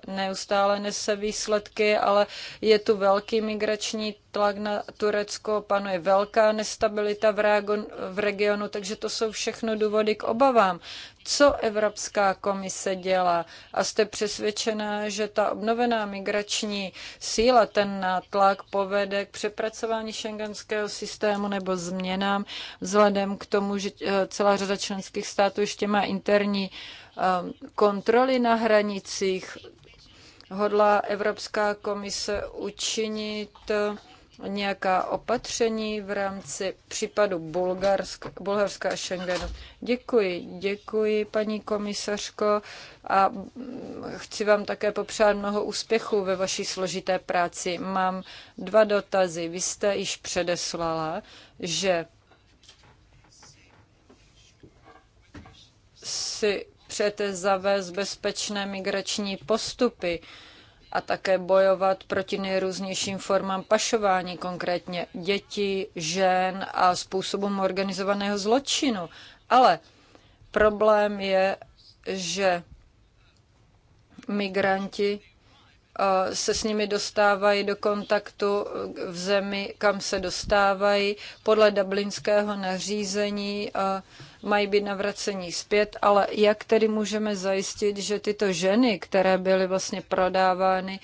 neustále nese výsledky, ale je tu velký migrační tlak na Turecko, panuje velká nestabilita v, v regionu, takže to jsou všechno důvody k obavám. Co Evropská komise dělá? A jste přesvědčená, že ta obnovená migrační síla, ten nátlak povede k přepracování šengenského systému nebo změnám, vzhledem k tomu, že eh, celá řada členských států ještě má interní eh, kontroly na hranicích, hodlá Evropská komise učinit eh, nějaká opatření v rámci případu Bulgarsk, Bulharska a Schengenu. Děkuji, děkuji, paní komisařko, a chci vám také popřát mnoho úspěchů ve vaší složité práci. Mám dva dotazy. Vy jste již předeslala, že si přejete zavést bezpečné migrační postupy a také bojovat proti nejrůznějším formám pašování, konkrétně dětí, žen a způsobům organizovaného zločinu. Ale problém je, že migranti eh, se s nimi dostávají do kontaktu eh, v zemi, kam se dostávají. Podle dublinského nařízení eh, mají být navracení zpět, ale jak tedy můžeme zajistit, že tyto ženy, které byly vlastně prodávány,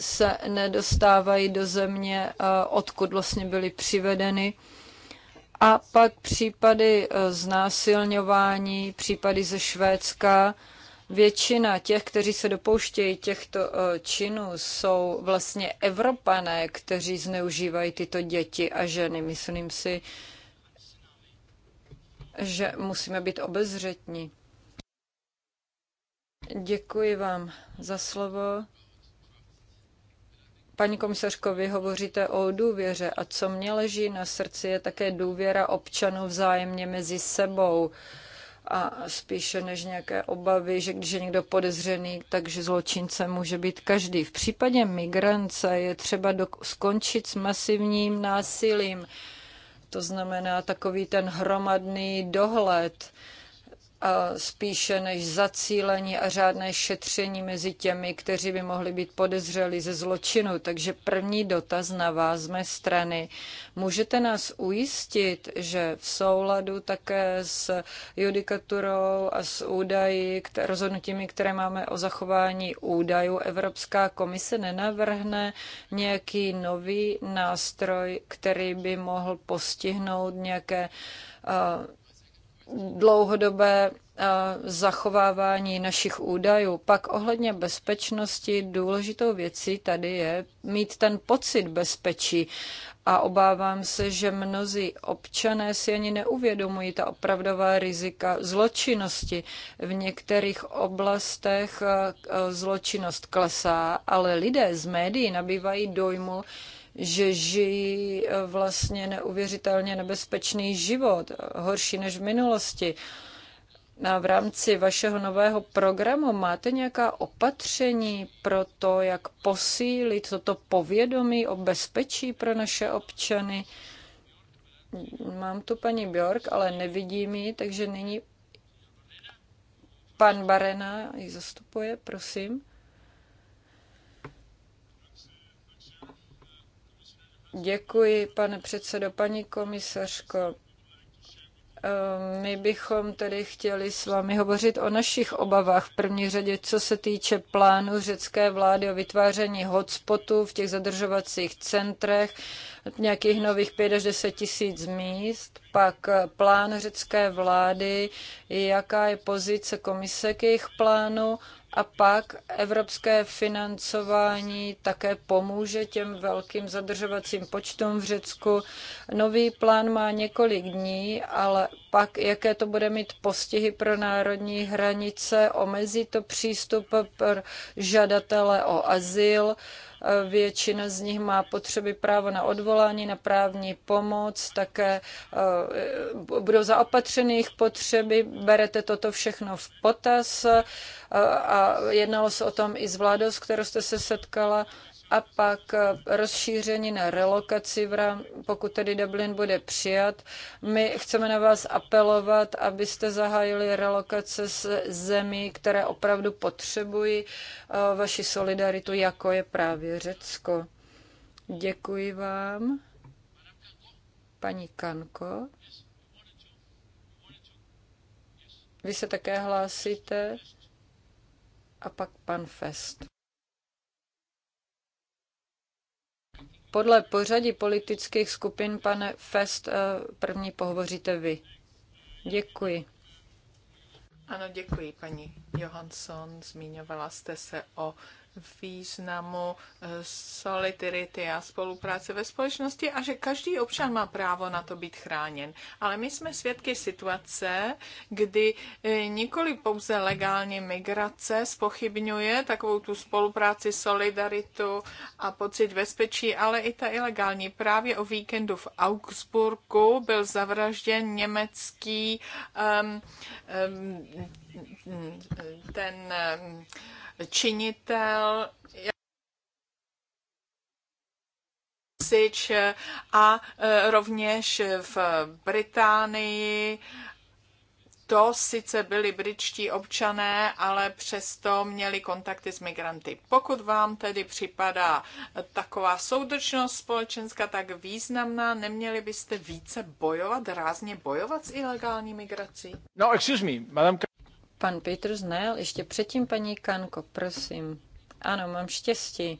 se nedostávají do země, eh, odkud vlastně byly přivedeny. A pak případy eh, znásilňování, případy ze Švédska. Většina těch, kteří se dopouštějí těchto eh, činů, jsou vlastně Evropané, kteří zneužívají tyto děti a ženy. Myslím si, že musíme být obezřetní. Děkuji vám za slovo. Paní komisařko, vy hovoříte o důvěře a co mě leží na srdci je také důvěra občanů vzájemně mezi sebou a spíše než nějaké obavy, že když je někdo podezřený, takže zločince může být každý. V případě migrance je třeba do, skončit s masivním násilím. To znamená takový ten hromadný dohled, spíše než zacílení a řádné šetření mezi těmi, kteří by mohli být podezřeli ze zločinu. Takže první dotaz na vás z mé strany. Můžete nás ujistit, že v souladu také s judikaturou a s údají, které, rozhodnutími, které máme o zachování údajů, Evropská komise nenavrhne nějaký nový nástroj, který by mohl postihnout nějaké uh, dlouhodobé eh, zachovávání našich údajů. Pak ohledně bezpečnosti důležitou věcí tady je mít ten pocit bezpečí. A obávám se, že mnozí občané si ani neuvědomují ta opravdová rizika zločinnosti. V některých oblastech eh, zločinnost klesá, ale lidé z médií nabývají dojmu, že žijí eh, vlastně neuvěřitelně nebezpečný život, horší než v minulosti. A v rámci vašeho nového programu máte nějaká opatření pro to, jak posílit toto povědomí o bezpečí pro naše občany? Mám tu paní Bjork, ale nevidím ji, takže nyní pan Barena ji zastupuje, prosím. Děkuji, pane předsedo, paní komisařko. Ehm, my bychom tedy chtěli s vámi hovořit o našich obavách v první řadě, co se týče plánu řecké vlády o vytváření hotspotů v těch zadržovacích centrech, nějakých nových 5 až 10 tisíc míst, pak plán řecké vlády, jaká je pozice komise k jejich plánu a pak evropské financování také pomůže těm velkým zadržovacím počtům v Řecku. Nový plán má několik dní, ale pak, jaké to bude mít postihy pro národní hranice, omezí to přístup pro žadatele o azyl Většina z nich má potřeby právo na odvolání, na právní pomoc, také e, budou zaopatřeny jejich potřeby. Berete toto všechno v potaz a jednalo se o tom i s vládou, s kterou jste se setkala a pak eh, rozšíření na relokaci, pokud tedy Dublin bude přijat. My chceme na vás apelovat, abyste zahájili relokace z zemí, které opravdu potřebují eh, vaši solidaritu, jako je právě Řecko. Děkuji vám. Paní Kanko. Vy se také hlásíte? A pak pan Fest. Podle pořadí politických skupin, pane Fest, eh, první pohovoříte vy. Děkuji. Ano, děkuji, paní Johansson. Zmiňovala jste se o významu eh, solidarity a spolupráce ve společnosti a že každý občan má právo na to být chráněn. Ale my jsme svědky situace, kdy eh, nikoli pouze legální migrace spochybňuje takovou tu spolupráci, solidaritu a pocit bezpečí, ale i ta ilegální. Právě o víkendu v Augsburgu byl zavražděn německý um, um, ten um, činitel, a e, rovněž v Británii to sice byli britští občané, ale přesto měli kontakty s migranty. Pokud vám tedy připadá taková soudržnost společenská tak významná, neměli byste více bojovat, rázně bojovat s ilegální migrací? No, excuse me, madam... Pan Petr Znel, ještě předtím paní Kanko, prosím. Ano, mám štěstí.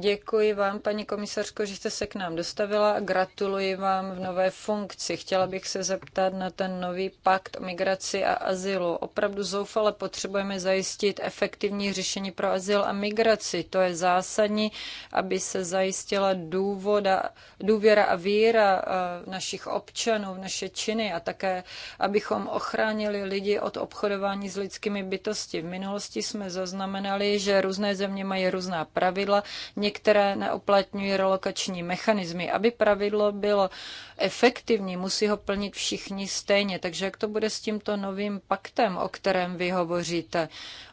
Děkuji vám, paní komisařko, že jste se k nám dostavila gratuluji vám v nové funkci. Chtěla bych se zeptat na ten nový pakt o migraci a azylu. Opravdu zoufale potřebujeme zajistit efektivní řešení pro azyl a migraci. To je zásadní, aby se zajistila důvoda, důvěra a víra eh, našich občanů v naše činy a také, abychom ochránili lidi od obchodování s lidskými bytosti. V minulosti jsme zaznamenali, že různé země mají různá pravidla, Některé neoplatňují relokační mechanismy. Aby pravidlo bylo efektivní, musí ho plnit všichni stejně. Takže jak to bude s tímto novým paktem, o kterém vy hovoříte?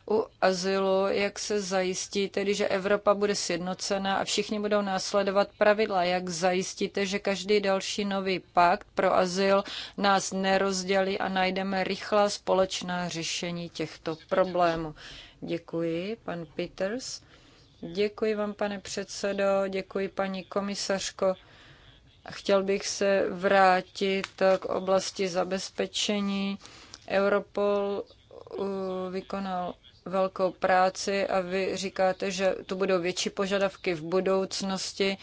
U azylu, jak se zajistí tedy, že Evropa bude sjednocena a všichni budou následovat pravidla? Jak zajistíte, že každý další nový pakt pro azyl nás nerozdělí a najdeme rychlá společná řešení těchto problémů? Děkuji, pan Peters. Děkuji vám, pane předsedo, děkuji paní komisařko. Chtěl bych se vrátit k oblasti zabezpečení. Europol uh, vykonal velkou práci a vy říkáte, že tu budou větší požadavky v budoucnosti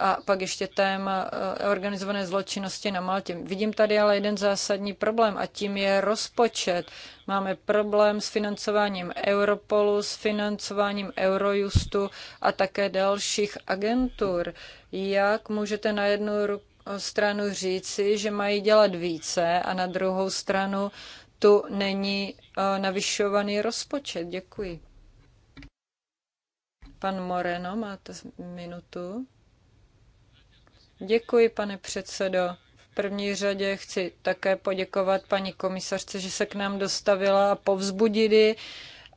a pak ještě téma eh, organizované zločinnosti na Maltě. Vidím tady ale jeden zásadní problém a tím je rozpočet. Máme problém s financováním Europolu, s financováním Eurojustu a také dalších agentur. Jak můžete na jednu stranu říci, že mají dělat více a na druhou stranu tu není eh, navyšovaný rozpočet? Děkuji. Pan Moreno, máte minutu. Děkuji, pane předsedo. V první řadě chci také poděkovat paní komisařce, že se k nám dostavila a povzbudit ji,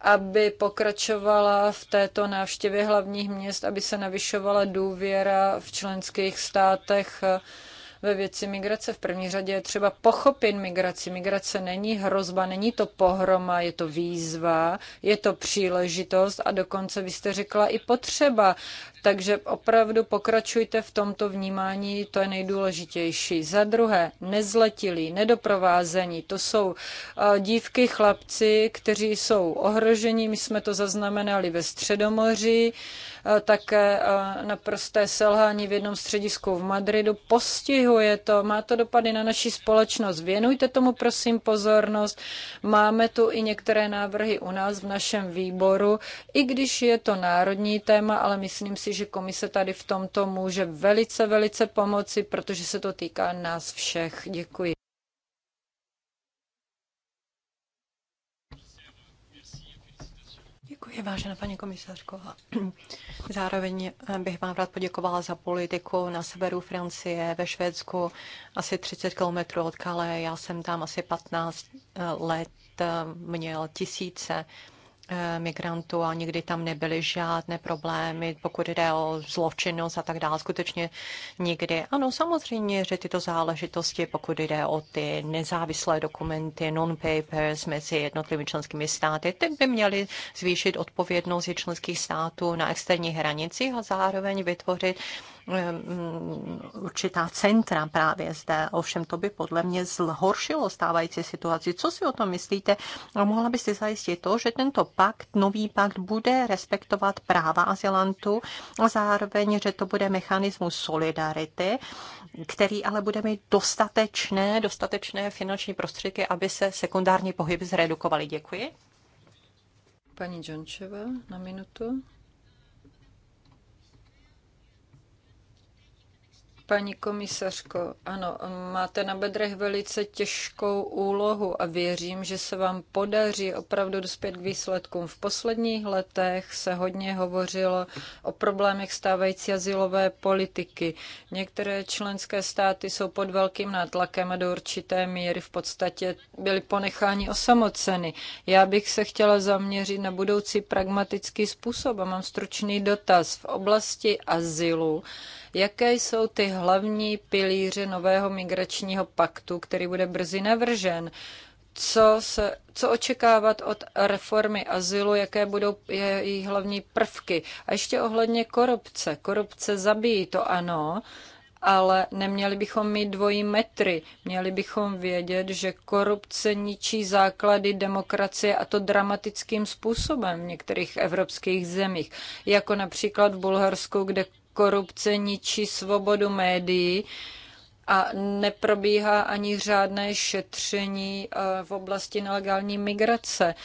aby pokračovala v této návštěvě hlavních měst, aby se navyšovala důvěra v členských státech eh, ve věci migrace. V první řadě je třeba pochopit migraci. Migrace není hrozba, není to pohroma, je to výzva, je to příležitost a dokonce vy jste řekla i potřeba. Takže opravdu pokračujte v tomto vnímání, to je nejdůležitější. Za druhé, nezletilí, nedoprovázení, to jsou eh, dívky, chlapci, kteří jsou ohroženi, my jsme to zaznamenali ve Středomoří, eh, také eh, naprosté selhání v jednom středisku v Madridu. Postihuje to, má to dopady na naši společnost. Věnujte tomu prosím pozornost. Máme tu i některé návrhy u nás v našem výboru, i když je to národní téma, ale myslím si, že komise tady v tomto může velice, velice pomoci, protože se to týká nás všech. Děkuji. Děkuji, vážená paní komisařko. *clears throat* Zároveň bych vám rád poděkovala za politiku na severu Francie, ve Švédsku, asi 30 kilometrů od Kale. Já jsem tam asi 15 let měl tisíce Eh, migrantů a nikdy tam nebyly žádné problémy, pokud jde o zločinnost a tak dále, skutečně nikdy. Ano, samozřejmě, že tyto záležitosti, pokud jde o ty nezávislé dokumenty, non-papers mezi jednotlivými členskými státy, ty by měly zvýšit odpovědnost členských států na externích hranicích a zároveň vytvořit Eh, určitá centra právě zde. Ovšem to by podle mě zhoršilo stávající situaci. Co si o tom myslíte? A mohla byste zajistit to, že tento pakt, nový pakt, bude respektovat práva azylantů a zároveň, že to bude mechanismus solidarity, který ale bude mít dostatečné, dostatečné finanční prostředky, aby se sekundární pohyb zredukovaly. Děkuji. Paní Jončeva na minutu. Paní komisařko, ano, máte na bedrech velice těžkou úlohu a věřím, že se vám podaří opravdu dospět k výsledkům. V posledních letech se hodně hovořilo o problémech stávající asilové politiky. Některé členské státy jsou pod velkým nátlakem a do určité míry v podstatě byly ponecháni osamoceny. Já bych se chtěla zaměřit na budoucí pragmatický způsob a mám stručný dotaz. V oblasti azylu Jaké jsou ty hlavní pilíře nového migračního paktu, který bude brzy navržen? Co, se, co očekávat od reformy azylu, jaké budou její hlavní prvky? A ještě ohledně korupce. Korupce zabíjí, to ano, ale neměli bychom mít dvojí metry. Měli bychom vědět, že korupce ničí základy demokracie a to dramatickým způsobem v některých evropských zemích, jako například v Bulharsku, kde korupce ničí svobodu médií a neprobíhá ani řádné šetření eh, v oblasti nelegální migrace.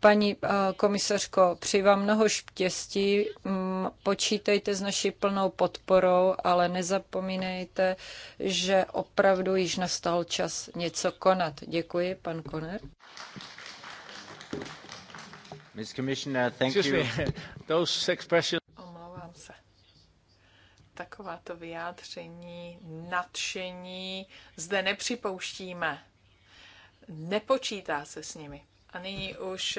Paní eh, komisařko, přeji vám mnoho štěstí, mm, počítejte s naší plnou podporou, ale nezapomínejte, že opravdu již nastal čas něco konat. Děkuji, pan Koner. Miss Commissioner, thank you. *laughs* Those expressions takováto vyjádření, nadšení zde nepřipouštíme. Nepočítá se s nimi. A nyní už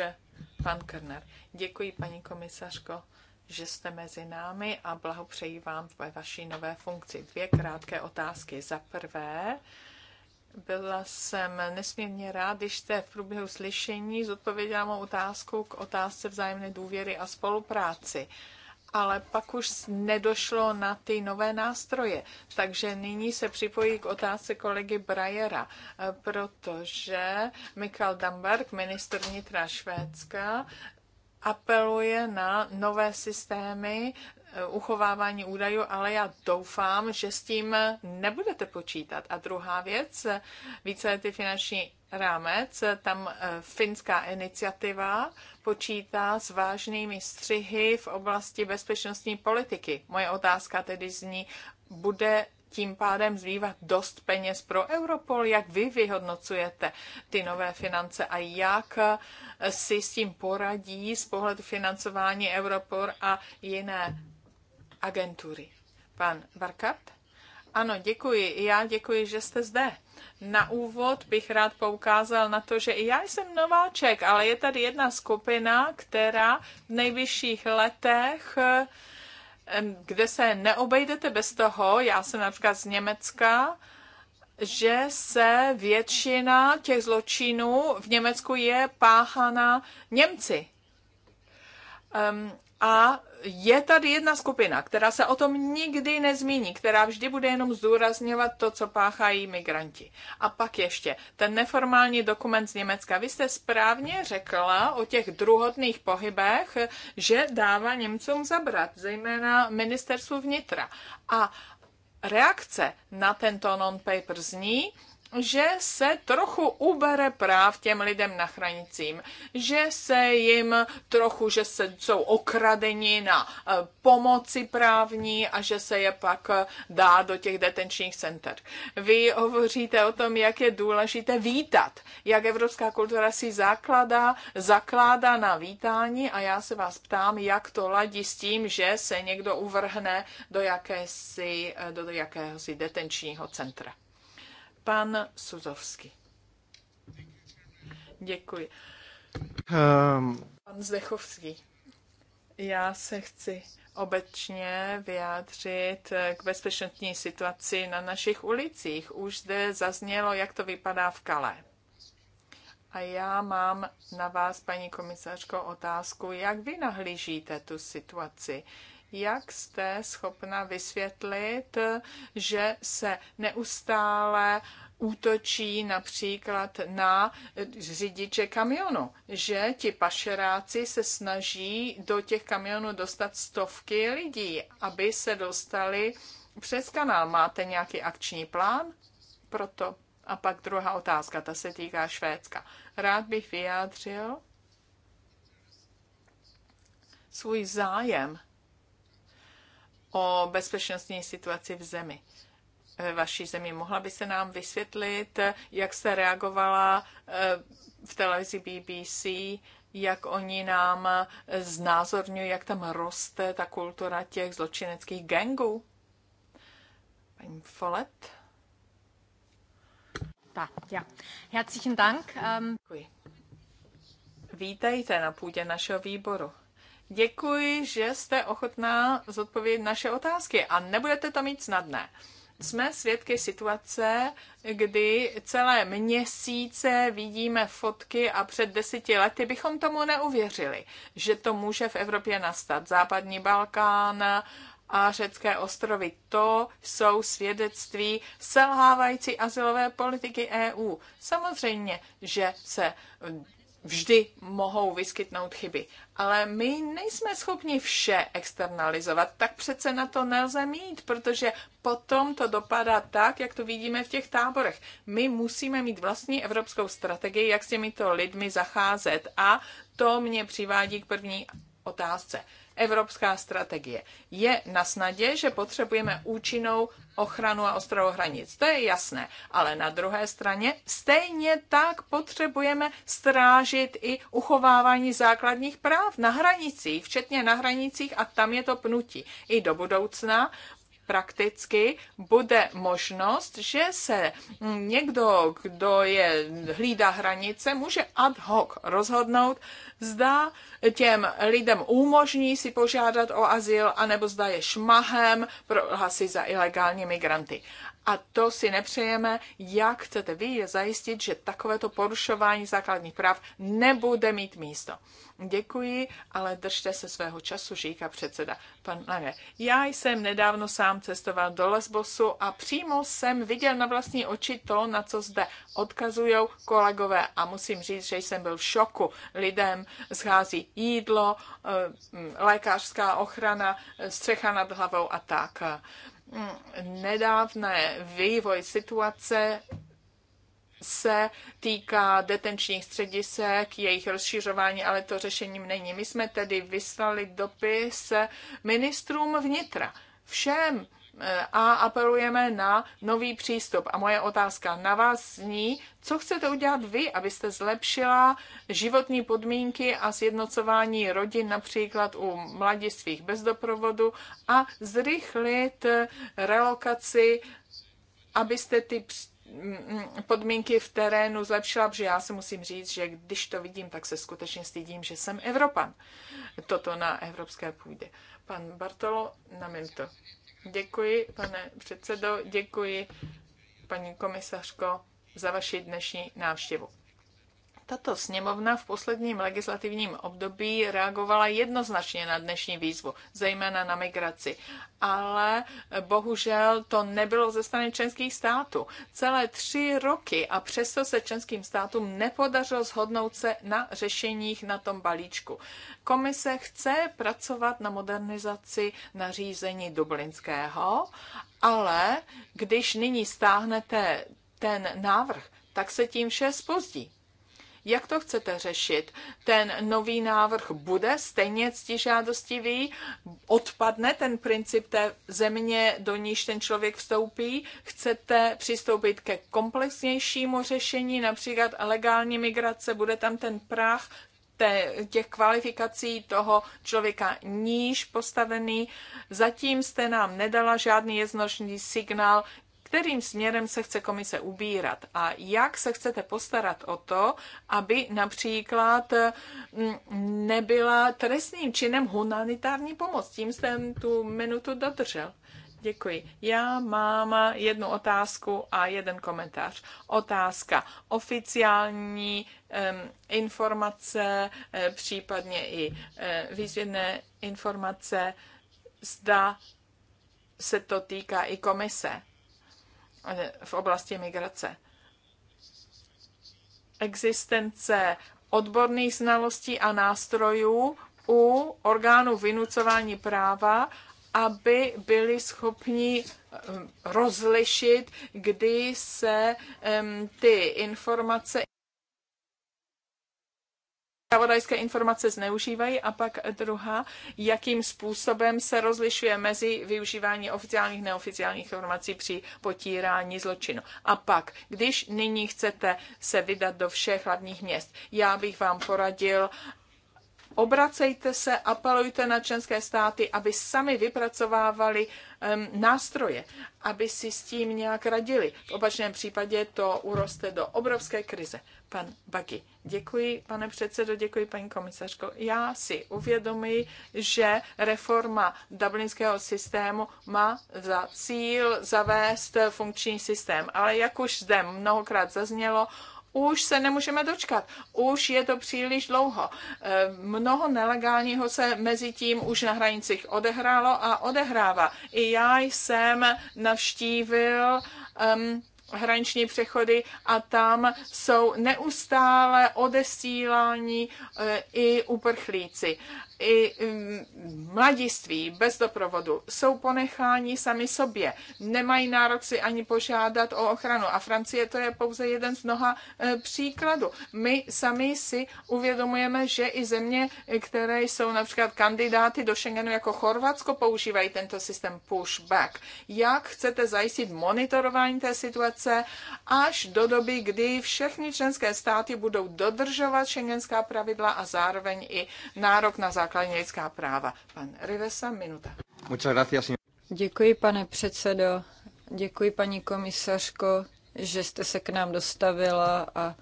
pan Krner. Děkuji, paní komisařko, že jste mezi námi a blahopřeji vám ve vaší nové funkci. Dvě krátké otázky. Za prvé, byla jsem nesmírně rád, když jste v průběhu slyšení zodpověděla mou otázku k otázce vzájemné důvěry a spolupráci ale pak už nedošlo na ty nové nástroje. Takže nyní se připojí k otázce kolegy Brajera, protože Mikael Damberg, ministr vnitra Švédska, apeluje na nové systémy Eh, uchovávání údajů, ale já doufám, že s tím nebudete počítat. A druhá věc, víceletý finanční rámec, tam eh, finská iniciativa počítá s vážnými střihy v oblasti bezpečnostní politiky. Moje otázka tedy zní, bude tím pádem zbývat dost peněz pro Europol. Jak vy vyhodnocujete ty nové finance a jak eh, si s tím poradí z pohledu financování Europol a jiné agentury. Pan Varkat? Ano, děkuji. Já děkuji, že jste zde. Na úvod bych rád poukázal na to, že i já jsem nováček, ale je tady jedna skupina, která v nejvyšších letech kde se neobejdete bez toho, já jsem například z Německa, že se většina těch zločinů v Německu je páchána Němci. Um, a je tady jedna skupina, která se o tom nikdy nezmíní, která vždy bude jenom zdůrazňovat to, co páchají migranti. A pak ještě ten neformální dokument z Německa. Vy jste správně řekla o těch druhotných pohybech, že dává Němcům zabrat, zejména ministerstvu vnitra. A reakce na tento non-paper zní, že se trochu ubere práv těm lidem na hranicím, že se jim trochu, že se, jsou okradeni na eh, pomoci právní a že se je pak eh, dá do těch detenčních center. Vy hovoříte o tom, jak je důležité vítat, jak evropská kultura si zakládá, zakládá na vítání a já se vás ptám, jak to ladí s tím, že se někdo uvrhne do jakési, eh, do jakéhosi detenčního centra. Pan Suzovský. Děkuji. Um... Pan Zdechovský. Já se chci obecně vyjádřit k bezpečnostní situaci na našich ulicích. Už zde zaznělo, jak to vypadá v Kale. A já mám na vás, paní komisařko, otázku, jak vy nahlížíte tu situaci jak jste schopna vysvětlit, že se neustále útočí například na řidiče kamionu, že ti pašeráci se snaží do těch kamionů dostat stovky lidí, aby se dostali přes kanál. Máte nějaký akční plán pro to? A pak druhá otázka, ta se týká Švédska. Rád bych vyjádřil svůj zájem o bezpečnostní situaci v zemi ve vaší zemi. Mohla by se nám vysvětlit, jak se reagovala e, v televizi BBC, jak oni nám e, znázorňují, jak tam roste ta kultura těch zločineckých gangů? Paní Follett? Tak, ja. Dank. Um... Vítejte na půdě našeho výboru. Děkuji, že jste ochotná zodpovědět naše otázky a nebudete to mít snadné. Jsme svědky situace, kdy celé měsíce vidíme fotky a před deseti lety bychom tomu neuvěřili, že to může v Evropě nastat. Západní Balkán, a řecké ostrovy. To jsou svědectví selhávající asilové politiky EU. Samozřejmě, že se vždy mohou vyskytnout chyby. Ale my nejsme schopni vše externalizovat, tak přece na to nelze mít, protože potom to dopadá tak, jak to vidíme v těch táborech. My musíme mít vlastní evropskou strategii, jak s těmito lidmi zacházet a to mě přivádí k první otázce evropská strategie. Je na snadě, že potřebujeme účinnou ochranu a ostrahu hranic. To je jasné. Ale na druhé straně stejně tak potřebujeme strážit i uchovávání základních práv na hranicích, včetně na hranicích a tam je to pnutí. I do budoucna prakticky bude možnost, že se někdo, kdo je hlídá hranice, může ad hoc rozhodnout, zda těm lidem umožní si požádat o azyl, anebo zda je šmahem prohlasí za ilegální migranty. A to si nepřejeme, jak chcete vy je zajistit, že takovéto porušování základních práv nebude mít místo. Děkuji, ale držte se svého času, říká předseda. Pan Lange, já jsem nedávno sám cestoval do Lesbosu a přímo jsem viděl na vlastní oči to, na co zde odkazují kolegové a musím říct, že jsem byl v šoku. Lidem schází jídlo, eh, lékařská ochrana, střecha nad hlavou a tak nedávné vývoj situace se týká detenčních středisek, jejich rozšířování, ale to řešením není. My jsme tedy vyslali dopis ministrům vnitra, všem a apelujeme na nový přístup. A moje otázka na vás zní, co chcete udělat vy, abyste zlepšila životní podmínky a sjednocování rodin například u mladistvých bez doprovodu a zrychlit relokaci, abyste ty podmínky v terénu zlepšila, protože já se musím říct, že když to vidím, tak se skutečně stydím, že jsem Evropan. Toto na evropské půdě. Pan Bartolo na to. Děkuji, pane předsedo, děkuji, paní komisařko, za vaši dnešní návštěvu. Tato sněmovna v posledním legislativním období reagovala jednoznačně na dnešní výzvu, zejména na migraci. Ale bohužel to nebylo ze strany členských států. Celé tři roky a přesto se členským státům nepodařilo shodnout se na řešeních na tom balíčku. Komise chce pracovat na modernizaci nařízení Dublinského, ale když nyní stáhnete ten návrh, tak se tím vše spozdí. Jak to chcete řešit? Ten nový návrh bude stejně ctižádostivý? Odpadne ten princip té země, do níž ten člověk vstoupí? Chcete přistoupit ke komplexnějšímu řešení, například legální migrace? Bude tam ten práh těch kvalifikací toho člověka níž postavený. Zatím jste nám nedala žádný jednoznačný signál, kterým směrem se chce komise ubírat a jak se chcete postarat o to, aby například mm, nebyla trestným činem humanitární pomoc. Tím jsem tu minutu dodržel. Děkuji. Já mám jednu otázku a jeden komentář. Otázka. Oficiální um, informace, eh, případně i uh, výzvědné informace, zda se to týká i komise. Eh, v oblasti migrace. Existence odborných znalostí a nástrojů u orgánů vynucování práva, aby byli schopni eh, rozlišit, kdy se um, ty informace zpravodajské informace zneužívají a pak druhá, jakým způsobem se rozlišuje mezi využívání oficiálních neoficiálních informací při potírání zločinu. A pak, když nyní chcete se vydat do všech hlavních měst, já bych vám poradil obracejte se, apelujte na členské státy, aby sami vypracovávali um, nástroje, aby si s tím nějak radili. V opačném případě to uroste do obrovské krize. Pan Baky, děkuji, pane předsedo, děkuji, paní komisařko. Já si uvědomuji, že reforma dublinského systému má za cíl zavést funkční systém, ale jak už zde mnohokrát zaznělo, už se nemůžeme dočkat, už je to příliš dlouho. Eh, mnoho nelegálního se mezi tím už na hranicích odehrálo a odehrává. I já jsem navštívil um, hraniční přechody a tam jsou neustále odesílání eh, i uprchlíci i mm, mladiství bez doprovodu jsou ponecháni sami sobě. Nemají nárok si ani požádat o ochranu. A Francie to je pouze jeden z mnoha e, příkladů. My sami si uvědomujeme, že i země, které jsou například kandidáty do Schengenu jako Chorvatsko, používají tento systém pushback. Jak chcete zajistit monitorování té situace až do doby, kdy všechny členské státy budou dodržovat šengenská pravidla a zároveň i nárok na zákon základní lidská práva. Pan Rivesa, minuta. Děkuji, pane předsedo. Děkuji, paní komisařko, že jste se k nám dostavila a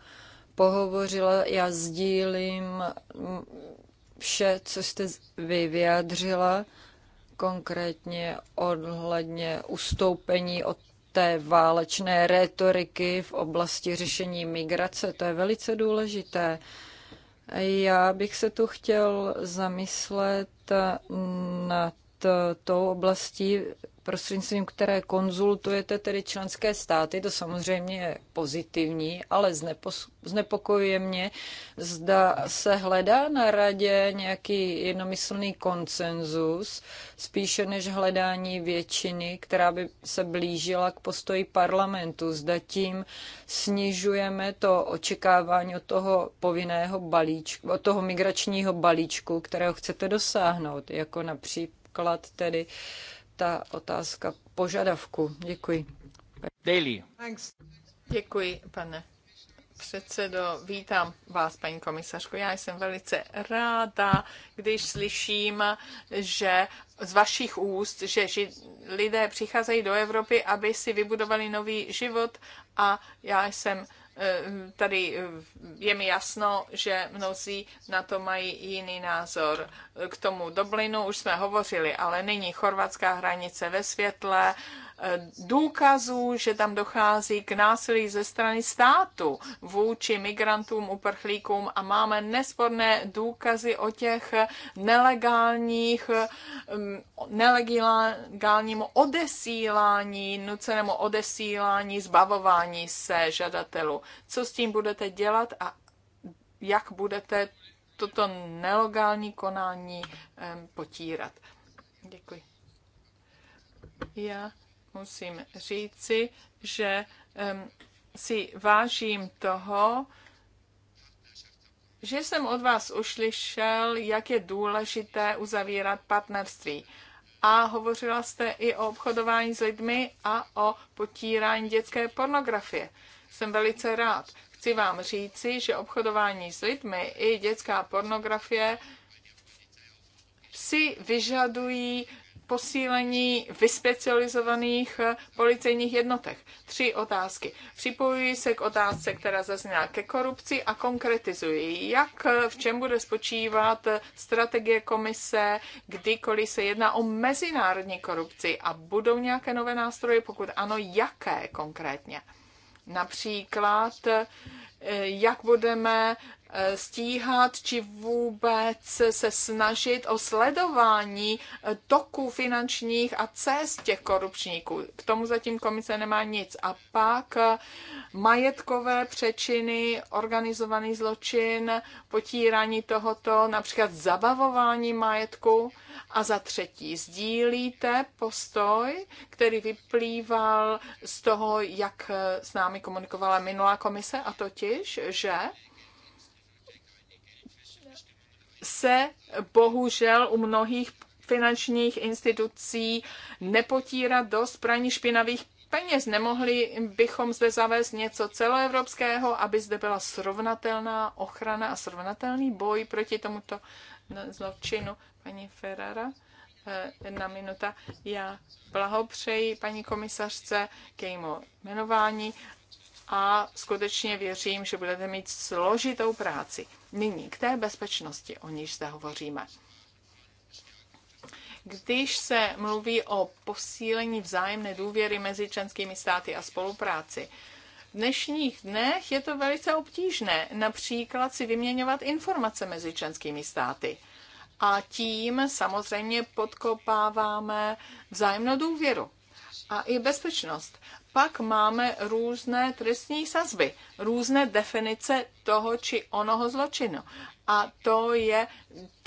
pohovořila. Já sdílím vše, co jste vy vyjádřila, konkrétně odhledně ustoupení od té válečné rétoriky v oblasti řešení migrace. To je velice důležité. Já bych se tu chtěl zamyslet nad tou oblastí, prostřednictvím které konzultujete tedy členské státy, to samozřejmě je pozitivní, ale znepokojuje mě, zda se hledá na radě nějaký jednomyslný konsenzus, spíše než hledání většiny, která by se blížila k postoji parlamentu. Zda tím snižujeme to očekávání od toho povinného balíčku, od toho migračního balíčku, kterého chcete dosáhnout, jako například tedy uh, ta otázka požadavku. Děkuji. Daily. Děkuji, pane předsedo, vítám vás, paní komisařko. Já jsem velice ráda, když slyším, že z vašich úst, že ži- lidé přicházejí do Evropy, aby si vybudovali nový život a já jsem tady eh, je mi jasno, že mnozí na to mají jiný názor. K tomu Dublinu už jsme hovořili, ale nyní chorvatská hranice ve světle, důkazů, že tam dochází k násilí ze strany státu vůči migrantům, uprchlíkům a máme nesporné důkazy o těch nelegálních, mm, nelegálním odesílání, nucenému odesílání, zbavování se žadatelů. Co s tím budete dělat a jak budete toto nelegální konání potírat? Děkuji. Já musím říci, že si vážím toho, že jsem od vás uslyšel, jak je důležité uzavírat partnerství. A hovořila jste i o obchodování s lidmi a o potírání dětské pornografie. Jsem velice rád. Chci vám říci, že obchodování s lidmi i dětská pornografie si vyžadují posílení vyspecializovaných eh, policejních jednotek. Tři otázky. Připojuji se k otázce, která zazněla ke korupci a konkretizuji, jak eh, v čem bude spočívat eh, strategie komise, kdykoliv se jedná o mezinárodní korupci a budou nějaké nové nástroje, pokud ano, jaké konkrétně. Například, jak budeme Eh, stíhat či vůbec se snažit o sledování eh, toku finančních a cest těch korupčníků. K tomu zatím komise nemá nic. A pak eh, majetkové přečiny, organizovaný zločin, potírání tohoto, například zabavování majetku. A za třetí, sdílíte postoj, který vyplýval z toho, jak s námi komunikovala minulá komise, a totiž, že se bohužel u mnohých finančních institucí nepotírá dost praní špinavých peněz. Nemohli bychom zde zavést něco celoevropského, aby zde byla srovnatelná ochrana a srovnatelný boj proti tomuto zločinu. Paní Ferrara, eh, jedna minuta. Já blahopřeji paní komisařce k jejímu jmenování a skutečně věřím, že budete mít složitou práci. Nyní k té bezpečnosti, o níž zde hovoříme. Když se mluví o posílení vzájemné důvěry mezi členskými státy a spolupráci, v dnešních dnech je to velice obtížné například si vyměňovat informace mezi členskými státy. A tím samozřejmě podkopáváme vzájemnou důvěru a i bezpečnost pak máme různé trestní sazby, různé definice toho či onoho zločinu. A to je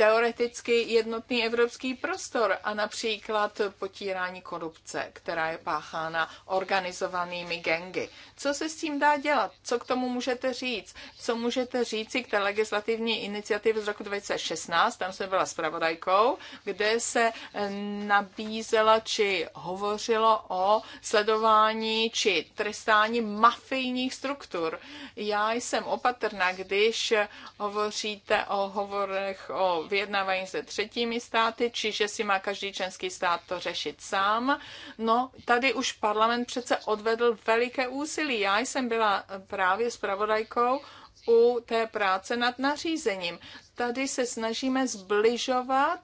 teoreticky jednotný evropský prostor a například potírání korupce, která je páchána organizovanými gengy. Co se s tím dá dělat? Co k tomu můžete říct? Co můžete říci k té legislativní iniciativě z roku 2016, tam jsem byla zpravodajkou, kde se eh, nabízela či hovořilo o sledování či trestání mafijních struktur. Já jsem opatrná, opatrná, když hovoříte o hovorech o vyjednávání se třetími státy, čiže si má každý členský stát to řešit sám. No, tady už parlament přece odvedl veliké úsilí. Já jsem byla právě zpravodajkou u té práce nad nařízením. Tady se snažíme zbližovat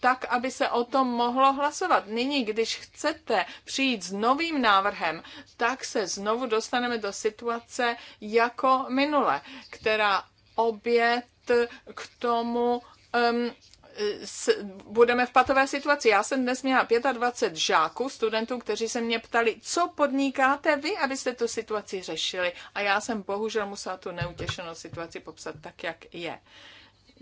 tak, aby se o tom mohlo hlasovat. Nyní, když chcete přijít s novým návrhem, tak se znovu dostaneme do situace jako minule, která obět k tomu um, s, budeme v patové situaci. Já jsem dnes měla 25 žáků, studentů, kteří se mě ptali, co podnikáte vy, abyste tu situaci řešili. A já jsem bohužel musela tu neutěšenou situaci popsat tak, jak je. Uh,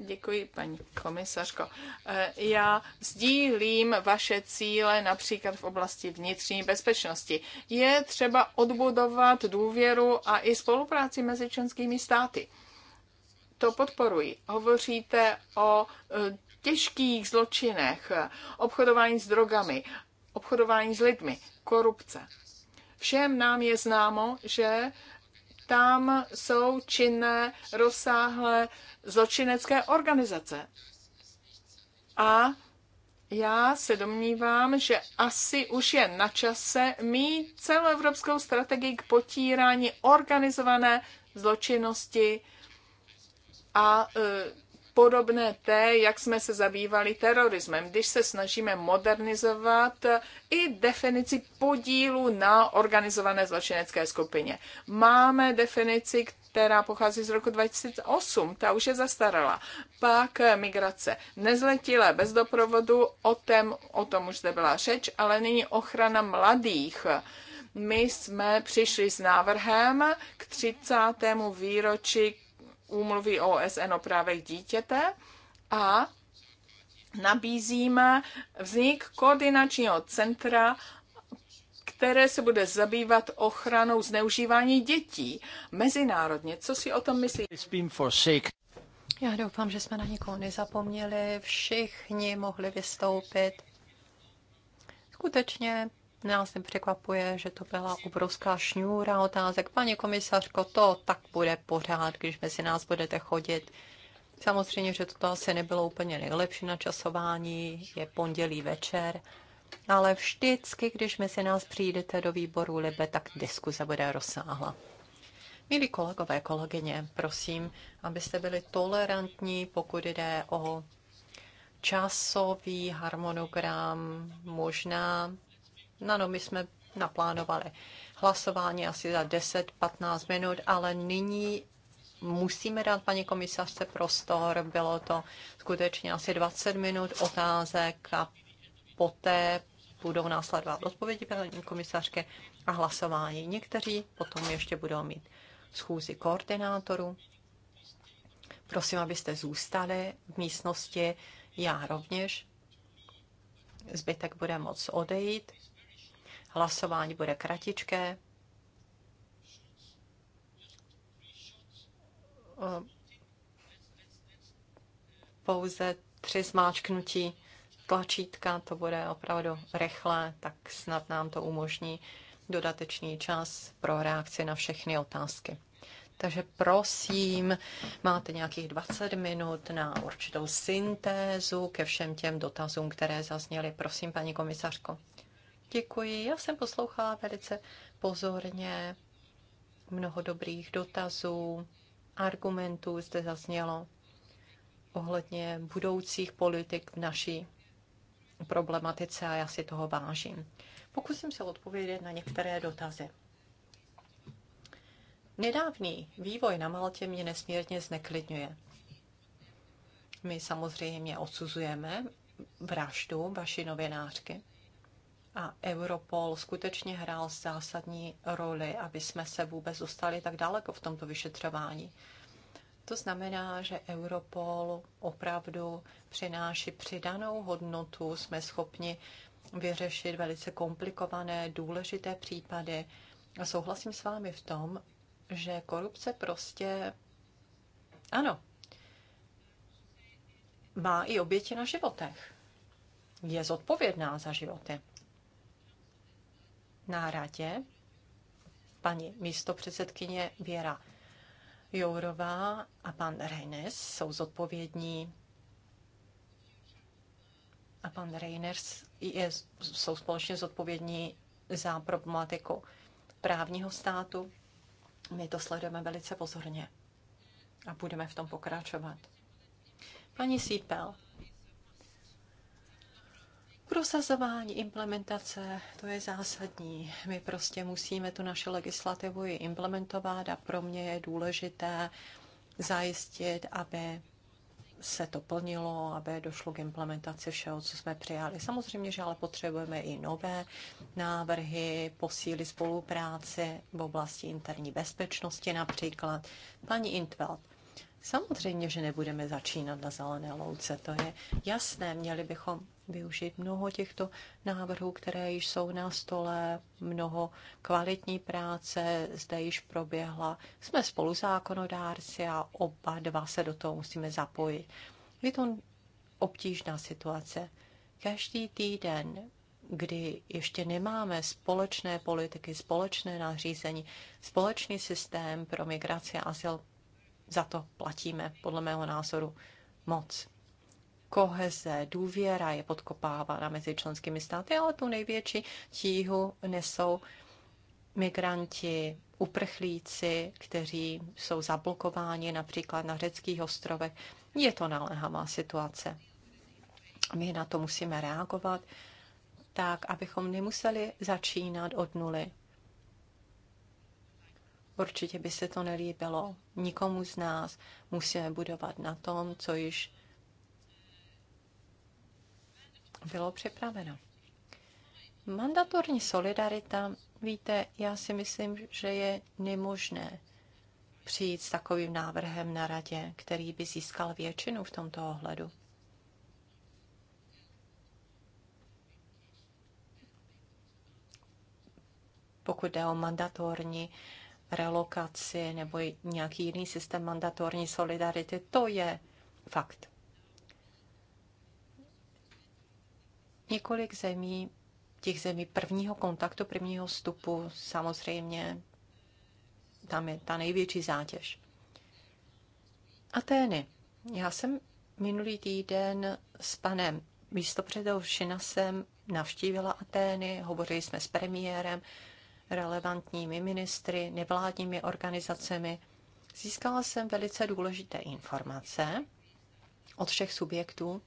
Děkuji, paní komisařko. E, já sdílím vaše cíle například v oblasti vnitřní bezpečnosti. Je třeba odbudovat důvěru a i spolupráci mezi členskými státy. To podporuji. Hovoříte o e, těžkých zločinech, obchodování s drogami, obchodování s lidmi, korupce. Všem nám je známo, že tam jsou činné rozsáhlé zločinecké organizace. A já se domnívám, že asi už je na čase mít celoevropskou strategii k potírání organizované zločinnosti a e, podobné té, jak jsme se zabývali terorismem, když se snažíme modernizovat i definici podílu na organizované zločinecké skupině. Máme definici, která pochází z roku 2008, ta už je zastarala. Pak migrace. Nezletilé bez doprovodu, o tom, o tom už zde byla řeč, ale nyní ochrana mladých my jsme přišli s návrhem k 30. výročí úmluvy OSN o právech dítěte a nabízíme vznik koordinačního centra které se bude zabývat ochranou zneužívání dětí mezinárodně. Co si o tom myslíte? Já doufám, že jsme na nikoho nezapomněli. Všichni mohli vystoupit. Skutečně Nás nepřekvapuje, že to byla obrovská šňůra otázek. Paní komisařko, to tak bude pořád, když mezi nás budete chodit. Samozřejmě, že toto asi nebylo úplně nejlepší na časování. je pondělí večer, ale vždycky, když mezi nás přijdete do výboru Libe, tak diskuze bude rozsáhla. Milí kolegové, kolegyně, prosím, abyste byli tolerantní, pokud jde o časový harmonogram. Možná No, no, my jsme naplánovali hlasování asi za 10-15 minut, ale nyní musíme dát paní komisařce prostor. Bylo to skutečně asi 20 minut otázek a poté budou následovat odpovědi paní komisařky a hlasování. Někteří potom ještě budou mít schůzi koordinátorů. Prosím, abyste zůstali v místnosti, já rovněž. Zbytek bude moc odejít. Hlasování bude kratičké. Pouze tři zmáčknutí tlačítka, to bude opravdu rychlé, tak snad nám to umožní dodatečný čas pro reakci na všechny otázky. Takže prosím, máte nějakých 20 minut na určitou syntézu ke všem těm dotazům, které zazněly. Prosím, paní komisařko. Děkuji. Já jsem poslouchala velice pozorně mnoho dobrých dotazů, argumentů zde zaznělo ohledně budoucích politik v naší problematice a já si toho vážím. Pokusím se odpovědět na některé dotazy. Nedávný vývoj na Maltě mě nesmírně zneklidňuje. My samozřejmě odsuzujeme vraždu vaší novinářky a Europol skutečně hrál zásadní roli, aby jsme se vůbec dostali tak daleko v tomto vyšetřování. To znamená, že Europol opravdu přináší přidanou hodnotu, jsme schopni vyřešit velice komplikované, důležité případy. A souhlasím s vámi v tom, že korupce prostě, ano, má i oběti na životech. Je zodpovědná za životy na radě paní místopředsedkyně Věra Jourová a pan Reiners jsou zodpovědní a pan Reiners je, jsou společně zodpovědní za problematiku právního státu. My to sledujeme velice pozorně a budeme v tom pokračovat. Paní Sípel, Prosazování implementace, to je zásadní. My prostě musíme tu naše legislativu i implementovat a pro mě je důležité zajistit, aby se to plnilo, aby došlo k implementaci všeho, co jsme přijali. Samozřejmě, že ale potřebujeme i nové návrhy, posíly spolupráce v oblasti interní bezpečnosti například. Paní Intveld, Samozřejmě, že nebudeme začínat na zelené louce, to je jasné. Měli bychom využít mnoho těchto návrhů, které již jsou na stole, mnoho kvalitní práce zde již proběhla. Jsme spolu zákonodárci a oba dva se do toho musíme zapojit. Je to obtížná situace. Každý týden, kdy ještě nemáme společné politiky, společné nařízení, společný systém pro migraci a azyl, za to platíme, podle mého názoru, moc. Koheze, důvěra je podkopávána mezi členskými státy, ale tu největší tíhu nesou migranti, uprchlíci, kteří jsou zablokováni například na řeckých ostrovech. Je to naléhavá situace. My na to musíme reagovat tak, abychom nemuseli začínat od nuly. Určitě by se to nelíbilo. Nikomu z nás musíme budovat na tom, co již bylo připraveno. Mandatorní solidarita, víte, já si myslím, že je nemožné přijít s takovým návrhem na radě, který by získal většinu v tomto ohledu. Pokud jde o mandatorní relokaci nebo nějaký jiný systém mandatorní solidarity. To je fakt. Několik zemí, těch zemí prvního kontaktu, prvního vstupu, samozřejmě tam je ta největší zátěž. Atény. Já jsem minulý týden s panem místopředou Šinasem navštívila Atény, hovořili jsme s premiérem, relevantními ministry, nevládními organizacemi. Získala jsem velice důležité informace od všech subjektů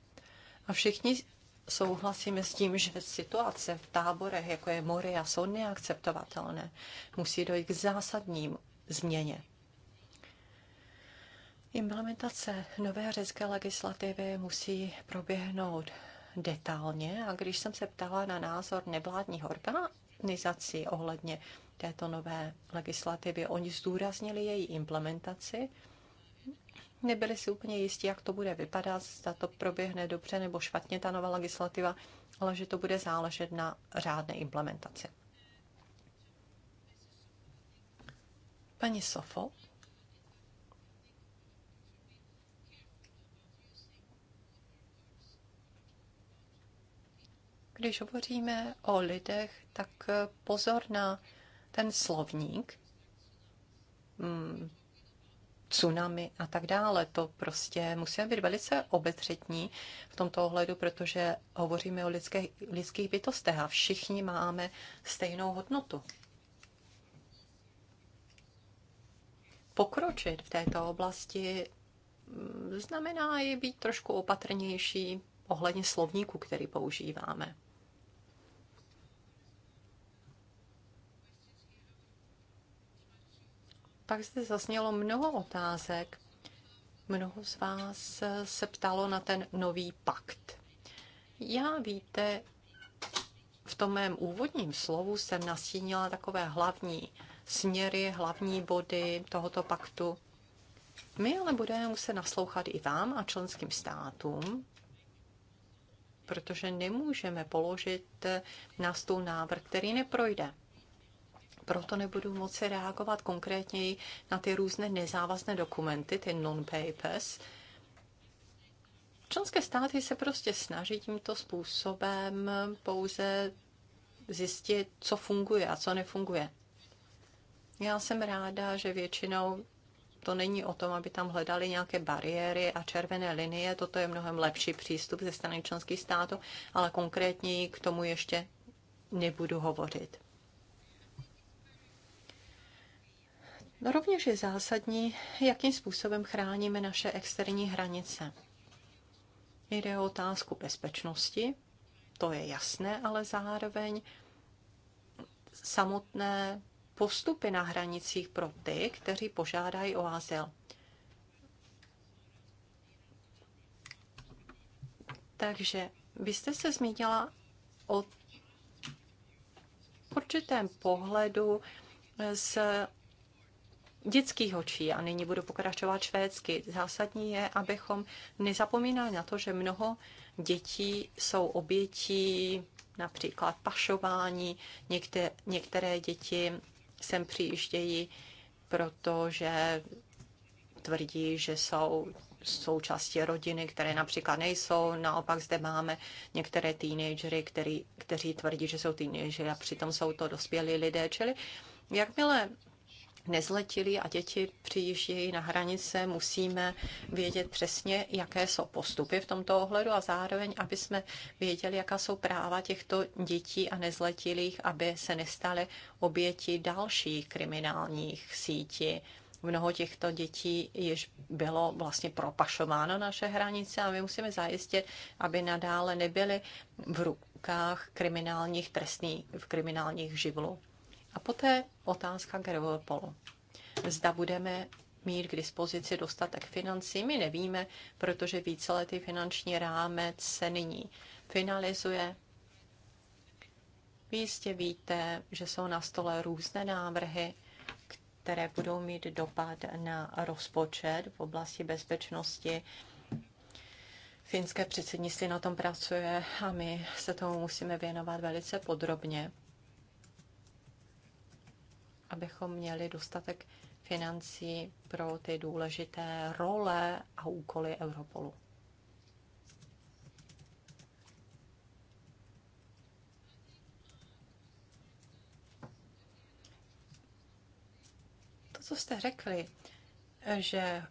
a všichni souhlasíme s tím, že situace v táborech, jako je Moria, jsou neakceptovatelné. Musí dojít k zásadním změně. Implementace nové řecké legislativy musí proběhnout detailně a když jsem se ptala na názor nevládních modernizaci ohledně této nové legislativy. Oni zdůraznili její implementaci. Nebyli si úplně jistí, jak to bude vypadat, zda to proběhne dobře nebo špatně ta nová legislativa, ale že to bude záležet na řádné implementaci. Paní Sofo Když hovoříme o lidech, tak pozor na ten slovník, mm, tsunami a tak dále. To prostě musíme být velice obetřetní v tomto ohledu, protože hovoříme o lidské, lidských bytostech a všichni máme stejnou hodnotu. Pokročit v této oblasti mm, znamená i být trošku opatrnější ohledně slovníku, který používáme. Pak zde zaznělo mnoho otázek. Mnoho z vás eh, se ptalo na ten nový pakt. Já víte, v tom mém úvodním slovu jsem nastínila takové hlavní směry, hlavní body tohoto paktu. My ale budeme muset naslouchat i vám a členským státům, protože nemůžeme položit eh, na stůl návrh, který neprojde proto nebudu moci reagovat konkrétněji na ty různé nezávazné dokumenty, ty non-papers. Členské státy se prostě snaží tímto způsobem pouze zjistit, co funguje a co nefunguje. Já jsem ráda, že většinou to není o tom, aby tam hledali nějaké bariéry a červené linie, toto je mnohem lepší přístup ze strany členských států, ale konkrétněji k tomu ještě nebudu hovořit. No rovněž je zásadní, jakým způsobem chráníme naše externí hranice. Jde o otázku bezpečnosti, to je jasné, ale zároveň samotné postupy na hranicích pro ty, kteří požádají o azyl. Takže vy jste se zmínila o určitém pohledu z dětských očí a nyní budu pokračovat švédsky. Zásadní je, abychom nezapomínali na to, že mnoho dětí jsou obětí například pašování, některé, některé děti sem přijíždějí, protože tvrdí, že jsou součástí rodiny, které například nejsou. Naopak zde máme některé teenagery, který, kteří tvrdí, že jsou teenagery a přitom jsou to dospělí lidé. Čili jakmile nezletili a děti přijíždějí na hranice, musíme vědět přesně, jaké jsou postupy v tomto ohledu a zároveň, aby jsme věděli, jaká jsou práva těchto dětí a nezletilých, aby se nestaly oběti dalších kriminálních sítí. Mnoho těchto dětí již bylo vlastně propašováno naše hranice a my musíme zajistit, aby nadále nebyly v rukách kriminálních trestných, v kriminálních živlů. A poté otázka Gervopolu. Zda budeme mít k dispozici dostatek financí, my nevíme, protože víceletý finanční rámec se nyní finalizuje. Vy jistě víte, že jsou na stole různé návrhy, které budou mít dopad na rozpočet v oblasti bezpečnosti. Finské předsednictví na tom pracuje a my se tomu musíme věnovat velice podrobně abychom měli dostatek financí pro ty důležité role a úkoly Europolu. To, co jste řekli, že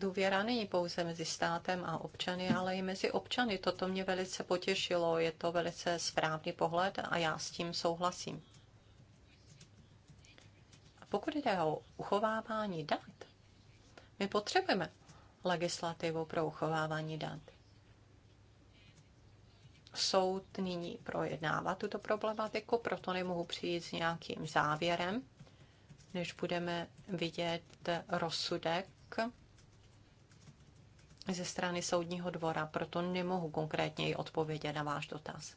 důvěra není pouze mezi státem a občany, ale i mezi občany. Toto mě velice potěšilo, je to velice správný pohled a já s tím souhlasím. Pokud jde o uchovávání dat, my potřebujeme legislativu pro uchovávání dat. Soud nyní projednává tuto problematiku, proto nemohu přijít s nějakým závěrem, než budeme vidět rozsudek ze strany soudního dvora, proto nemohu konkrétněji odpovědět na váš dotaz.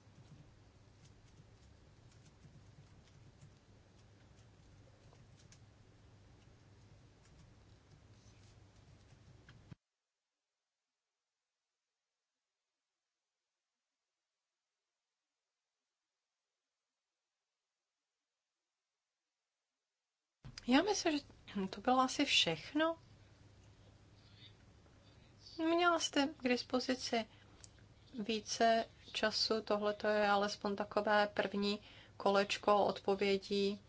Já myslím, že to bylo asi všechno. Měla jste k dispozici více času, tohle to je alespoň takové první kolečko odpovědí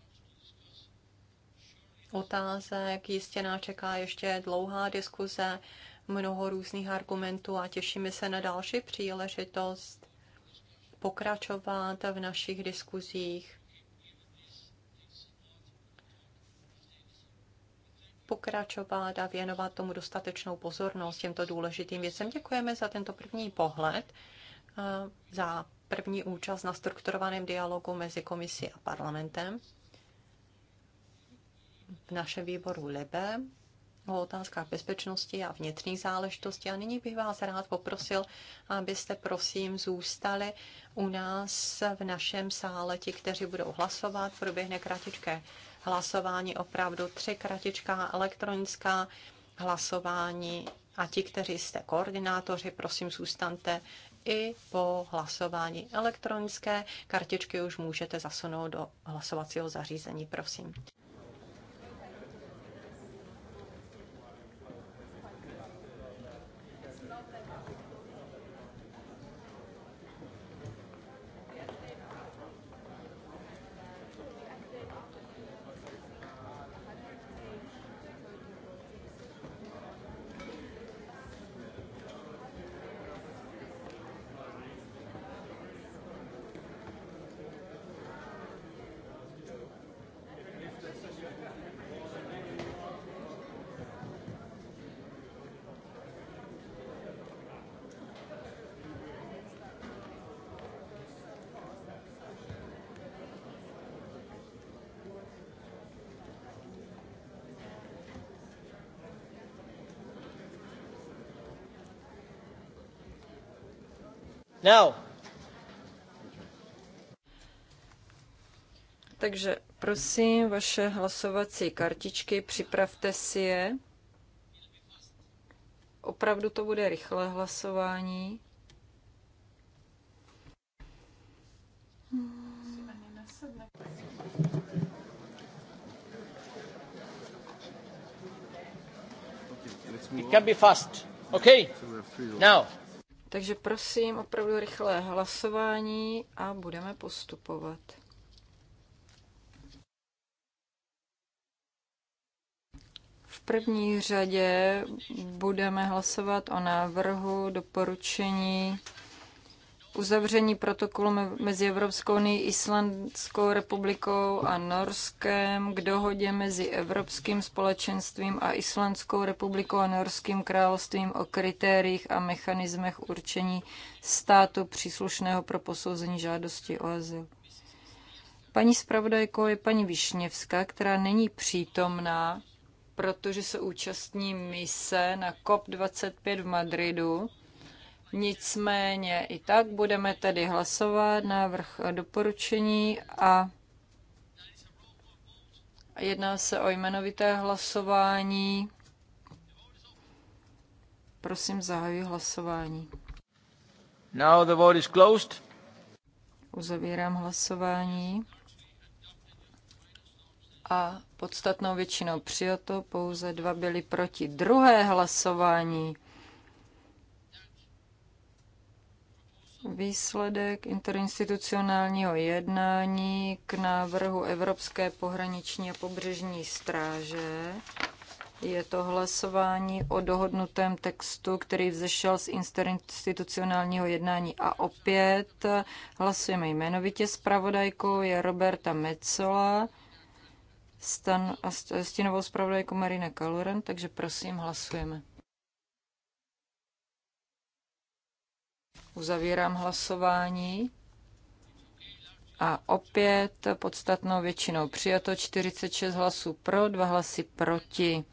otázek. Jistě nás čeká ještě dlouhá diskuze, mnoho různých argumentů a těšíme se na další příležitost pokračovat v našich diskuzích pokračovat a věnovat tomu dostatečnou pozornost těmto důležitým věcem. Děkujeme za tento první pohled, za první účast na strukturovaném dialogu mezi komisí a parlamentem v našem výboru LIBE o otázkách bezpečnosti a vnitřních záležitostí. A nyní bych vás rád poprosil, abyste prosím zůstali u nás v našem sále ti, kteří budou hlasovat. Proběhne kratičké hlasování opravdu tři kratičká elektronická hlasování a ti, kteří jste koordinátoři, prosím zůstaňte i po hlasování elektronické. Kartičky už můžete zasunout do hlasovacího zařízení, prosím. No. Takže prosím vaše hlasovací kartičky, připravte si je. Opravdu to bude rychlé hlasování. It can be fast. Okay. Now. Takže prosím opravdu rychlé hlasování a budeme postupovat. V první řadě budeme hlasovat o návrhu doporučení uzavření protokolu mezi Evropskou unii, Islandskou republikou a Norskem k dohodě mezi Evropským společenstvím a Islandskou republikou a Norským královstvím o kritériích a mechanismech určení státu příslušného pro posouzení žádosti o azyl. Paní zpravodajkou je paní Višněvská, která není přítomná, protože se účastní mise na COP25 v Madridu Nicméně i tak budeme tedy hlasovat návrh doporučení a jedná se o jmenovité hlasování. Prosím, zahajuji hlasování. Now the vote is closed. Uzavírám hlasování. A podstatnou většinou přijato, pouze dva byli proti. Druhé hlasování výsledek interinstitucionálního jednání k návrhu Evropské pohraniční a pobřežní stráže. Je to hlasování o dohodnutém textu, který vzešel z interinstitucionálního jednání. A opět hlasujeme jmenovitě. pravodajkou, je Roberta Mecola stan, a stínovou spravodajkou Marina Kaluren, takže prosím, hlasujeme. Uzavírám hlasování. A opět podstatnou většinou přijato 46 hlasů pro, 2 hlasy proti.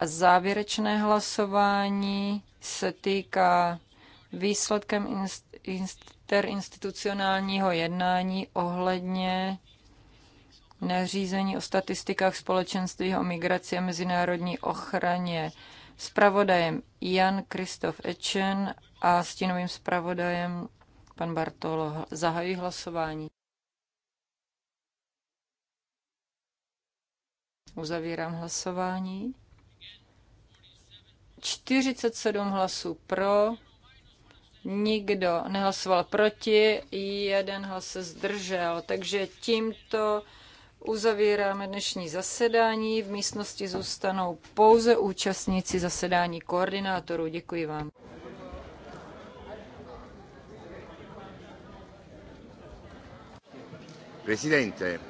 A závěrečné hlasování se týká výsledkem interinstitucionálního jednání ohledně neřízení o statistikách společenství o migraci a mezinárodní ochraně. Spravodajem Jan Kristof Echen a stínovým zpravodajem pan Bartolo. zahají hlasování. Uzavírám hlasování. 47 hlasů pro, nikdo nehlasoval proti, jeden hlas se zdržel. Takže tímto uzavíráme dnešní zasedání. V místnosti zůstanou pouze účastníci zasedání koordinátorů. Děkuji vám. Presidente.